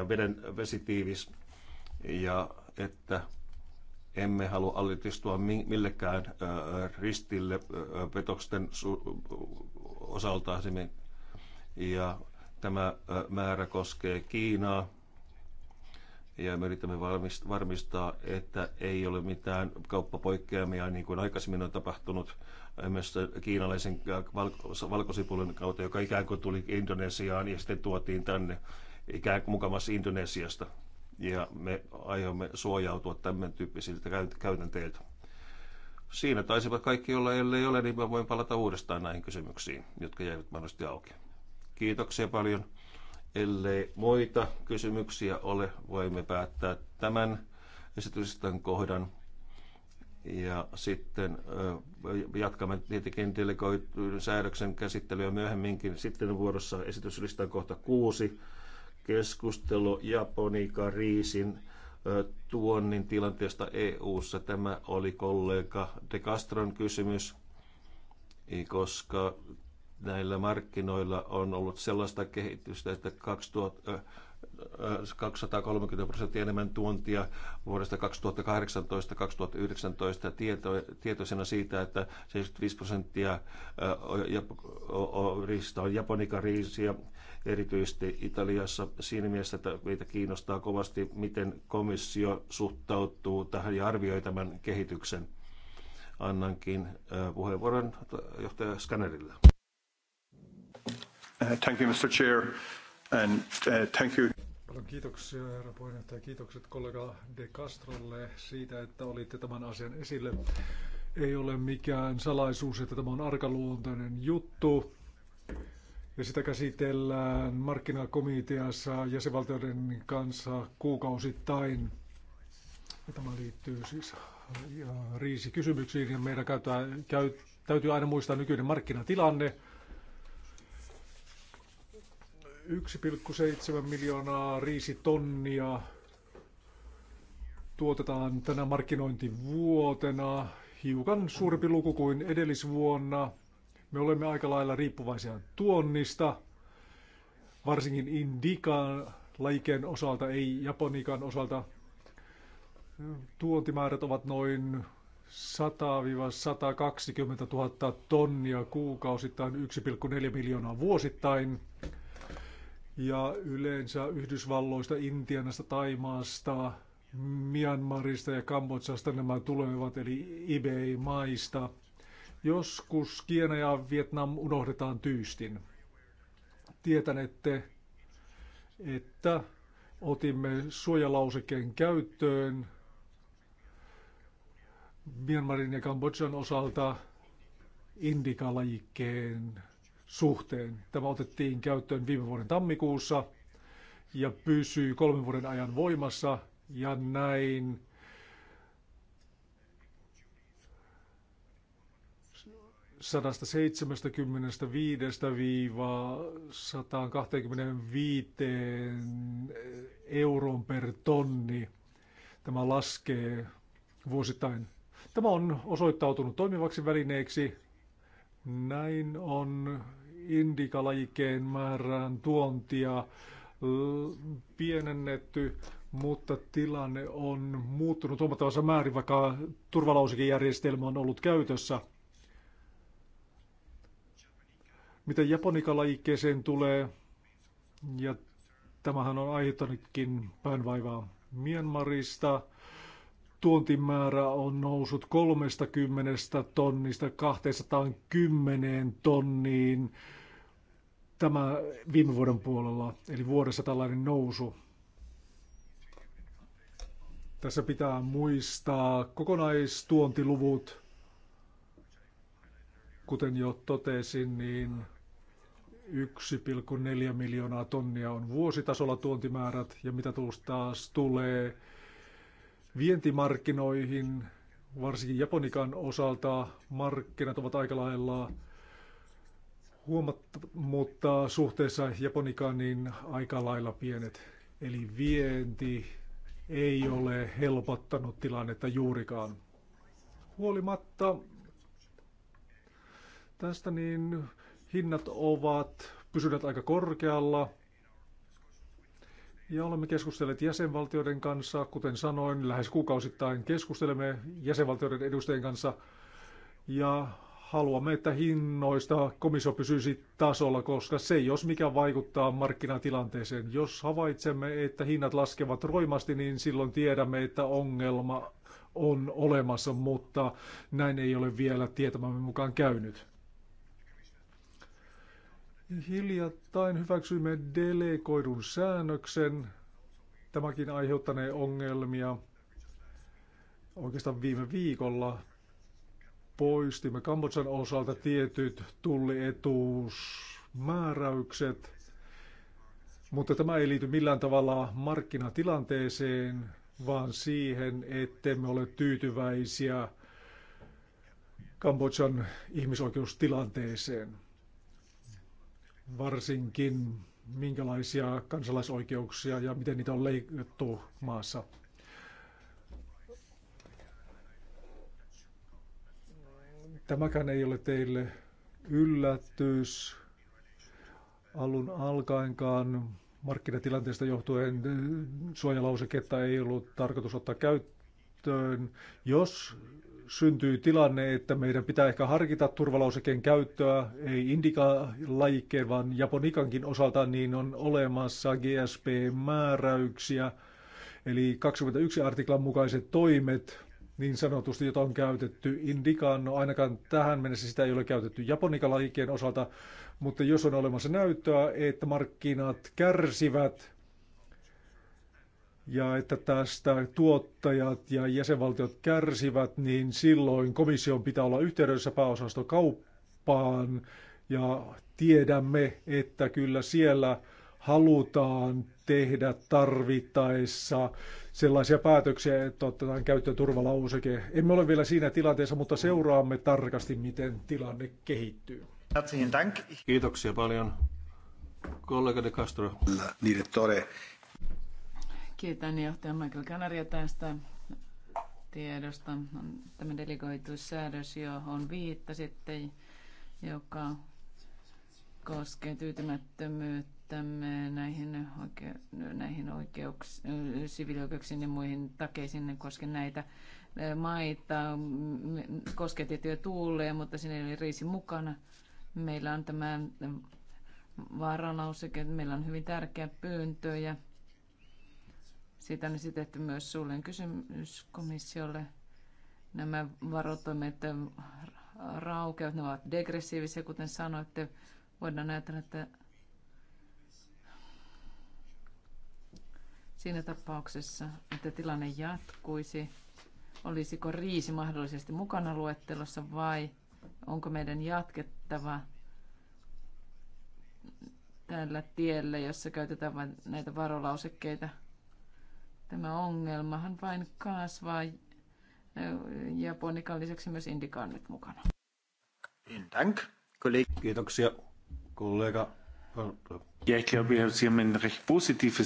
veden vesitiivis ja että emme halua altistua millekään ristille petoksen osalta Ja tämä määrä koskee Kiinaa, ja me yritämme varmistaa, että ei ole mitään kauppapoikkeamia niin kuin aikaisemmin on tapahtunut myös kiinalaisen valkosipulin kautta, joka ikään kuin tuli Indonesiaan ja sitten tuotiin tänne ikään kuin mukamassa Indonesiasta ja me aiomme suojautua tämän tyyppisiltä käytänteiltä. Siinä taisivat kaikki olla, ellei ole, niin mä voin palata uudestaan näihin kysymyksiin, jotka jäivät mahdollisesti auki. Kiitoksia paljon. Ellei muita kysymyksiä ole, voimme päättää tämän esityslistan kohdan. Ja sitten jatkamme tietenkin delegoitun säädöksen käsittelyä myöhemminkin. Sitten vuorossa esityslistan kohta kuusi keskustelu Japonika Riisin tuonnin tilanteesta EU:ssa. Tämä oli kollega De Castron kysymys, koska näillä markkinoilla on ollut sellaista kehitystä, että 230 prosenttia enemmän tuontia vuodesta 2018-2019 tietoisena siitä, että 75 prosenttia riisistä on riisiä erityisesti Italiassa siinä mielessä, että meitä kiinnostaa kovasti, miten komissio suhtautuu tähän ja arvioi tämän kehityksen. Annankin äh, puheenvuoron johtaja Skannerille. Uh, thank you, Mr. Chair, and uh, thank you. Paljon kiitoksia, herra puheenjohtaja. Kiitokset kollega De Castrolle siitä, että olitte tämän asian esille. Ei ole mikään salaisuus, että tämä on arkaluontoinen juttu ja sitä käsitellään markkinakomiteassa jäsenvaltioiden kanssa kuukausittain. Ja tämä liittyy siis riisikysymyksiin ja meidän käyttää, käy, täytyy aina muistaa nykyinen markkinatilanne. 1,7 miljoonaa riisitonnia tuotetaan tänä markkinointivuotena, hiukan suurempi luku kuin edellisvuonna. Me olemme aika lailla riippuvaisia tuonnista, varsinkin indikaan laikeen osalta, ei japonikan osalta. Tuontimäärät ovat noin 100-120 000 tonnia kuukausittain, 1,4 miljoonaa vuosittain. Ja yleensä Yhdysvalloista, Intianasta, Taimaasta, Myanmarista ja Kambodsasta nämä tulevat, eli eBay-maista. Joskus Kiina ja Vietnam unohdetaan tyystin. Tietänette, että otimme suojalausekkeen käyttöön Myanmarin ja Kambodjan osalta indikalajikkeen suhteen. Tämä otettiin käyttöön viime vuoden tammikuussa ja pysyy kolmen vuoden ajan voimassa ja näin 175-125 euron per tonni. Tämä laskee vuosittain. Tämä on osoittautunut toimivaksi välineeksi. Näin on indikalajikeen määrään tuontia pienennetty, mutta tilanne on muuttunut huomattavassa määrin, vaikka turvalausikejärjestelmä on ollut käytössä – Mitä japonikalajikkeeseen tulee, ja tämähän on aiheuttanutkin päänvaivaa Myanmarista, tuontimäärä on noussut 30 tonnista 210 tonniin tämä viime vuoden puolella, eli vuodessa tällainen nousu. Tässä pitää muistaa kokonaistuontiluvut. Kuten jo totesin, niin 1,4 miljoonaa tonnia on vuositasolla tuontimäärät ja mitä taas tulee vientimarkkinoihin, varsinkin Japonikan osalta markkinat ovat aika lailla huomattu, mutta suhteessa Japonikaan niin aika lailla pienet. Eli vienti ei ole helpottanut tilannetta juurikaan. Huolimatta tästä niin Hinnat ovat pysyneet aika korkealla. Ja olemme keskustelleet jäsenvaltioiden kanssa, kuten sanoin, lähes kuukausittain keskustelemme jäsenvaltioiden edustajien kanssa. Ja haluamme, että hinnoista komissio pysyisi tasolla, koska se jos mikä vaikuttaa markkinatilanteeseen. Jos havaitsemme, että hinnat laskevat roimasti, niin silloin tiedämme, että ongelma on olemassa, mutta näin ei ole vielä tietämämme mukaan käynyt. Hiljattain hyväksyimme delegoidun säännöksen. Tämäkin aiheuttanee ongelmia. Oikeastaan viime viikolla poistimme Kambodsan osalta tietyt tullietuusmääräykset, mutta tämä ei liity millään tavalla markkinatilanteeseen, vaan siihen, ettemme ole tyytyväisiä Kambodsan ihmisoikeustilanteeseen varsinkin minkälaisia kansalaisoikeuksia ja miten niitä on leikattu maassa. Tämäkään ei ole teille yllätys alun alkaenkaan. Markkinatilanteesta johtuen suojalauseketta ei ollut tarkoitus ottaa käyttöön. Jos syntyy tilanne, että meidän pitää ehkä harkita turvalausekkeen käyttöä, ei Indika-lajikkeen, vaan Japonikankin osalta, niin on olemassa GSP-määräyksiä, eli 21 artiklan mukaiset toimet, niin sanotusti, jota on käytetty Indikaan. No ainakaan tähän mennessä sitä ei ole käytetty Japonika-lajikkeen osalta, mutta jos on olemassa näyttöä, että markkinat kärsivät ja että tästä tuottajat ja jäsenvaltiot kärsivät, niin silloin komission pitää olla yhteydessä pääosastokauppaan. ja tiedämme, että kyllä siellä halutaan tehdä tarvittaessa sellaisia päätöksiä, että otetaan käyttöön turvalauseke. Emme ole vielä siinä tilanteessa, mutta seuraamme tarkasti, miten tilanne kehittyy. Kiitoksia paljon. Kollega De Castro. Direttore Kiitän johtaja Michael Kanaria tästä tiedosta. Tämä delegoitu säädös, johon viittasitte, joka koskee tyytymättömyyttämme näihin, oike- näihin oikeuks- sivilioikeuksiin ja muihin takeisiin, koske näitä eh, maita, mm, koskee tiettyjä tuuleja, mutta siinä ei ole riisi mukana. Meillä on tämä vaaralauseke, meillä on hyvin tärkeä pyyntö ja siitä on esitetty myös suullinen kysymys komissiolle. Nämä varotoimet raukeavat, ne ovat degressiivisia, kuten sanoitte. Voidaan ajatella, että siinä tapauksessa, että tilanne jatkuisi, olisiko riisi mahdollisesti mukana luettelossa vai onko meidän jatkettava tällä tiellä, jossa käytetään vain näitä varolausekkeita – Tämä ongelmahan vain kasvaa ja Ponnikan lisäksi myös Indika on nyt mukana. Dank, Kiitoksia, kollega. Ja ehkä hieman recht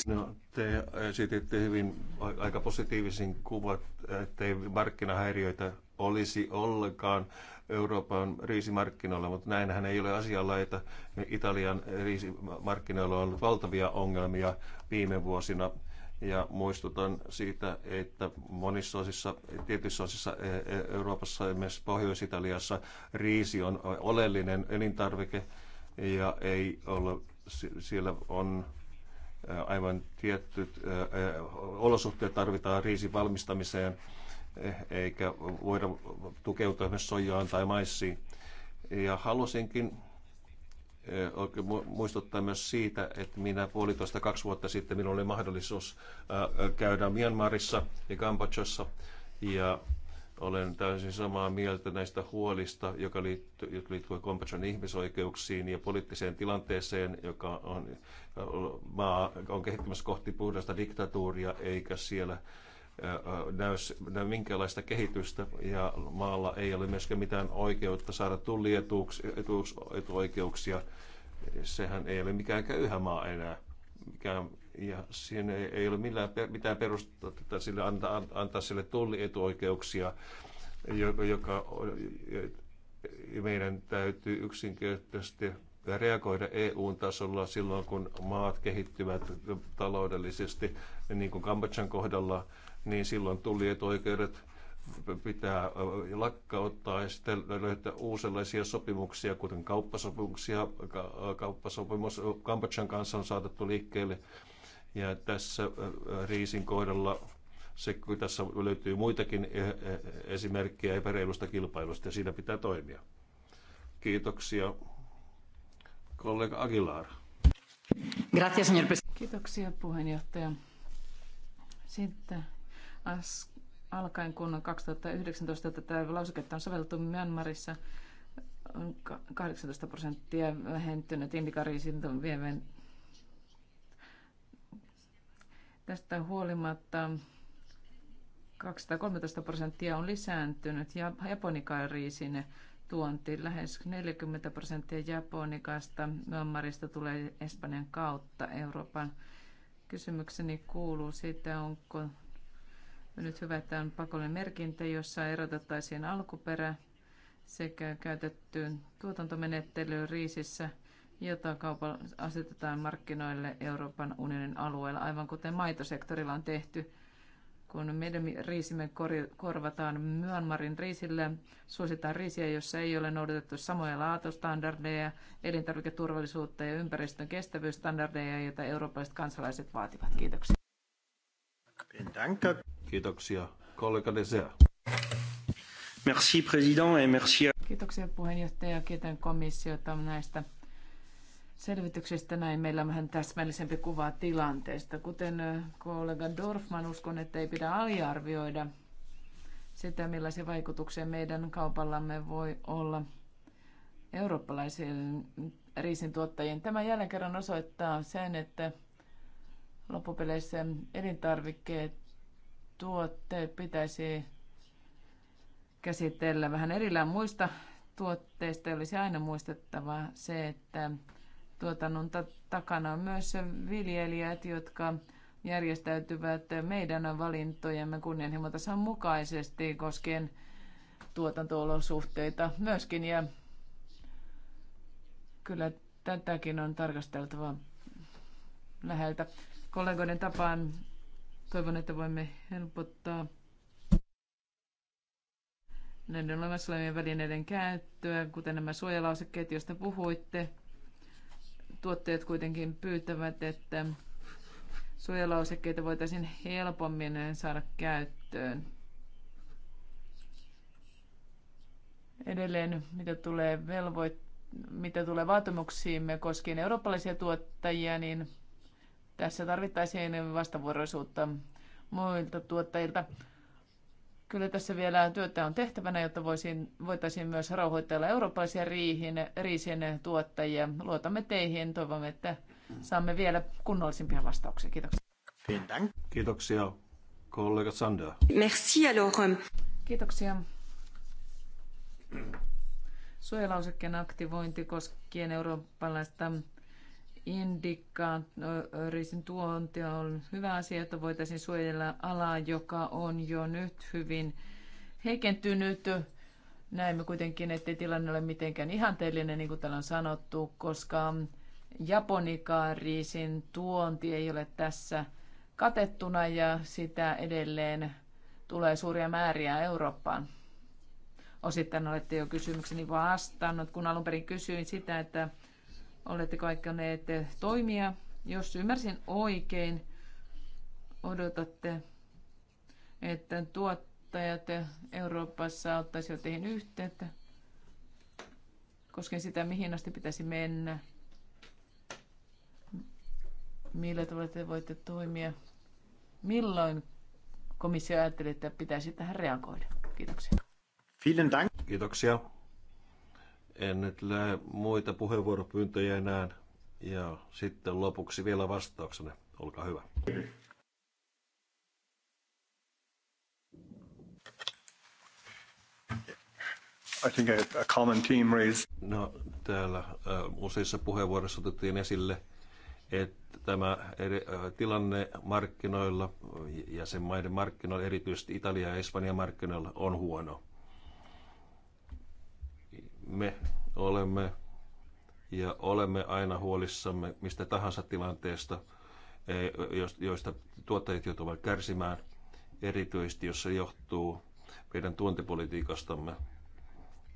No, te esititte hyvin aika positiivisin kuvat, ettei markkinahäiriöitä olisi ollenkaan Euroopan riisimarkkinoilla, mutta näinhän ei ole asialla, että Italian riisimarkkinoilla on ollut valtavia ongelmia viime vuosina ja muistutan siitä, että monissa osissa, tietyissä osissa e, e, Euroopassa, esimerkiksi Pohjois-Italiassa, riisi on oleellinen elintarvike ja ei ole, siellä on e, aivan tietyt olosuhteet tarvitaan riisin valmistamiseen, eikä voida tukeutua myös sojaan tai maissiin. Ja halusinkin Eh, muistuttaa myös siitä, että minä puolitoista kaksi vuotta sitten minulla oli mahdollisuus eh, käydä Myanmarissa ja Kambodžassa ja olen täysin samaa mieltä näistä huolista, joka liittyy, jotka liittyvät Kambodžan ihmisoikeuksiin ja poliittiseen tilanteeseen, joka on, eh, maa on kehittymässä kohti puhdasta diktatuuria, eikä siellä näy, näy minkäänlaista kehitystä ja maalla ei ole myöskään mitään oikeutta saada tullietuoikeuksia. Sehän ei ole mikään köyhä maa enää. Mikään, ja siinä ei, ei ole millään, mitään perustetta sille antaa, antaa sille tullietuoikeuksia, joka meidän täytyy yksinkertaisesti reagoida EU-tasolla silloin, kun maat kehittyvät taloudellisesti, niin kuin Kambodjan kohdalla – niin silloin tuli oikeudet pitää lakkauttaa ja sitten löytää uusenlaisia sopimuksia, kuten kauppasopimuksia. Kauppasopimus Kambodjan kanssa on saatettu liikkeelle. Ja tässä Riisin kohdalla se, tässä löytyy muitakin e, e, esimerkkejä epäreilusta kilpailusta ja siinä pitää toimia. Kiitoksia. Kollega Aguilar. Kiitoksia puheenjohtaja. Sitten alkaen, kun 2019 tätä lauseketta on sovellettu Myanmarissa, on 18 prosenttia vähentynyt indikariisin vievän. Tästä huolimatta 213 prosenttia on lisääntynyt ja japonikariisin tuonti lähes 40 prosenttia japonikasta Myanmarista tulee Espanjan kautta Euroopan. Kysymykseni kuuluu siitä, onko on nyt hyvä, että on pakollinen merkintä, jossa erotettaisiin alkuperä sekä käytettyyn tuotantomenettelyyn riisissä, jota kaupan asetetaan markkinoille Euroopan unionin alueella, aivan kuten maitosektorilla on tehty. Kun meidän riisimme korvataan Myanmarin riisille, suositaan riisiä, jossa ei ole noudatettu samoja laatustandardeja, elintarviketurvallisuutta ja ympäristön kestävyysstandardeja, joita eurooppalaiset kansalaiset vaativat. Kiitoksia. Kiitoksia. Kollega Desea. Merci président et merci. Kiitoksia puheenjohtaja. Kiitän komissiota näistä selvityksistä. Näin meillä on vähän täsmällisempi kuva tilanteesta. Kuten kollega Dorfman, uskon, että ei pidä aliarvioida sitä, millaisia vaikutuksia meidän kaupallamme voi olla eurooppalaisiin riisintuottajien. Tämä jälleen kerran osoittaa sen, että loppupeleissä elintarvikkeet tuotteet pitäisi käsitellä vähän erillään muista tuotteista. Olisi aina muistettava se, että tuotannon takana on myös viljelijät, jotka järjestäytyvät meidän valintojemme kunnianhimotason mukaisesti koskien tuotantoolosuhteita myöskin. Ja kyllä tätäkin on tarkasteltava läheltä. Kollegoiden tapaan Toivon, että voimme helpottaa näiden olemassa olevien välineiden käyttöä, kuten nämä suojalausekkeet, joista puhuitte. Tuotteet kuitenkin pyytävät, että suojalausekkeita voitaisiin helpommin saada käyttöön. Edelleen, mitä tulee velvoit, mitä tulee vaatimuksiimme koskien eurooppalaisia tuottajia, niin tässä tarvittaisiin vastavuoroisuutta muilta tuottajilta. Kyllä tässä vielä työtä on tehtävänä, jotta voisin, voitaisiin myös rauhoitella eurooppalaisia riihin, riisien tuottajia. Luotamme teihin, toivomme, että saamme vielä kunnollisimpia vastauksia. Kiitoksia. Kiitoksia, kollega Sander. Merci alors. Euh, Kiitoksia. Suojalausekkeen aktivointi koskien eurooppalaista indikaattorisin tuonti on hyvä asia, että voitaisiin suojella alaa, joka on jo nyt hyvin heikentynyt. Näemme kuitenkin, ettei tilanne ole mitenkään ihanteellinen, niin kuin täällä on sanottu, koska japonikaariisin tuonti ei ole tässä katettuna ja sitä edelleen tulee suuria määriä Eurooppaan. Osittain olette jo kysymykseni vastannut, kun alun perin kysyin sitä, että Oletteko aikoneet toimia? Jos ymmärsin oikein, odotatte, että tuottajat Euroopassa ottaisivat teihin yhteyttä koskien sitä, mihin asti pitäisi mennä. Millä tavalla te voitte toimia? Milloin komissio ajattelee, että pitäisi tähän reagoida? Kiitoksia. Vielen Dank. Kiitoksia. En nyt lähde muita puheenvuoropyyntöjä enää. Ja sitten lopuksi vielä vastauksena. Olkaa hyvä. I think a, a common team raised. No, täällä uh, useissa puheenvuoroissa otettiin esille, että tämä eri, uh, tilanne markkinoilla, jäsenmaiden markkinoilla, erityisesti Italia ja Espanjan markkinoilla, on huono me olemme ja olemme aina huolissamme mistä tahansa tilanteesta, e, joista tuottajat joutuvat kärsimään, erityisesti jos se johtuu meidän tuontipolitiikastamme.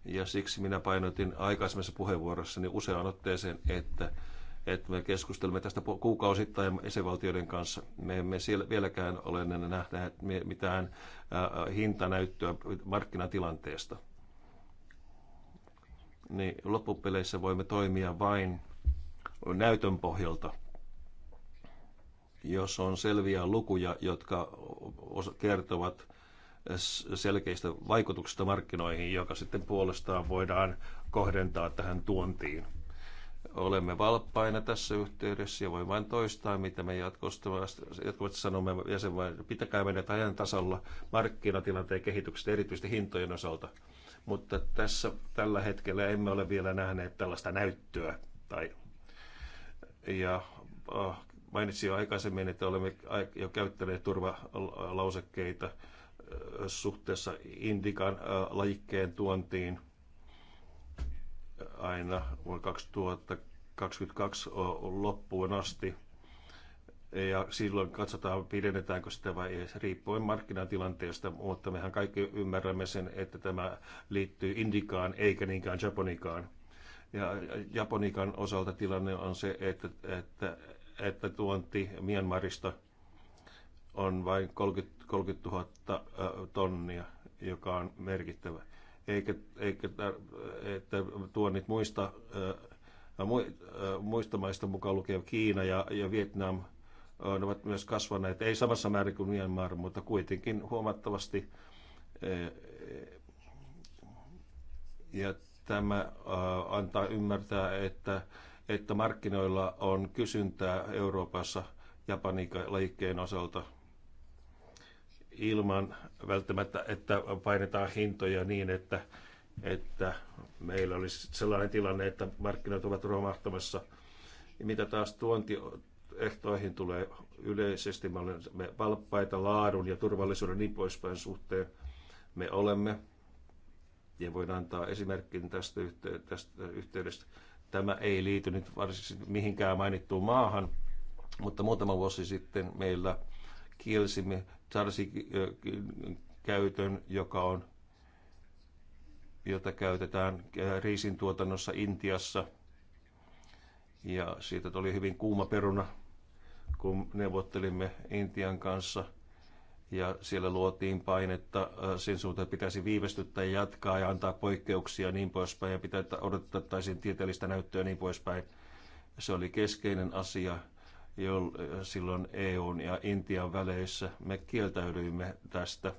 Ja siksi minä painotin aikaisemmassa puheenvuorossani useaan otteeseen, että, että me keskustelemme tästä kuukausittain esivaltioiden kanssa. Me emme siellä vieläkään ole nähneet mitään hintanäyttöä markkinatilanteesta – niin loppupeleissä voimme toimia vain näytön pohjalta. Jos on selviä lukuja, jotka kertovat selkeistä vaikutuksista markkinoihin, joka sitten puolestaan voidaan kohdentaa tähän tuontiin. Olemme valppaina tässä yhteydessä ja voin vain toistaa, mitä me jatkuvasti sanomme jäsenvain, pitäkää meidät ajan tasalla markkinatilanteen kehityksestä, erityisesti hintojen osalta mutta tässä tällä hetkellä emme ole vielä nähneet tällaista näyttöä. Tai, ja äh, mainitsin jo aikaisemmin, että olemme jo käyttäneet turvalausekkeita äh, suhteessa indikan äh, lajikkeen tuontiin aina vuonna 2022 loppuun asti – ja silloin katsotaan, pidennetäänkö sitä vai ei, riippuen markkinatilanteesta, mutta mehän kaikki ymmärrämme sen, että tämä liittyy Indikaan eikä niinkään Japanikaan. Ja Japanikan osalta tilanne on se, että, että, että tuonti Myanmarista on vain 30, 30 000 tonnia, joka on merkittävä. Eikä, eikä että tuonnit muista muista maista mukaan lukee Kiina ja, ja Vietnam – ne ovat myös kasvaneet, ei samassa määrin kuin Myanmar, mutta kuitenkin huomattavasti. Ja tämä antaa ymmärtää, että, että markkinoilla on kysyntää Euroopassa Japanin lajikkeen osalta ilman välttämättä, että painetaan hintoja niin, että, että meillä olisi sellainen tilanne, että markkinat ovat romahtamassa. Ja mitä taas tuonti, ehtoihin tulee yleisesti, me olemme valppaita laadun ja turvallisuuden niin poispäin suhteen. Me olemme, ja voin antaa esimerkin tästä, yhtey- tästä yhteydestä, tämä ei liity nyt varsinaisesti mihinkään mainittuun maahan, mutta muutama vuosi sitten meillä kielsimme käytön, joka on, jota käytetään äh, riisintuotannossa Intiassa. Ja siitä tuli hyvin kuuma peruna kun neuvottelimme Intian kanssa ja siellä luotiin painetta äh, sen suuntaan, että pitäisi viivästyttää ja jatkaa ja antaa poikkeuksia ja niin poispäin ja pitää odottaa tieteellistä näyttöä ja niin poispäin. Se oli keskeinen asia jo äh, silloin EUn ja Intian väleissä. Me kieltäydyimme tästä,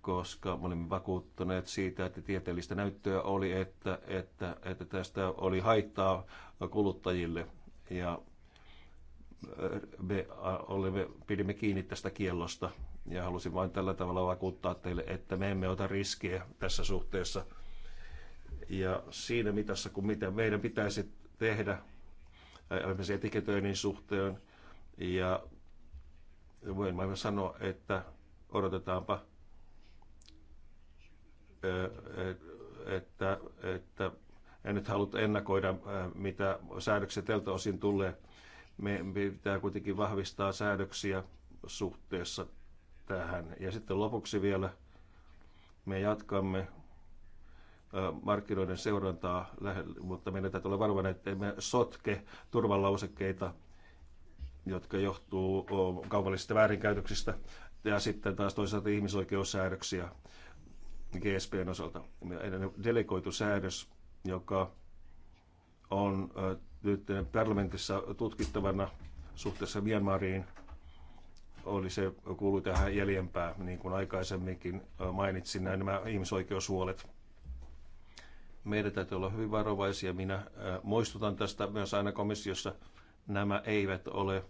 koska me olimme vakuuttuneet siitä, että tieteellistä näyttöä oli, että, että, että tästä oli haittaa kuluttajille ja me olimme, pidimme kiinni tästä kiellosta ja halusin vain tällä tavalla vakuuttaa teille, että me emme ota riskiä tässä suhteessa. Ja siinä mitassa, kun mitä meidän pitäisi tehdä esimerkiksi etiketöinnin suhteen, ja voin vain sanoa, että odotetaanpa, että, että en nyt halut ennakoida, mitä säädökset tältä osin tulee, me pitää kuitenkin vahvistaa säädöksiä suhteessa tähän. Ja sitten lopuksi vielä me jatkamme markkinoiden seurantaa, mutta meidän täytyy olla varovainen, että emme sotke turvalausekkeita, jotka johtuu kaupallisista väärinkäytöksistä, ja sitten taas toisaalta ihmisoikeussäädöksiä GSPn osalta. delegoitu säädös, joka on nyt eh, parlamentissa tutkittavana suhteessa Myanmariin oli se, kuului tähän jäljempää, niin kuin aikaisemminkin eh, mainitsin, nämä ihmisoikeushuolet. Meidän täytyy olla hyvin varovaisia. Minä eh, muistutan tästä myös aina komissiossa. Nämä eivät ole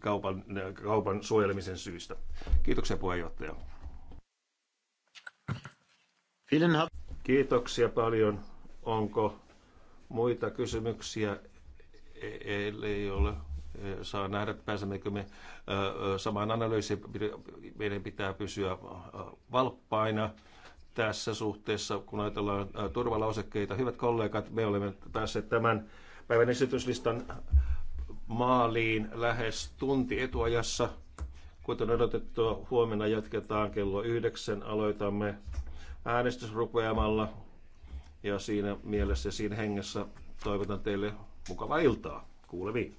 kaupan, kaupan suojelemisen syistä. Kiitoksia puheenjohtaja. Kiitoksia paljon Onko muita kysymyksiä? E-, ei ole. E, saa nähdä, pääsemmekö me samaan analyysiin. Meidän pitää pysyä valppaina tässä suhteessa, kun ajatellaan turvalausekkeita. Hyvät kollegat, me olemme päässeet tämän päivän esityslistan maaliin lähes tunti etuajassa. Kuten odotettua, huomenna jatketaan kello yhdeksän. Aloitamme äänestysrupeamalla. Ja siinä mielessä ja siinä hengessä toivotan teille mukavaa iltaa. Kuulemiin.